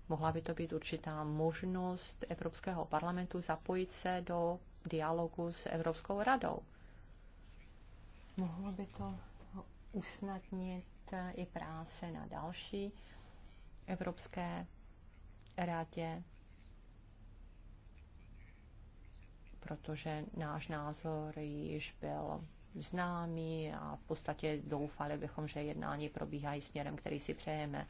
Speaker 3: Mohla by to být určitá možnost Evropského parlamentu zapojit se do dialogu s Evropskou radou mohlo by to usnadnit eh, i práce na další Evropské radě, protože náš názor již byl známý a v podstatě doufali bychom, že jednání probíhají směrem, který si přejeme.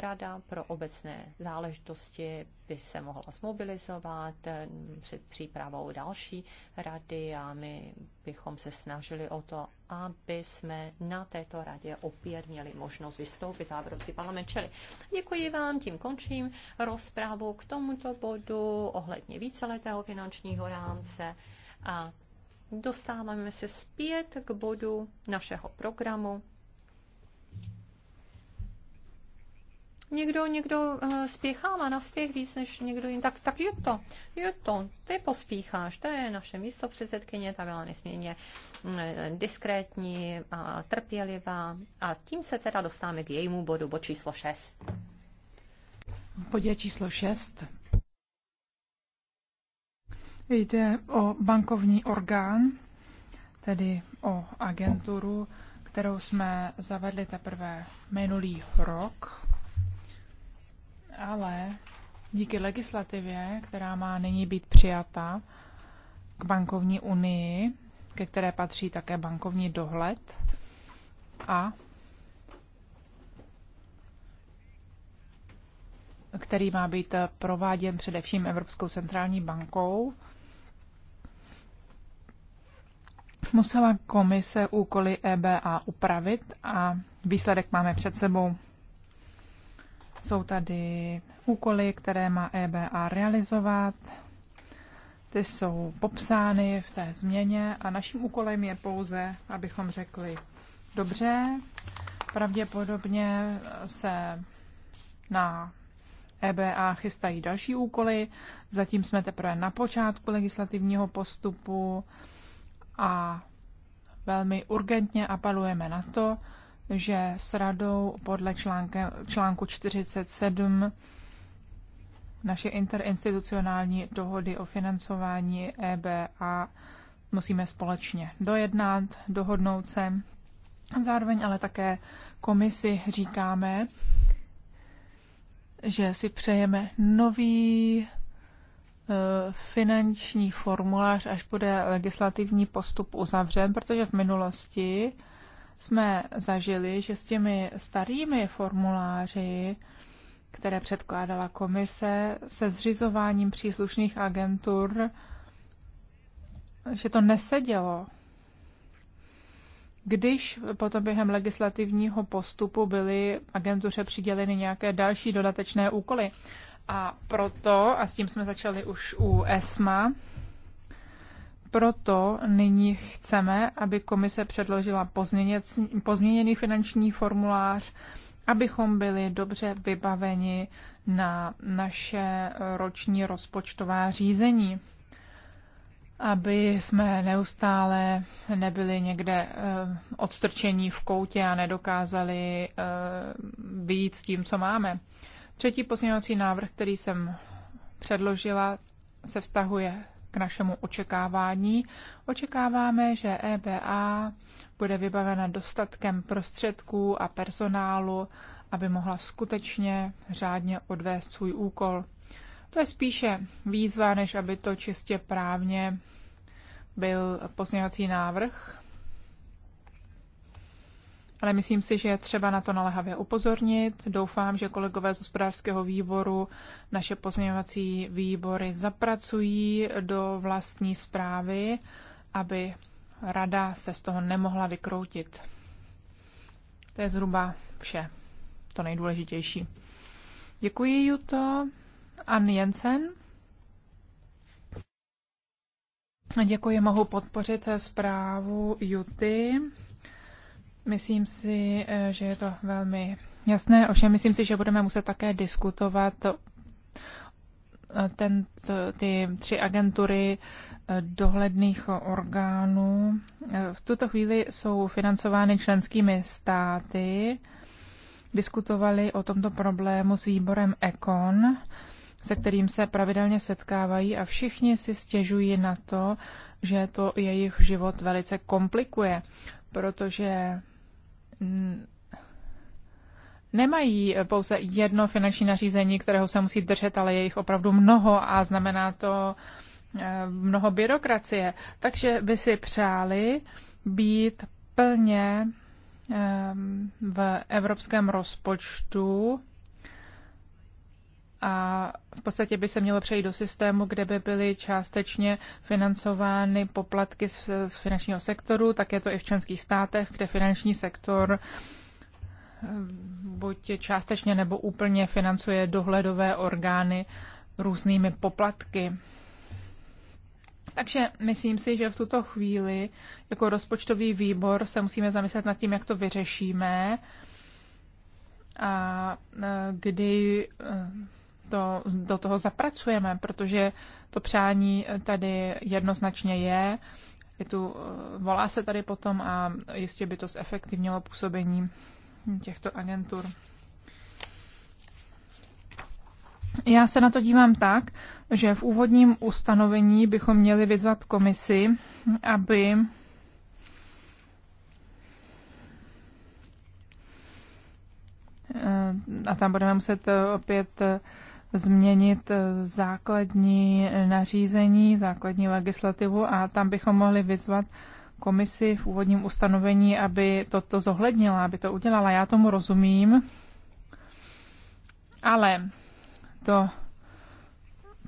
Speaker 3: Rada pro obecné záležitosti by se mohla zmobilizovat eh, před přípravou další rady a my bychom se snažili o to, aby jsme na této radě opět měli možnost vystoupit za Evropský parlament. Čili děkuji vám, tím končím rozprávu k tomuto bodu ohledně víceletého finančního rámce a dostáváme se zpět k bodu našeho programu. někdo, někdo eh, spěchá, má na spěch víc než někdo jiný, tak, tak je to, je to, ty pospícháš, to je naše místo předsedkyně, ta byla nesmírně mm, diskrétní a trpělivá a tím se teda dostáváme k jejímu bodu, bod číslo 6.
Speaker 1: Podě číslo 6. Jde o bankovní orgán, tedy o agenturu, kterou jsme zavedli teprve minulý rok ale díky legislativě, která má nyní být přijata k bankovní unii, ke které patří také bankovní dohled a který má být prováděn především Evropskou centrální bankou, musela komise úkoly EBA upravit a výsledek máme před sebou. Jsou tady úkoly, které má EBA realizovat. Ty jsou popsány v té změně a naším úkolem je pouze, abychom řekli, dobře, pravděpodobně se na EBA chystají další úkoly. Zatím jsme teprve na počátku legislativního postupu a velmi urgentně apelujeme na to, že s radou podle článke, článku 47 naše interinstitucionální dohody o financování EBA musíme společně dojednat, dohodnout se. Zároveň ale také komisi říkáme, že si přejeme nový eh, finanční formulář, až bude legislativní postup uzavřen, protože v minulosti jsme zažili, že s těmi starými formuláři, které předkládala komise, se zřizováním příslušných agentur, že to nesedělo. Když potom během legislativního postupu byly agentuře přiděleny nějaké další dodatečné úkoly. A proto, a s tím jsme začali už u ESMA, proto nyní chceme, aby komise předložila pozměněný finanční formulář, abychom byli dobře vybaveni na naše roční rozpočtová řízení, aby jsme neustále nebyli někde eh, odstrčení v koutě a nedokázali být eh, s tím, co máme. Třetí pozměňovací návrh, který jsem předložila, se vztahuje našemu očekávání. Očekáváme, že EBA bude vybavena dostatkem prostředků a personálu, aby mohla skutečně řádně odvést svůj úkol. To je spíše výzva, než aby to čistě právně byl pozměňovací návrh, ale myslím si, že je třeba na to naléhavě upozornit. Doufám, že kolegové z hospodářského výboru naše pozměňovací výbory zapracují do vlastní zprávy, aby rada se z toho nemohla vykroutit. To je zhruba vše, to nejdůležitější. Děkuji, Juto. An Jensen. Děkuji, mohu podpořit zprávu Juty. Myslím si, eh, že je to velmi jasné, ovšem myslím si, že budeme muset také diskutovat eh, ten, ty tři agentury eh, dohledných orgánů. V tuto chvíli jsou financovány členskými státy. Diskutovali o tomto problému s výborem ECON, se kterým se pravidelně setkávají a všichni si stěžují na to, že to jejich život velice komplikuje, protože nemají pouze jedno finanční nařízení, kterého se musí držet, ale je jich opravdu mnoho a znamená to eh, mnoho byrokracie. Takže by si přáli být plně ehm, v evropském rozpočtu a v podstatě by se mělo přejít do systému, kde by byly částečně financovány poplatky z, z finančního sektoru, tak je to i v členských státech, kde finanční sektor eh, buď částečně nebo úplně financuje dohledové orgány různými poplatky. Takže myslím si, že v tuto chvíli jako rozpočtový výbor se musíme zamyslet nad tím, jak to vyřešíme a eh, kdy eh, to do toho zapracujeme, protože to přání tady jednoznačně je. je tu, eh, volá se tady potom a jistě by to zefektivnilo působení těchto agentur. Já se na to dívám tak, že v úvodním ustanovení bychom měli vyzvat komisi, aby eh, a tam budeme muset eh, opět změnit eh, základní nařízení, základní legislativu a tam bychom mohli vyzvat komisi v úvodním ustanovení, aby toto zohlednila, aby to udělala. Já tomu rozumím, ale to,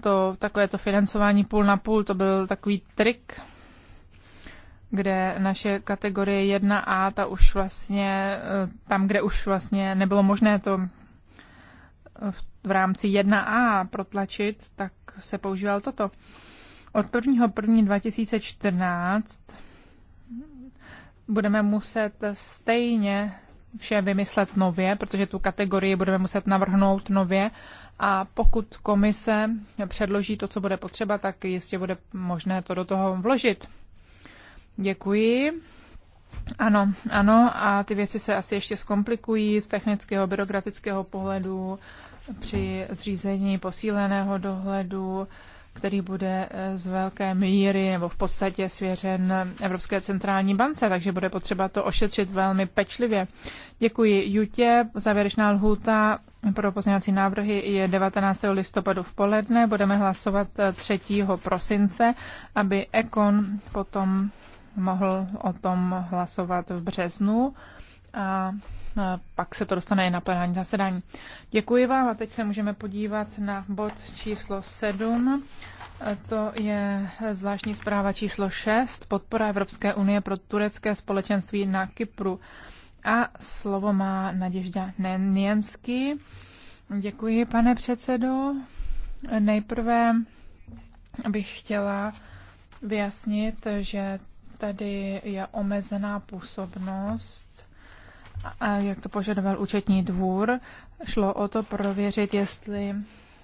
Speaker 1: to takové to financování půl na půl, to byl takový trik, kde naše kategorie 1A, ta už vlastně, eh, tam, kde už vlastně nebylo možné to v rámci 1A protlačit, tak se používal toto. Od 1.1.2014 budeme muset stejně vše vymyslet nově, protože tu kategorii budeme muset navrhnout nově a pokud komise předloží to, co bude potřeba, tak jistě bude možné to do toho vložit. Děkuji. Ano, ano, a ty věci se asi ještě zkomplikují z technického, byrokratického pohledu při zřízení posíleného dohledu, který bude eh, z velké míry nebo v podstatě svěřen Evropské centrální bance, takže bude potřeba to ošetřit velmi pečlivě. Děkuji Jutě. Závěrečná lhůta pro pozměňovací návrhy je 19. listopadu v poledne. Budeme hlasovat 3. Eh, prosince, aby Ekon potom mohl o tom hlasovat v březnu. A pak se to dostane i na plenární zasedání. Děkuji vám a teď se můžeme podívat na bod číslo 7. To je zvláštní zpráva číslo 6, podpora Evropské unie pro turecké společenství na Kypru. A slovo má Naděžda Nenjenský. Děkuji, pane předsedo. Nejprve bych chtěla vyjasnit, že tady je omezená působnost a jak to požadoval účetní dvůr, šlo o to prověřit, jestli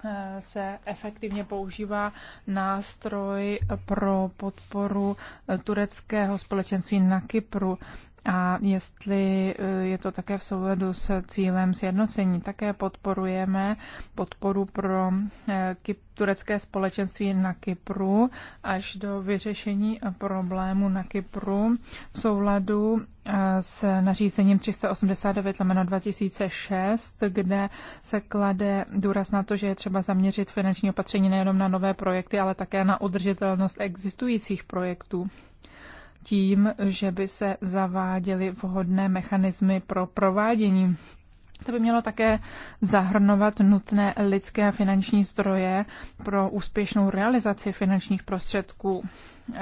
Speaker 1: eh, se efektivně používá nástroj pro podporu eh, tureckého společenství na Kypru a jestli eh, je to také v souladu s cílem sjednocení. Také podporujeme podporu pro eh, turecké společenství na Kypru až do vyřešení problému na Kypru v souladu eh, s nařízením 389 lomeno 2006, kde se klade důraz na to, že je třeba zaměřit finanční opatření nejenom na nové projekty, ale také na udržitelnost existujících projektů tím, že by se zaváděly vhodné mechanismy pro provádění. To by mělo také zahrnovat nutné lidské a finanční zdroje pro úspěšnou realizaci finančních prostředků.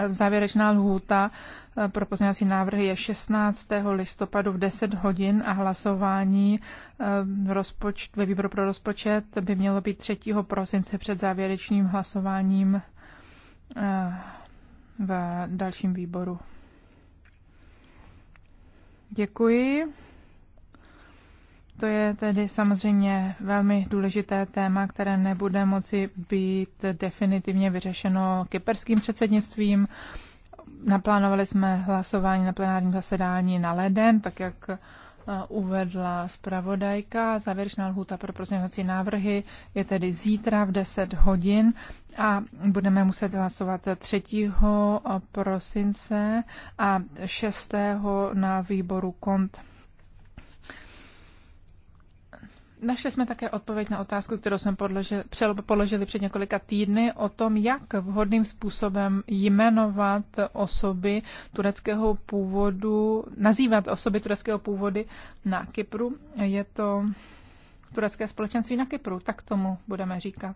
Speaker 1: Závěrečná lhůta eh, pro pozměňovací návrhy je 16. listopadu v 10 hodin a hlasování eh, rozpočt, ve výboru pro rozpočet by mělo být 3. prosince před závěrečným hlasováním eh, v dalším výboru. Děkuji. To je tedy samozřejmě velmi důležité téma, které nebude moci být definitivně vyřešeno kyperským předsednictvím. Naplánovali jsme hlasování na plenárním zasedání na leden, tak jak eh, uvedla zpravodajka. Závěrečná lhůta pro prosincovací návrhy je tedy zítra v 10 hodin a budeme muset hlasovat 3. prosince a 6. na výboru KONT. Našli jsme také odpověď na otázku, kterou jsme položili před několika týdny o tom, jak vhodným způsobem jmenovat osoby tureckého původu, nazývat osoby tureckého původu na Kypru. Je to turecké společenství na Kypru, tak tomu budeme říkat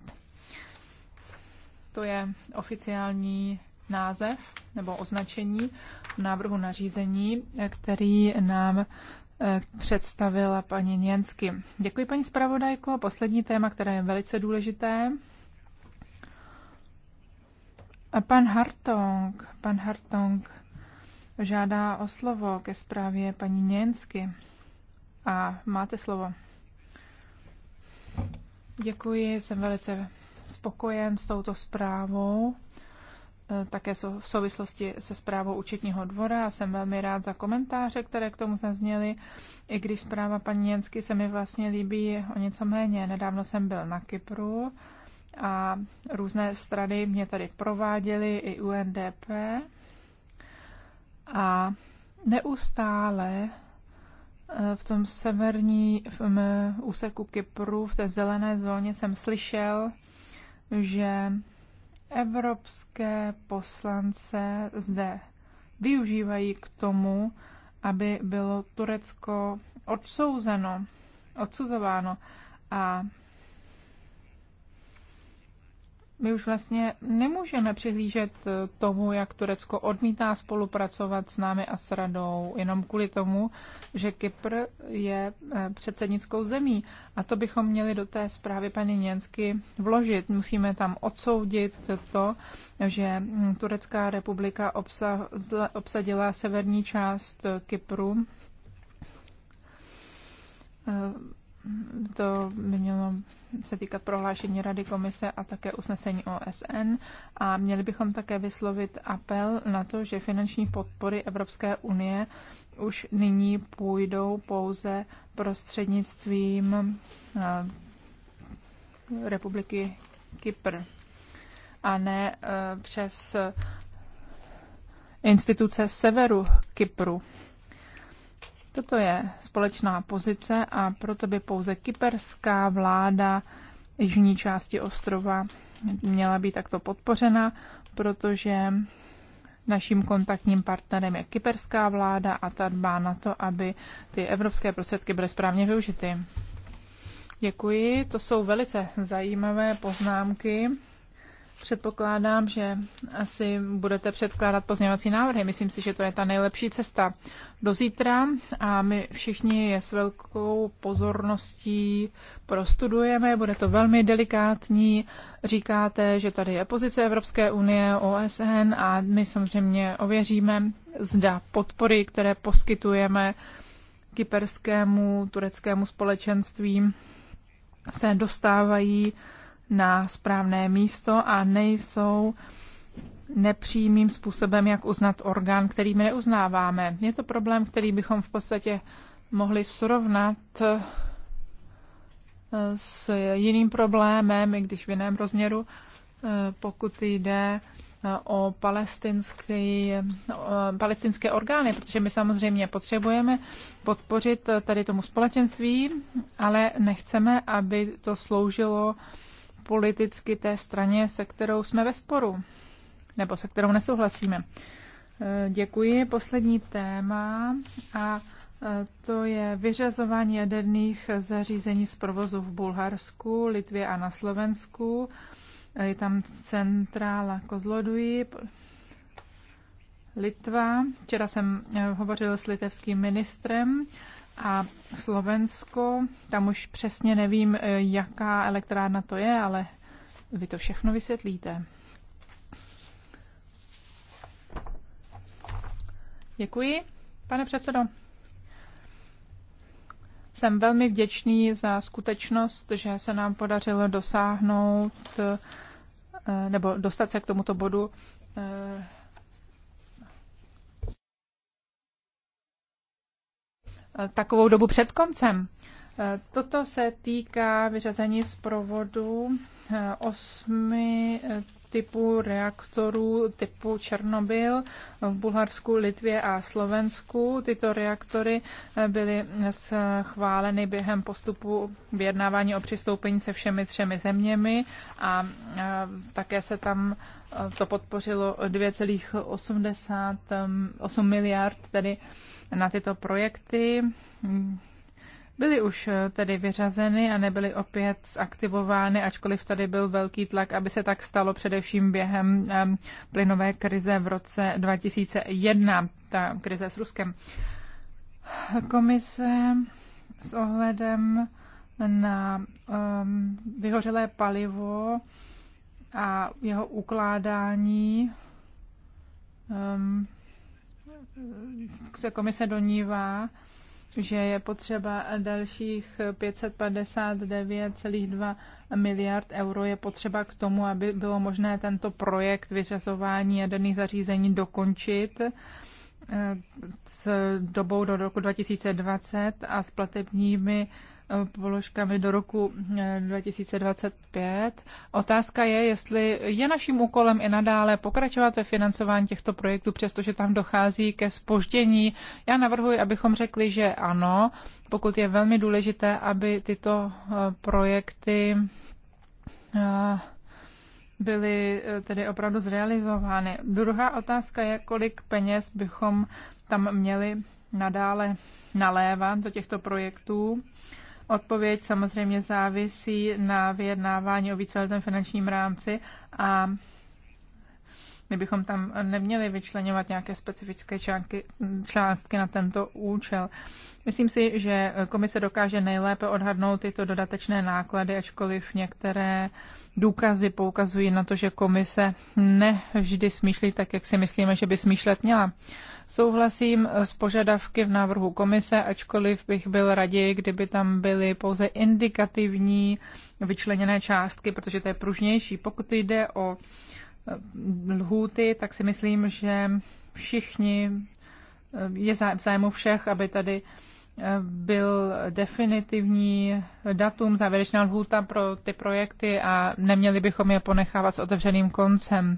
Speaker 1: je oficiální název nebo označení návrhu nařízení, který nám eh, představila paní Něnsky. Děkuji, paní zpravodajko. Poslední téma, které je velice důležité. A pan Hartong, pan Hartong žádá o slovo ke zprávě paní Něnsky. A máte slovo. Děkuji, jsem velice spokojen s touto zprávou, eh, také v souvislosti se zprávou účetního dvora a jsem velmi rád za komentáře, které k tomu zazněly, i když zpráva paní Jensky se mi vlastně líbí o něco méně. Nedávno jsem byl na Kypru a různé strany mě tady prováděly, i UNDP. A neustále eh, v tom severní v úseku Kypru, v té zelené zóně jsem slyšel že evropské poslance zde využívají k tomu, aby bylo Turecko odsouzeno, odsuzováno. A my už vlastně nemůžeme přihlížet eh, tomu, jak Turecko odmítá spolupracovat s námi a s radou, jenom kvůli tomu, že Kypr je eh, předsednickou zemí. A to bychom měli do té zprávy paní Něnsky vložit. Musíme tam odsoudit to, že hm, Turecká republika obsadila severní část eh, Kypru to by mělo se týkat prohlášení Rady komise a také usnesení OSN. A měli bychom také vyslovit apel na to, že finanční podpory Evropské unie už nyní půjdou pouze prostřednictvím eh, republiky Kypr a ne eh, přes instituce severu Kypru. Toto je společná pozice a proto by pouze kyperská vláda jižní části ostrova měla být takto podpořena, protože naším kontaktním partnerem je kyperská vláda a ta dbá na to, aby ty evropské prostředky byly správně využity. Děkuji, to jsou velice zajímavé poznámky. Předpokládám, že asi budete předkládat pozměňovací návrhy. Myslím si, že to je ta nejlepší cesta do zítra a my všichni je s velkou pozorností prostudujeme. Bude to velmi delikátní. Říkáte, že tady je pozice Evropské unie, OSN a my samozřejmě ověříme, zda podpory, které poskytujeme kyperskému tureckému společenství, se dostávají na správné místo a nejsou nepřímým způsobem, jak uznat orgán, který my neuznáváme. Je to problém, který bychom v podstatě mohli srovnat eh, s jiným problémem, i když v jiném rozměru, eh, pokud jde eh, o palestinské, orgány, protože my samozřejmě potřebujeme podpořit tady tomu společenství, ale nechceme, aby to sloužilo politicky té straně, se kterou jsme ve sporu, nebo se kterou nesouhlasíme. E, děkuji. Poslední téma a e, to je vyřazování jaderných zařízení z provozu v Bulharsku, Litvě a na Slovensku. E, je tam centrála Kozloduji, Litva. Včera jsem hovořil s litevským ministrem a Slovensko. Tam už přesně nevím, eh, jaká elektrárna to je, ale vy to všechno vysvětlíte. Děkuji, pane předsedo. Jsem velmi vděčný za skutečnost, že se nám podařilo dosáhnout eh, nebo dostat se k tomuto bodu eh, takovou dobu před koncem. Eh, toto se týká vyřazení z provodu eh, osmi eh, typu reaktorů typu Černobyl v Bulharsku, Litvě a Slovensku. Tyto reaktory eh, byly schváleny během postupu vyjednávání o přistoupení se všemi třemi zeměmi a eh, také se tam eh, to podpořilo 2,88 miliard tedy na tyto projekty byly už eh, tedy vyřazeny a nebyly opět zaktivovány, ačkoliv tady byl velký tlak, aby se tak stalo především během plynové krize v roce 2001, ta krize s Ruskem. Komise s ohledem na um, vyhořelé palivo a jeho ukládání um, se komise donívá, že je potřeba dalších 559,2 miliard euro je potřeba k tomu, aby bylo možné tento projekt vyřazování jaderných zařízení dokončit eh, s dobou do roku 2020 a s platebními položkami do roku 2025. Eh, otázka je, jestli je naším úkolem i nadále pokračovat ve financování těchto projektů, přestože tam dochází ke spoždění. Já navrhuji, abychom řekli, že ano, pokud je velmi důležité, aby tyto eh, projekty eh, byly tedy opravdu zrealizovány. Druhá otázka je, kolik peněz bychom tam měli nadále nalévat do těchto projektů. Odpověď samozřejmě závisí na vyjednávání o víceletém finančním rámci a my bychom tam neměli vyčlenovat nějaké specifické články, částky na tento účel. Myslím si, že komise dokáže nejlépe odhadnout tyto dodatečné náklady, ačkoliv některé důkazy poukazují na to, že komise nevždy smýšlí tak, jak si myslíme, že by smýšlet měla. Souhlasím s požadavky v návrhu komise, ačkoliv bych byl raději, kdyby tam byly pouze indikativní vyčleněné částky, protože to je pružnější. Pokud jde o e, lhůty, tak si myslím, že všichni e, je v zájmu všech, aby tady e, byl definitivní datum, závěrečná lhůta pro ty projekty a neměli bychom je ponechávat s otevřeným koncem.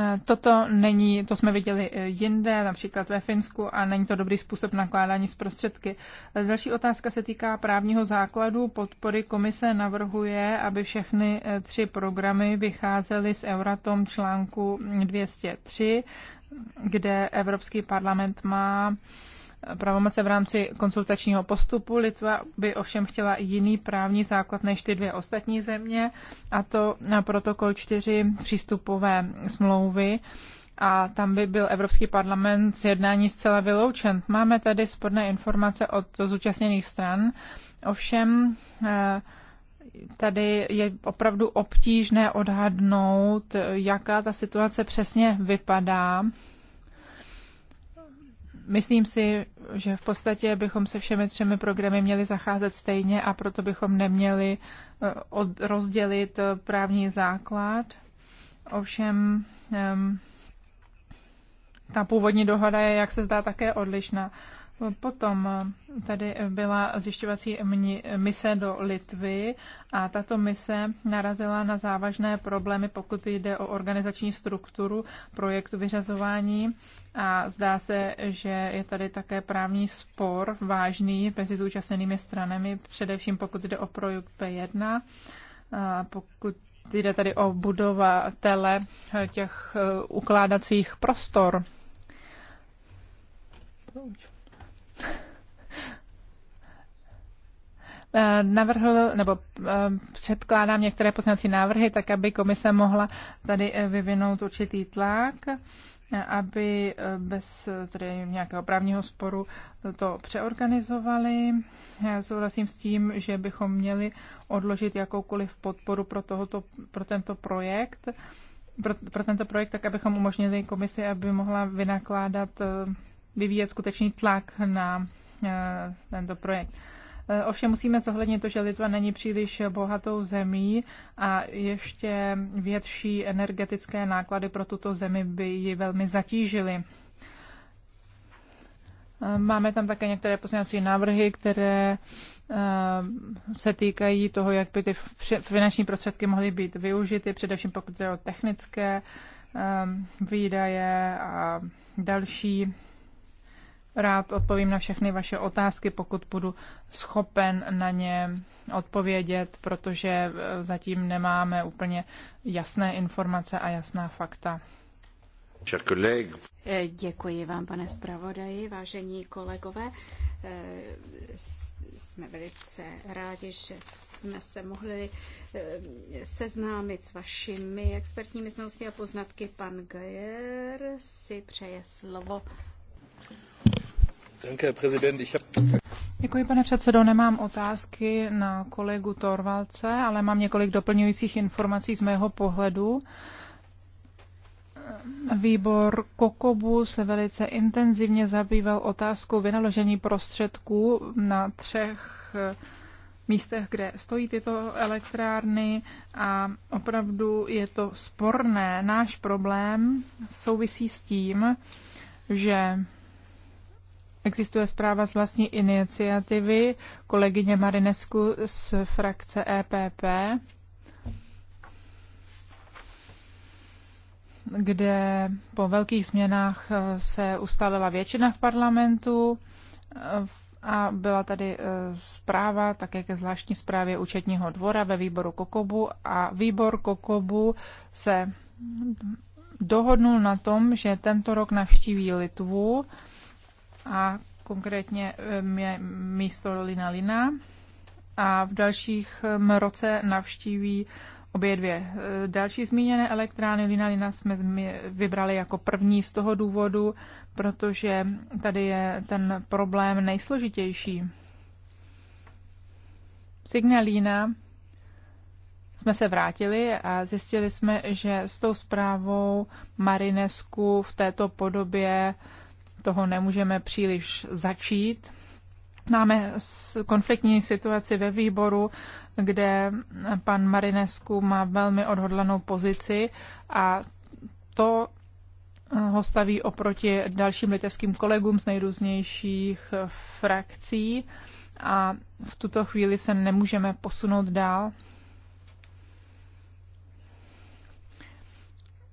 Speaker 1: Eh, toto není, to jsme viděli eh, jinde, například ve Finsku, a není to dobrý způsob nakládání s prostředky. Eh, další otázka se týká právního základu. Podpory komise navrhuje, aby všechny tři programy vycházely z Euratom článku 203, kde Evropský parlament má pravomoce v rámci konsultačního postupu. Litva by ovšem chtěla jiný právní základ než ty dvě ostatní země, a to na protokol 4 přístupové smlouvy. A tam by byl Evropský parlament z jednání zcela vyloučen. Máme tady sporné informace od zúčastněných stran. Ovšem, eh, tady je opravdu obtížné odhadnout, jaká ta situace přesně vypadá Myslím si, že v podstatě bychom se všemi třemi programy měli zacházet stejně a proto bychom neměli eh, rozdělit eh, právní základ. Ovšem, ehm, ta původní dohoda je, jak se zdá, také odlišná. Potom eh, tady byla zjišťovací mise do Litvy a tato mise narazila na závažné problémy, pokud jde o organizační strukturu projektu vyřazování a zdá se, že je tady také právní spor vážný mezi zúčastněnými stranami, především pokud jde o projekt P1, pokud jde tady o budovatele eh, těch eh, ukládacích prostor Eh, navrhl nebo eh, předkládám některé poslanecí návrhy, tak aby komise mohla tady eh, vyvinout určitý tlak, aby bez tedy nějakého právního sporu to přeorganizovali. Já souhlasím s tím, že bychom měli odložit jakoukoliv podporu pro, tohoto, pro tento projekt, pro, pro tento projekt, tak abychom umožnili komisi, aby mohla vynakládat vyvíjet skutečný tlak na eh, tento projekt. Eh, ovšem musíme zohlednit to, že Litva není příliš bohatou zemí a ještě větší energetické náklady pro tuto zemi by ji velmi zatížily. Eh, máme tam také některé pozměňovací návrhy, které se týkají toho, jak by ty finanční prostředky mohly být využity, především pokud jde o technické výdaje a další Rád odpovím na všechny vaše otázky, pokud budu schopen na ně odpovědět, protože eh, zatím nemáme úplně jasné informace a jasná fakta. Eh, děkuji vám, pane zpravodaji,
Speaker 2: vážení kolegové. Eh, jsme velice rádi, že jsme se mohli seznámit s vašimi expertními znalostmi a poznatky. Pan Gajer si přeje slovo.
Speaker 1: Děkuji, pane předsedo. Nemám otázky na kolegu Torvalce, ale mám několik doplňujících informací z mého pohledu. Výbor Kokobu se velice intenzivně zabýval otázkou vynaložení prostředků na třech eh, místech, kde stojí tyto elektrárny a opravdu je to sporné. Náš problém souvisí s tím, že Existuje zpráva z vlastní iniciativy kolegyně Marinesku z frakce EPP, kde po velkých změnách eh, se ustalila většina v parlamentu eh, a byla tady eh, zpráva také ke zvláštní zprávě účetního dvora ve výboru Kokobu a výbor Kokobu se dohodnul na tom, že tento rok navštíví Litvu a konkrétně místo Lina Lina a v dalších roce navštíví obě dvě. E, další zmíněné elektrárny Lina Lina jsme vybrali jako první z toho důvodu, protože tady je ten problém nejsložitější. Signalína jsme se vrátili a zjistili jsme, že s tou zprávou Marinesku v této podobě toho nemůžeme příliš začít. Máme konfliktní situaci ve výboru, kde pan Marinesku má velmi odhodlanou pozici a to eh, ho staví oproti dalším litevským kolegům z nejrůznějších eh, frakcí a v tuto chvíli se nemůžeme posunout dál.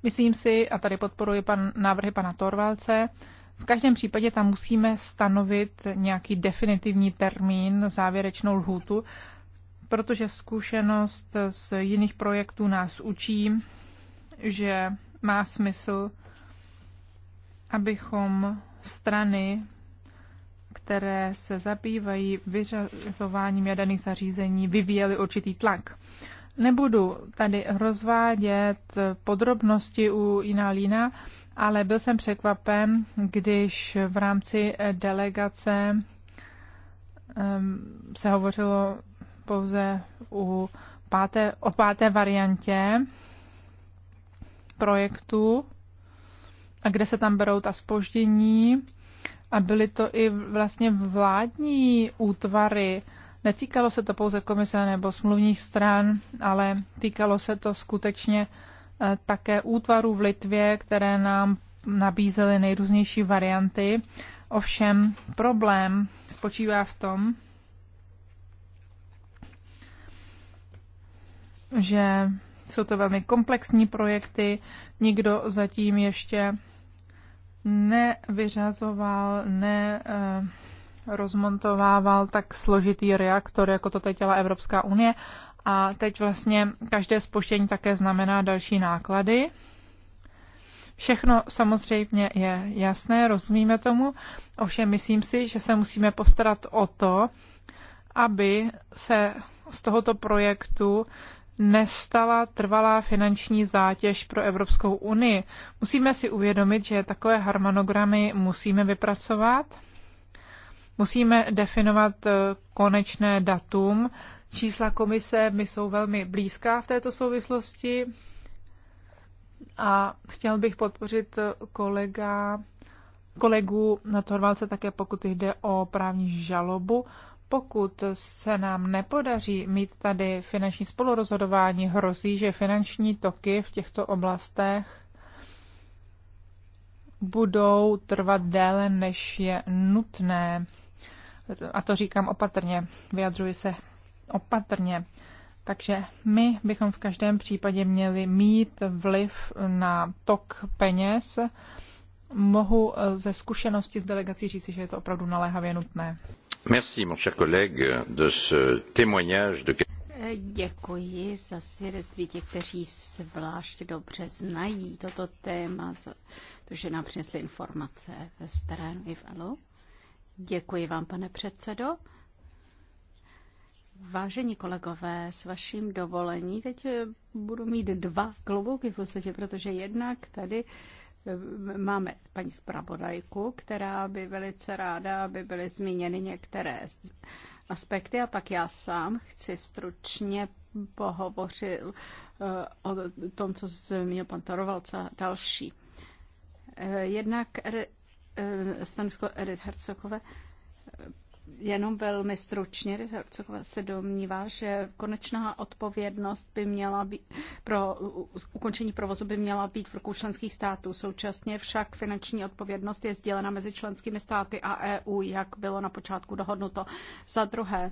Speaker 1: Myslím si, a tady podporuji pan, návrhy pana Torvalce, v každém případě tam musíme stanovit nějaký definitivní termín, závěrečnou lhůtu, protože zkušenost z jiných projektů nás učí, že má smysl, abychom strany, které se zabývají vyřazováním jaderných zařízení, vyvíjeli určitý tlak. Nebudu tady rozvádět podrobnosti u Inalína, ale byl jsem překvapen, když v rámci eh, delegace ehm, se hovořilo pouze u páté, o páté variantě projektu, a kde se tam berou ta spoždění. A byly to i vlastně vládní útvary. Netýkalo se to pouze komise nebo smluvních stran, ale týkalo se to skutečně Eh, také útvarů v Litvě, které nám nabízely nejrůznější varianty. Ovšem problém spočívá v tom, že jsou to velmi komplexní projekty, nikdo zatím ještě nevyřazoval, ne eh, rozmontovával tak složitý reaktor, jako to teď dělá Evropská unie a teď vlastně každé spoštění také znamená další náklady. Všechno samozřejmě je jasné, rozumíme tomu, ovšem myslím si, že se musíme postarat o to, aby se z tohoto projektu nestala trvalá finanční zátěž pro Evropskou unii. Musíme si uvědomit, že takové harmonogramy musíme vypracovat, musíme definovat eh, konečné datum Čísla komise mi jsou velmi blízká v této souvislosti a chtěl bych podpořit kolega, kolegu na Torvalce také, pokud jde o právní žalobu. Pokud se nám nepodaří mít tady finanční spolurozhodování, hrozí, že finanční toky v těchto oblastech budou trvat déle, než je nutné. A to říkám opatrně, vyjadřuji se opatrně. Takže my bychom v každém případě měli mít vliv na tok peněz. Mohu eh, ze zkušenosti z delegací říci, že je to opravdu naléhavě nutné.
Speaker 3: Merci, mon cher collègue, de ce témoignage
Speaker 2: de... Děkuji za svědectví těch, kteří zvlášť dobře znají toto téma, za to, že nám přinesli informace z terénu i v Děkuji vám, pane předsedo. Vážení kolegové, s vaším dovolení teď eh, budu mít dva klobouky v podstatě, protože jednak tady eh, máme paní zpravodajku, která by velice ráda, aby byly zmíněny některé aspekty a pak já sám chci stručně pohovořit eh, o tom, co zmínil pan Torovalca a další. Jednak stanovisko Edith Hercokové, Jenom velmi stručně, co se domnívá, že konečná odpovědnost by měla být, pro ukončení provozu by měla být v rukou členských států. Současně však finanční odpovědnost je sdělena mezi členskými státy a EU, jak bylo na počátku dohodnuto. Za druhé,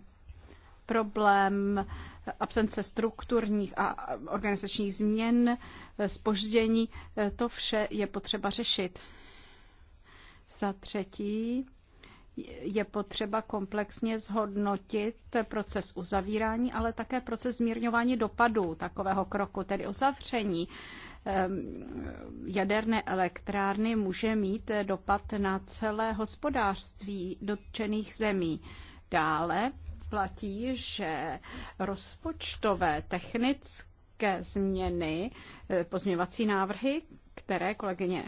Speaker 2: problém absence strukturních a organizačních změn, spoždění, to vše je potřeba řešit. Za třetí, je potřeba komplexně zhodnotit proces uzavírání, ale také proces zmírňování dopadů takového kroku, tedy uzavření jaderné elektrárny může mít dopad na celé hospodářství dotčených zemí. Dále platí, že rozpočtové technické změny, eh, pozměvací návrhy, které kolegyně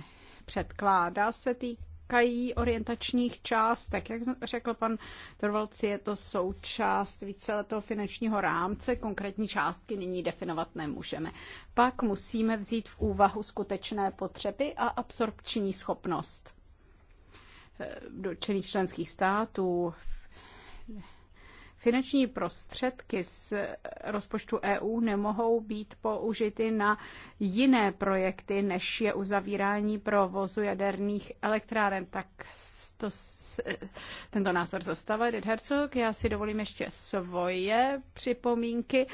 Speaker 2: předkládá, se týkají týkají orientačních částek. Jak řekl pan Torvalci, je to součást víceletého finančního rámce, konkrétní částky nyní definovat nemůžeme. Pak musíme vzít v úvahu skutečné potřeby a absorpční schopnost eh, dotčených členských států, Finanční prostředky z rozpočtu EU nemohou být použity na jiné projekty, než je uzavírání provozu jaderných elektráren. Tak to, tento názor zastává Edith Herzog. Já si dovolím ještě svoje připomínky.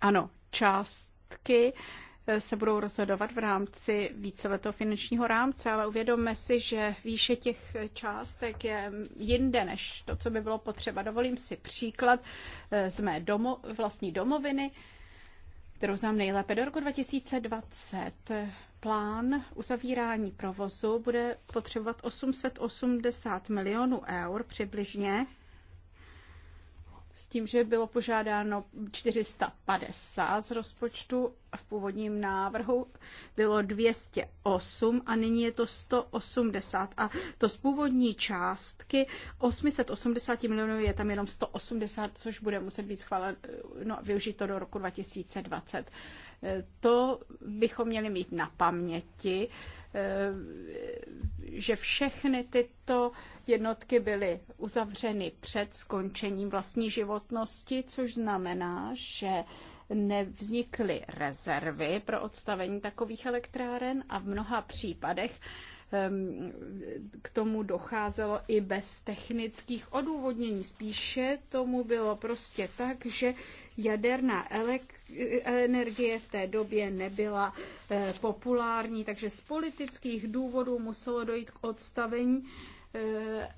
Speaker 2: Ano, částky se budou rozhodovat v rámci víceletého finančního rámce, ale uvědomme si, že výše těch částek je jinde než to, co by bylo potřeba. Dovolím si příklad eh, z mé domo, vlastní domoviny, kterou znám nejlépe. Do roku 2020 eh, plán uzavírání provozu bude potřebovat 880 milionů eur přibližně s tím, že bylo požádáno 450 z rozpočtu v původním návrhu bylo 208 a nyní je to 180 a to z původní částky 880 milionů je tam jenom 180, což bude muset být schváleno no, využito do roku 2020. To bychom měli mít na paměti Eh, že všechny tyto jednotky byly uzavřeny před skončením vlastní životnosti, což znamená, že nevznikly rezervy pro odstavení takových elektráren a v mnoha případech ehm, k tomu docházelo i bez technických odůvodnění. Spíše tomu bylo prostě tak, že Jaderná energie v té době nebyla eh, populární, takže z politických důvodů muselo dojít k odstavení eh,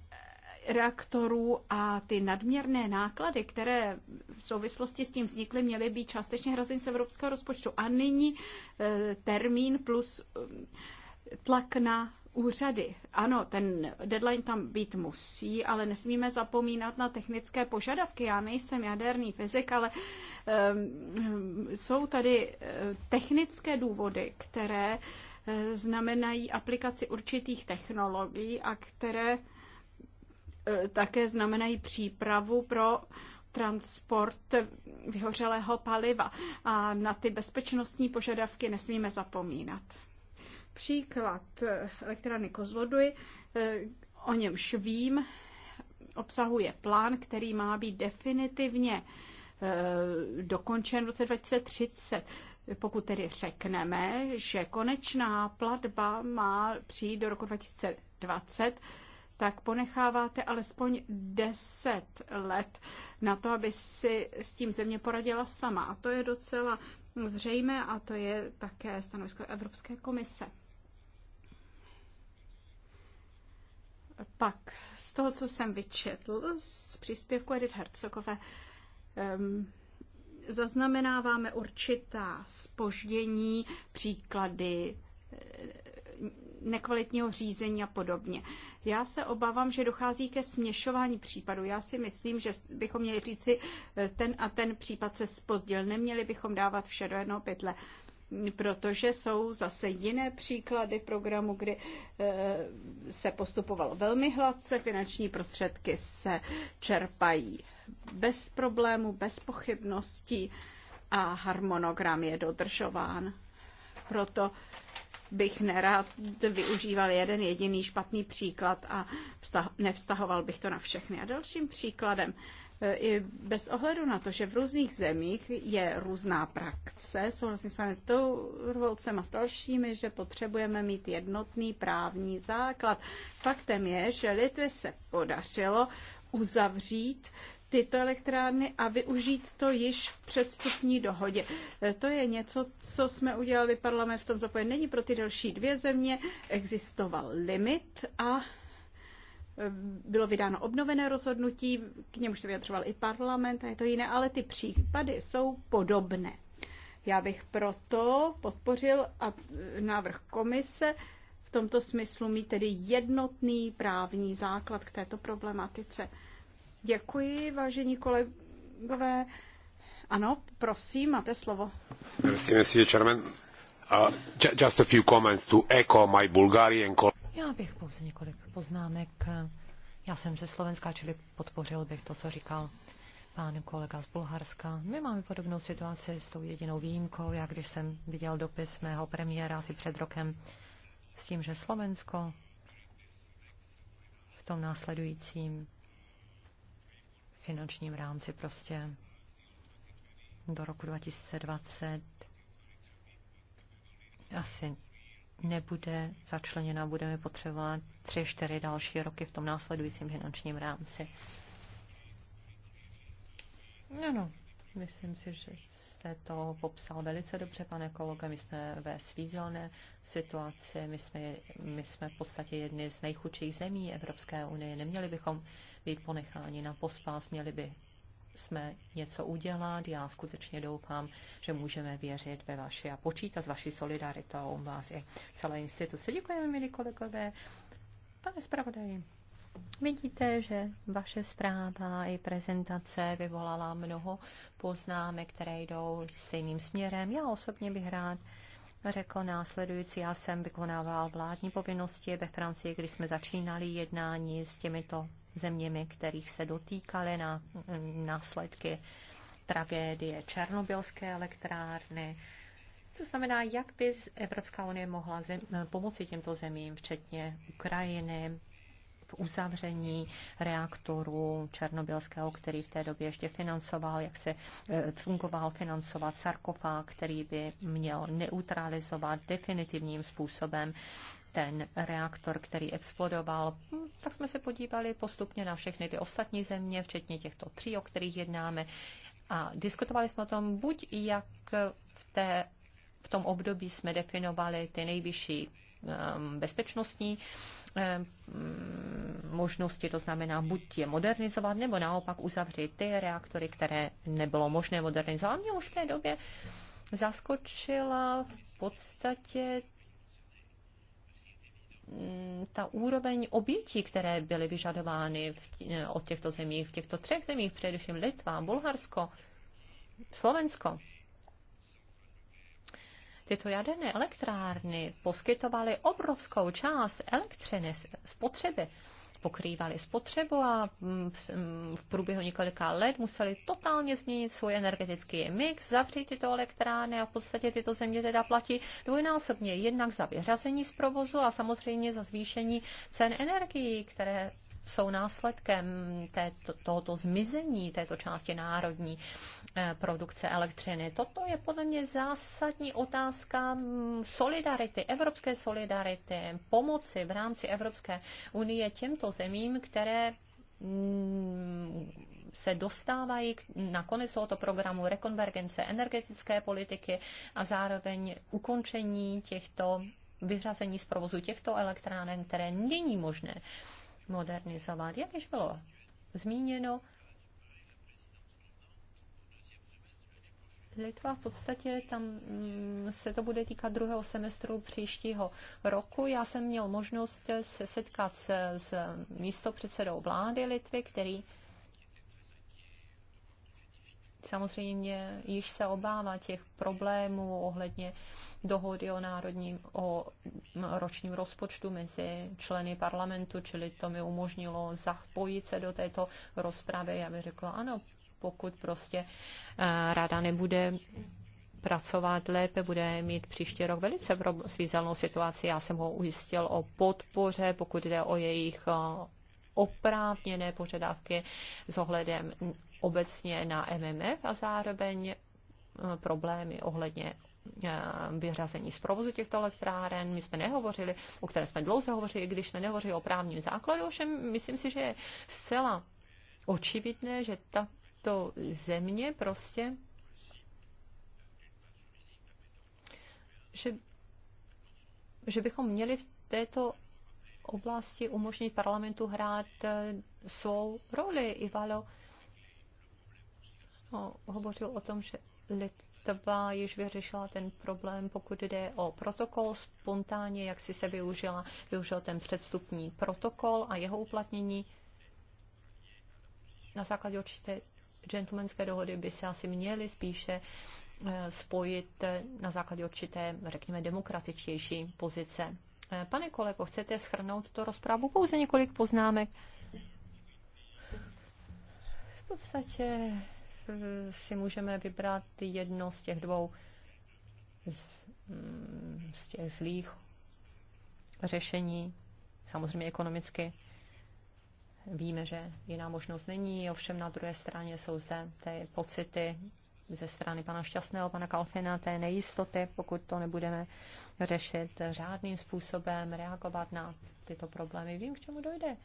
Speaker 2: reaktorů a ty nadměrné náklady, které v souvislosti s tím vznikly, měly být částečně hrazeny z evropského rozpočtu. A nyní eh, termín plus tlak na úřady. Ano, ten deadline tam být musí, ale nesmíme zapomínat na technické požadavky. Já nejsem jaderný fyzik, ale um, jsou tady eh, technické důvody, které eh, znamenají aplikaci určitých technologií a které eh, také znamenají přípravu pro transport vyhořelého paliva. A na ty bezpečnostní požadavky nesmíme zapomínat. Příklad elektrárny Kozloduj, eh, o němž vím, obsahuje plán, který má být definitivně eh, dokončen v roce 2030. Pokud tedy řekneme, že konečná platba má přijít do roku 2020, tak ponecháváte alespoň 10 let na to, aby si s tím země poradila sama. A to je docela zřejmé a to je také stanovisko Evropské komise. Pak z toho, co jsem vyčetl z příspěvku Edith Hercogové, um, zaznamenáváme určitá spoždění, příklady e, nekvalitního řízení a podobně. Já se obávám, že dochází ke směšování případů. Já si myslím, že bychom měli říci, e, ten a ten případ se spozdil. Neměli bychom dávat vše do jednoho pytle protože jsou zase jiné příklady programu, kdy eh, se postupovalo velmi hladce, finanční prostředky se čerpají bez problému, bez pochybností a harmonogram je dodržován. Proto bych nerad využíval jeden jediný špatný příklad a nevztahoval bych to na všechny. A dalším příkladem E, i bez ohledu na to, že v různých zemích je různá praxe, souhlasím s panem Tourvoldcem a s dalšími, že potřebujeme mít jednotný právní základ. Faktem je, že Litvě se podařilo uzavřít tyto elektrárny a využít to již v předstupní dohodě. E, to je něco, co jsme udělali parlament v tom zapojení. Není pro ty další dvě země, existoval limit a bylo vydáno obnovené rozhodnutí, k němuž se vyjadřoval i parlament a je to jiné, ale ty případy jsou podobné. Já bych proto podpořil a e, návrh komise v tomto smyslu mít tedy jednotný právní základ k této problematice. Děkuji, vážení kolegové. Ano, prosím, máte slovo.
Speaker 1: Merci, monsieur Chairman. Uh, just a few comments to echo my Bulgarian colleague.
Speaker 2: Já bych pouze
Speaker 3: několik poznámek. Já jsem ze Slovenska, čili podpořil bych to, co říkal pán kolega z Bulharska. My máme podobnou situaci s tou jedinou výjimkou. Já když jsem viděl dopis mého premiéra asi před rokem s tím, že Slovensko v tom následujícím finančním rámci prostě do roku 2020 asi nebude začleněna, budeme potřebovat tři, čtyři další roky v tom následujícím finančním rámci. No, no, myslím si, že jste to popsal velice dobře, pane kolega. My jsme ve svízelné situaci, my jsme, my jsme v podstatě jedny z nejchudších zemí Evropské unie. Neměli bychom být ponecháni na pospás, měli by jsme něco udělat. Já skutečně doufám, že můžeme věřit ve vaši a počítat s vaší solidaritou vás i celé instituce. Děkujeme, milí kolegové. Pane zpravodaji, vidíte, že vaše zpráva i prezentace vyvolala mnoho poznámek, které jdou stejným směrem. Já osobně bych rád řekl následující, já jsem vykonával vládní povinnosti ve Francii, když jsme začínali jednání s těmito zeměmi, kterých se dotýkaly na, následky tragédie Černobylské elektrárny. To znamená, jak by Evropská unie mohla zem, pomoci těmto zemím, včetně Ukrajiny, v uzavření reaktoru černobylského, který v té době ještě financoval, jak se e, fungoval financovat sarkofág, který by měl neutralizovat definitivním způsobem ten reaktor, který explodoval, hm, tak jsme se podívali postupně na všechny ty ostatní země, včetně těchto tří, o kterých jednáme. A diskutovali jsme o tom, buď jak v, té, v tom období jsme definovali ty nejvyšší ehm, bezpečnostní ehm, možnosti, to znamená buď je modernizovat, nebo naopak uzavřít ty reaktory, které nebylo možné modernizovat. Mě už v té době zaskočila v podstatě Mm, ta úroveň obětí, které byly vyžadovány v, od těchto zemí, v těchto třech zemích, především Litva, Bulharsko, Slovensko. Tyto jaderné elektrárny poskytovaly obrovskou část elektřiny spotřeby pokrývali spotřebu a mm, mm, v průběhu několika let museli totálně změnit svůj energetický mix, zavřít tyto elektrárny a v podstatě tyto země teda platí dvojnásobně jednak za vyřazení z provozu a samozřejmě za zvýšení cen energií, které jsou následkem této, tohoto zmizení této části národní eh, produkce elektřiny. Toto je podle mě zásadní otázka mm, solidarity, evropské solidarity, pomoci v rámci Evropské unie těmto zemím, které mm, se dostávají na konec tohoto programu rekonvergence energetické politiky a zároveň ukončení těchto vyřazení z provozu těchto elektráren, které není možné modernizovat. Jak již bylo zmíněno, Litva v podstatě tam mm, se to bude týkat druhého semestru příštího roku. Já jsem měl možnost se setkat se, s místopředsedou vlády Litvy, který samozřejmě již se obává těch problémů ohledně dohody o národním, o ročním rozpočtu mezi členy parlamentu, čili to mi umožnilo zapojit se do této rozpravy. Já bych řekla, ano, pokud prostě eh, rada nebude pracovat lépe, bude mít příští rok velice svízelnou situaci. Já jsem ho ujistil o podpoře, pokud jde o jejich eh, oprávněné požadavky s ohledem obecně na MMF a zároveň eh, problémy ohledně eh, vyřazení z provozu těchto elektráren. My jsme nehovořili, o které jsme dlouze hovořili, když jsme nehovořili o právním základu, ovšem myslím si, že je zcela očividné, že tato země prostě že, že bychom měli v této oblasti umožnit parlamentu hrát eh, svou roli. Ivalo no, hovořil o tom, že Litva již vyřešila ten problém, pokud jde o protokol, spontánně, jak si se využila, využil ten předstupní protokol a jeho uplatnění na základě určité gentlemanské dohody by se asi měly spíše eh, spojit eh, na základě určité, řekněme, demokratičtější pozice. Eh, pane kolego, chcete schrnout tuto rozprávu? Pouze několik poznámek. V podstatě si můžeme vybrat jedno z těch dvou z, mm, z těch zlých řešení, samozřejmě ekonomicky. Víme, že jiná možnost není, ovšem na druhé straně jsou zde ty pocity ze strany pana Šťastného, pana Kalfina, té nejistoty, pokud to nebudeme řešit řádným způsobem, reagovat na tyto problémy. Vím, k čemu dojde.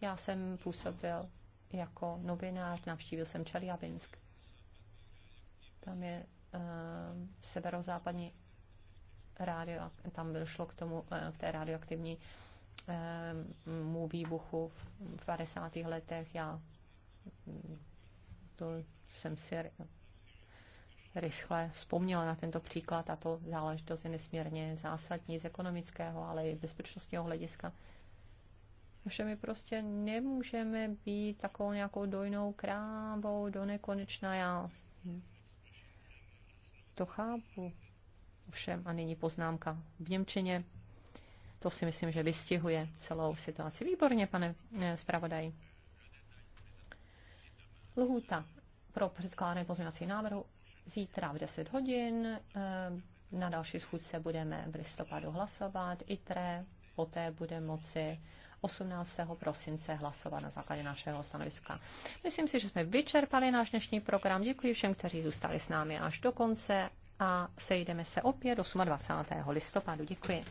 Speaker 3: Já jsem působil jako novinář, navštívil jsem Čeliabinsk. Tam je uh, severozápadní rádio, tam došlo k tomu, eh, k té radioaktivní eh, mu výbuchu v 50. letech. Já mm, to jsem si rychle vzpomněla na tento příklad. a to záležitost je nesmírně zásadní z ekonomického, ale i bezpečnostního hlediska. Že my prostě nemůžeme být takovou nějakou dojnou krávou do nekonečna. Já to chápu. Všem a nyní poznámka v Němčině. To si myslím, že vystihuje celou situaci. Výborně, pane eh, zpravodaji. Lhůta pro předkládání pozměňovací návrhu zítra v 10 hodin. Eh, na další schůzce budeme v listopadu hlasovat. ITRE poté bude moci 18. prosince hlasovat na základě našeho stanoviska. Myslím si, že jsme vyčerpali náš dnešní program. Děkuji všem, kteří zůstali s námi až do konce a sejdeme se opět 28. listopadu. Děkuji.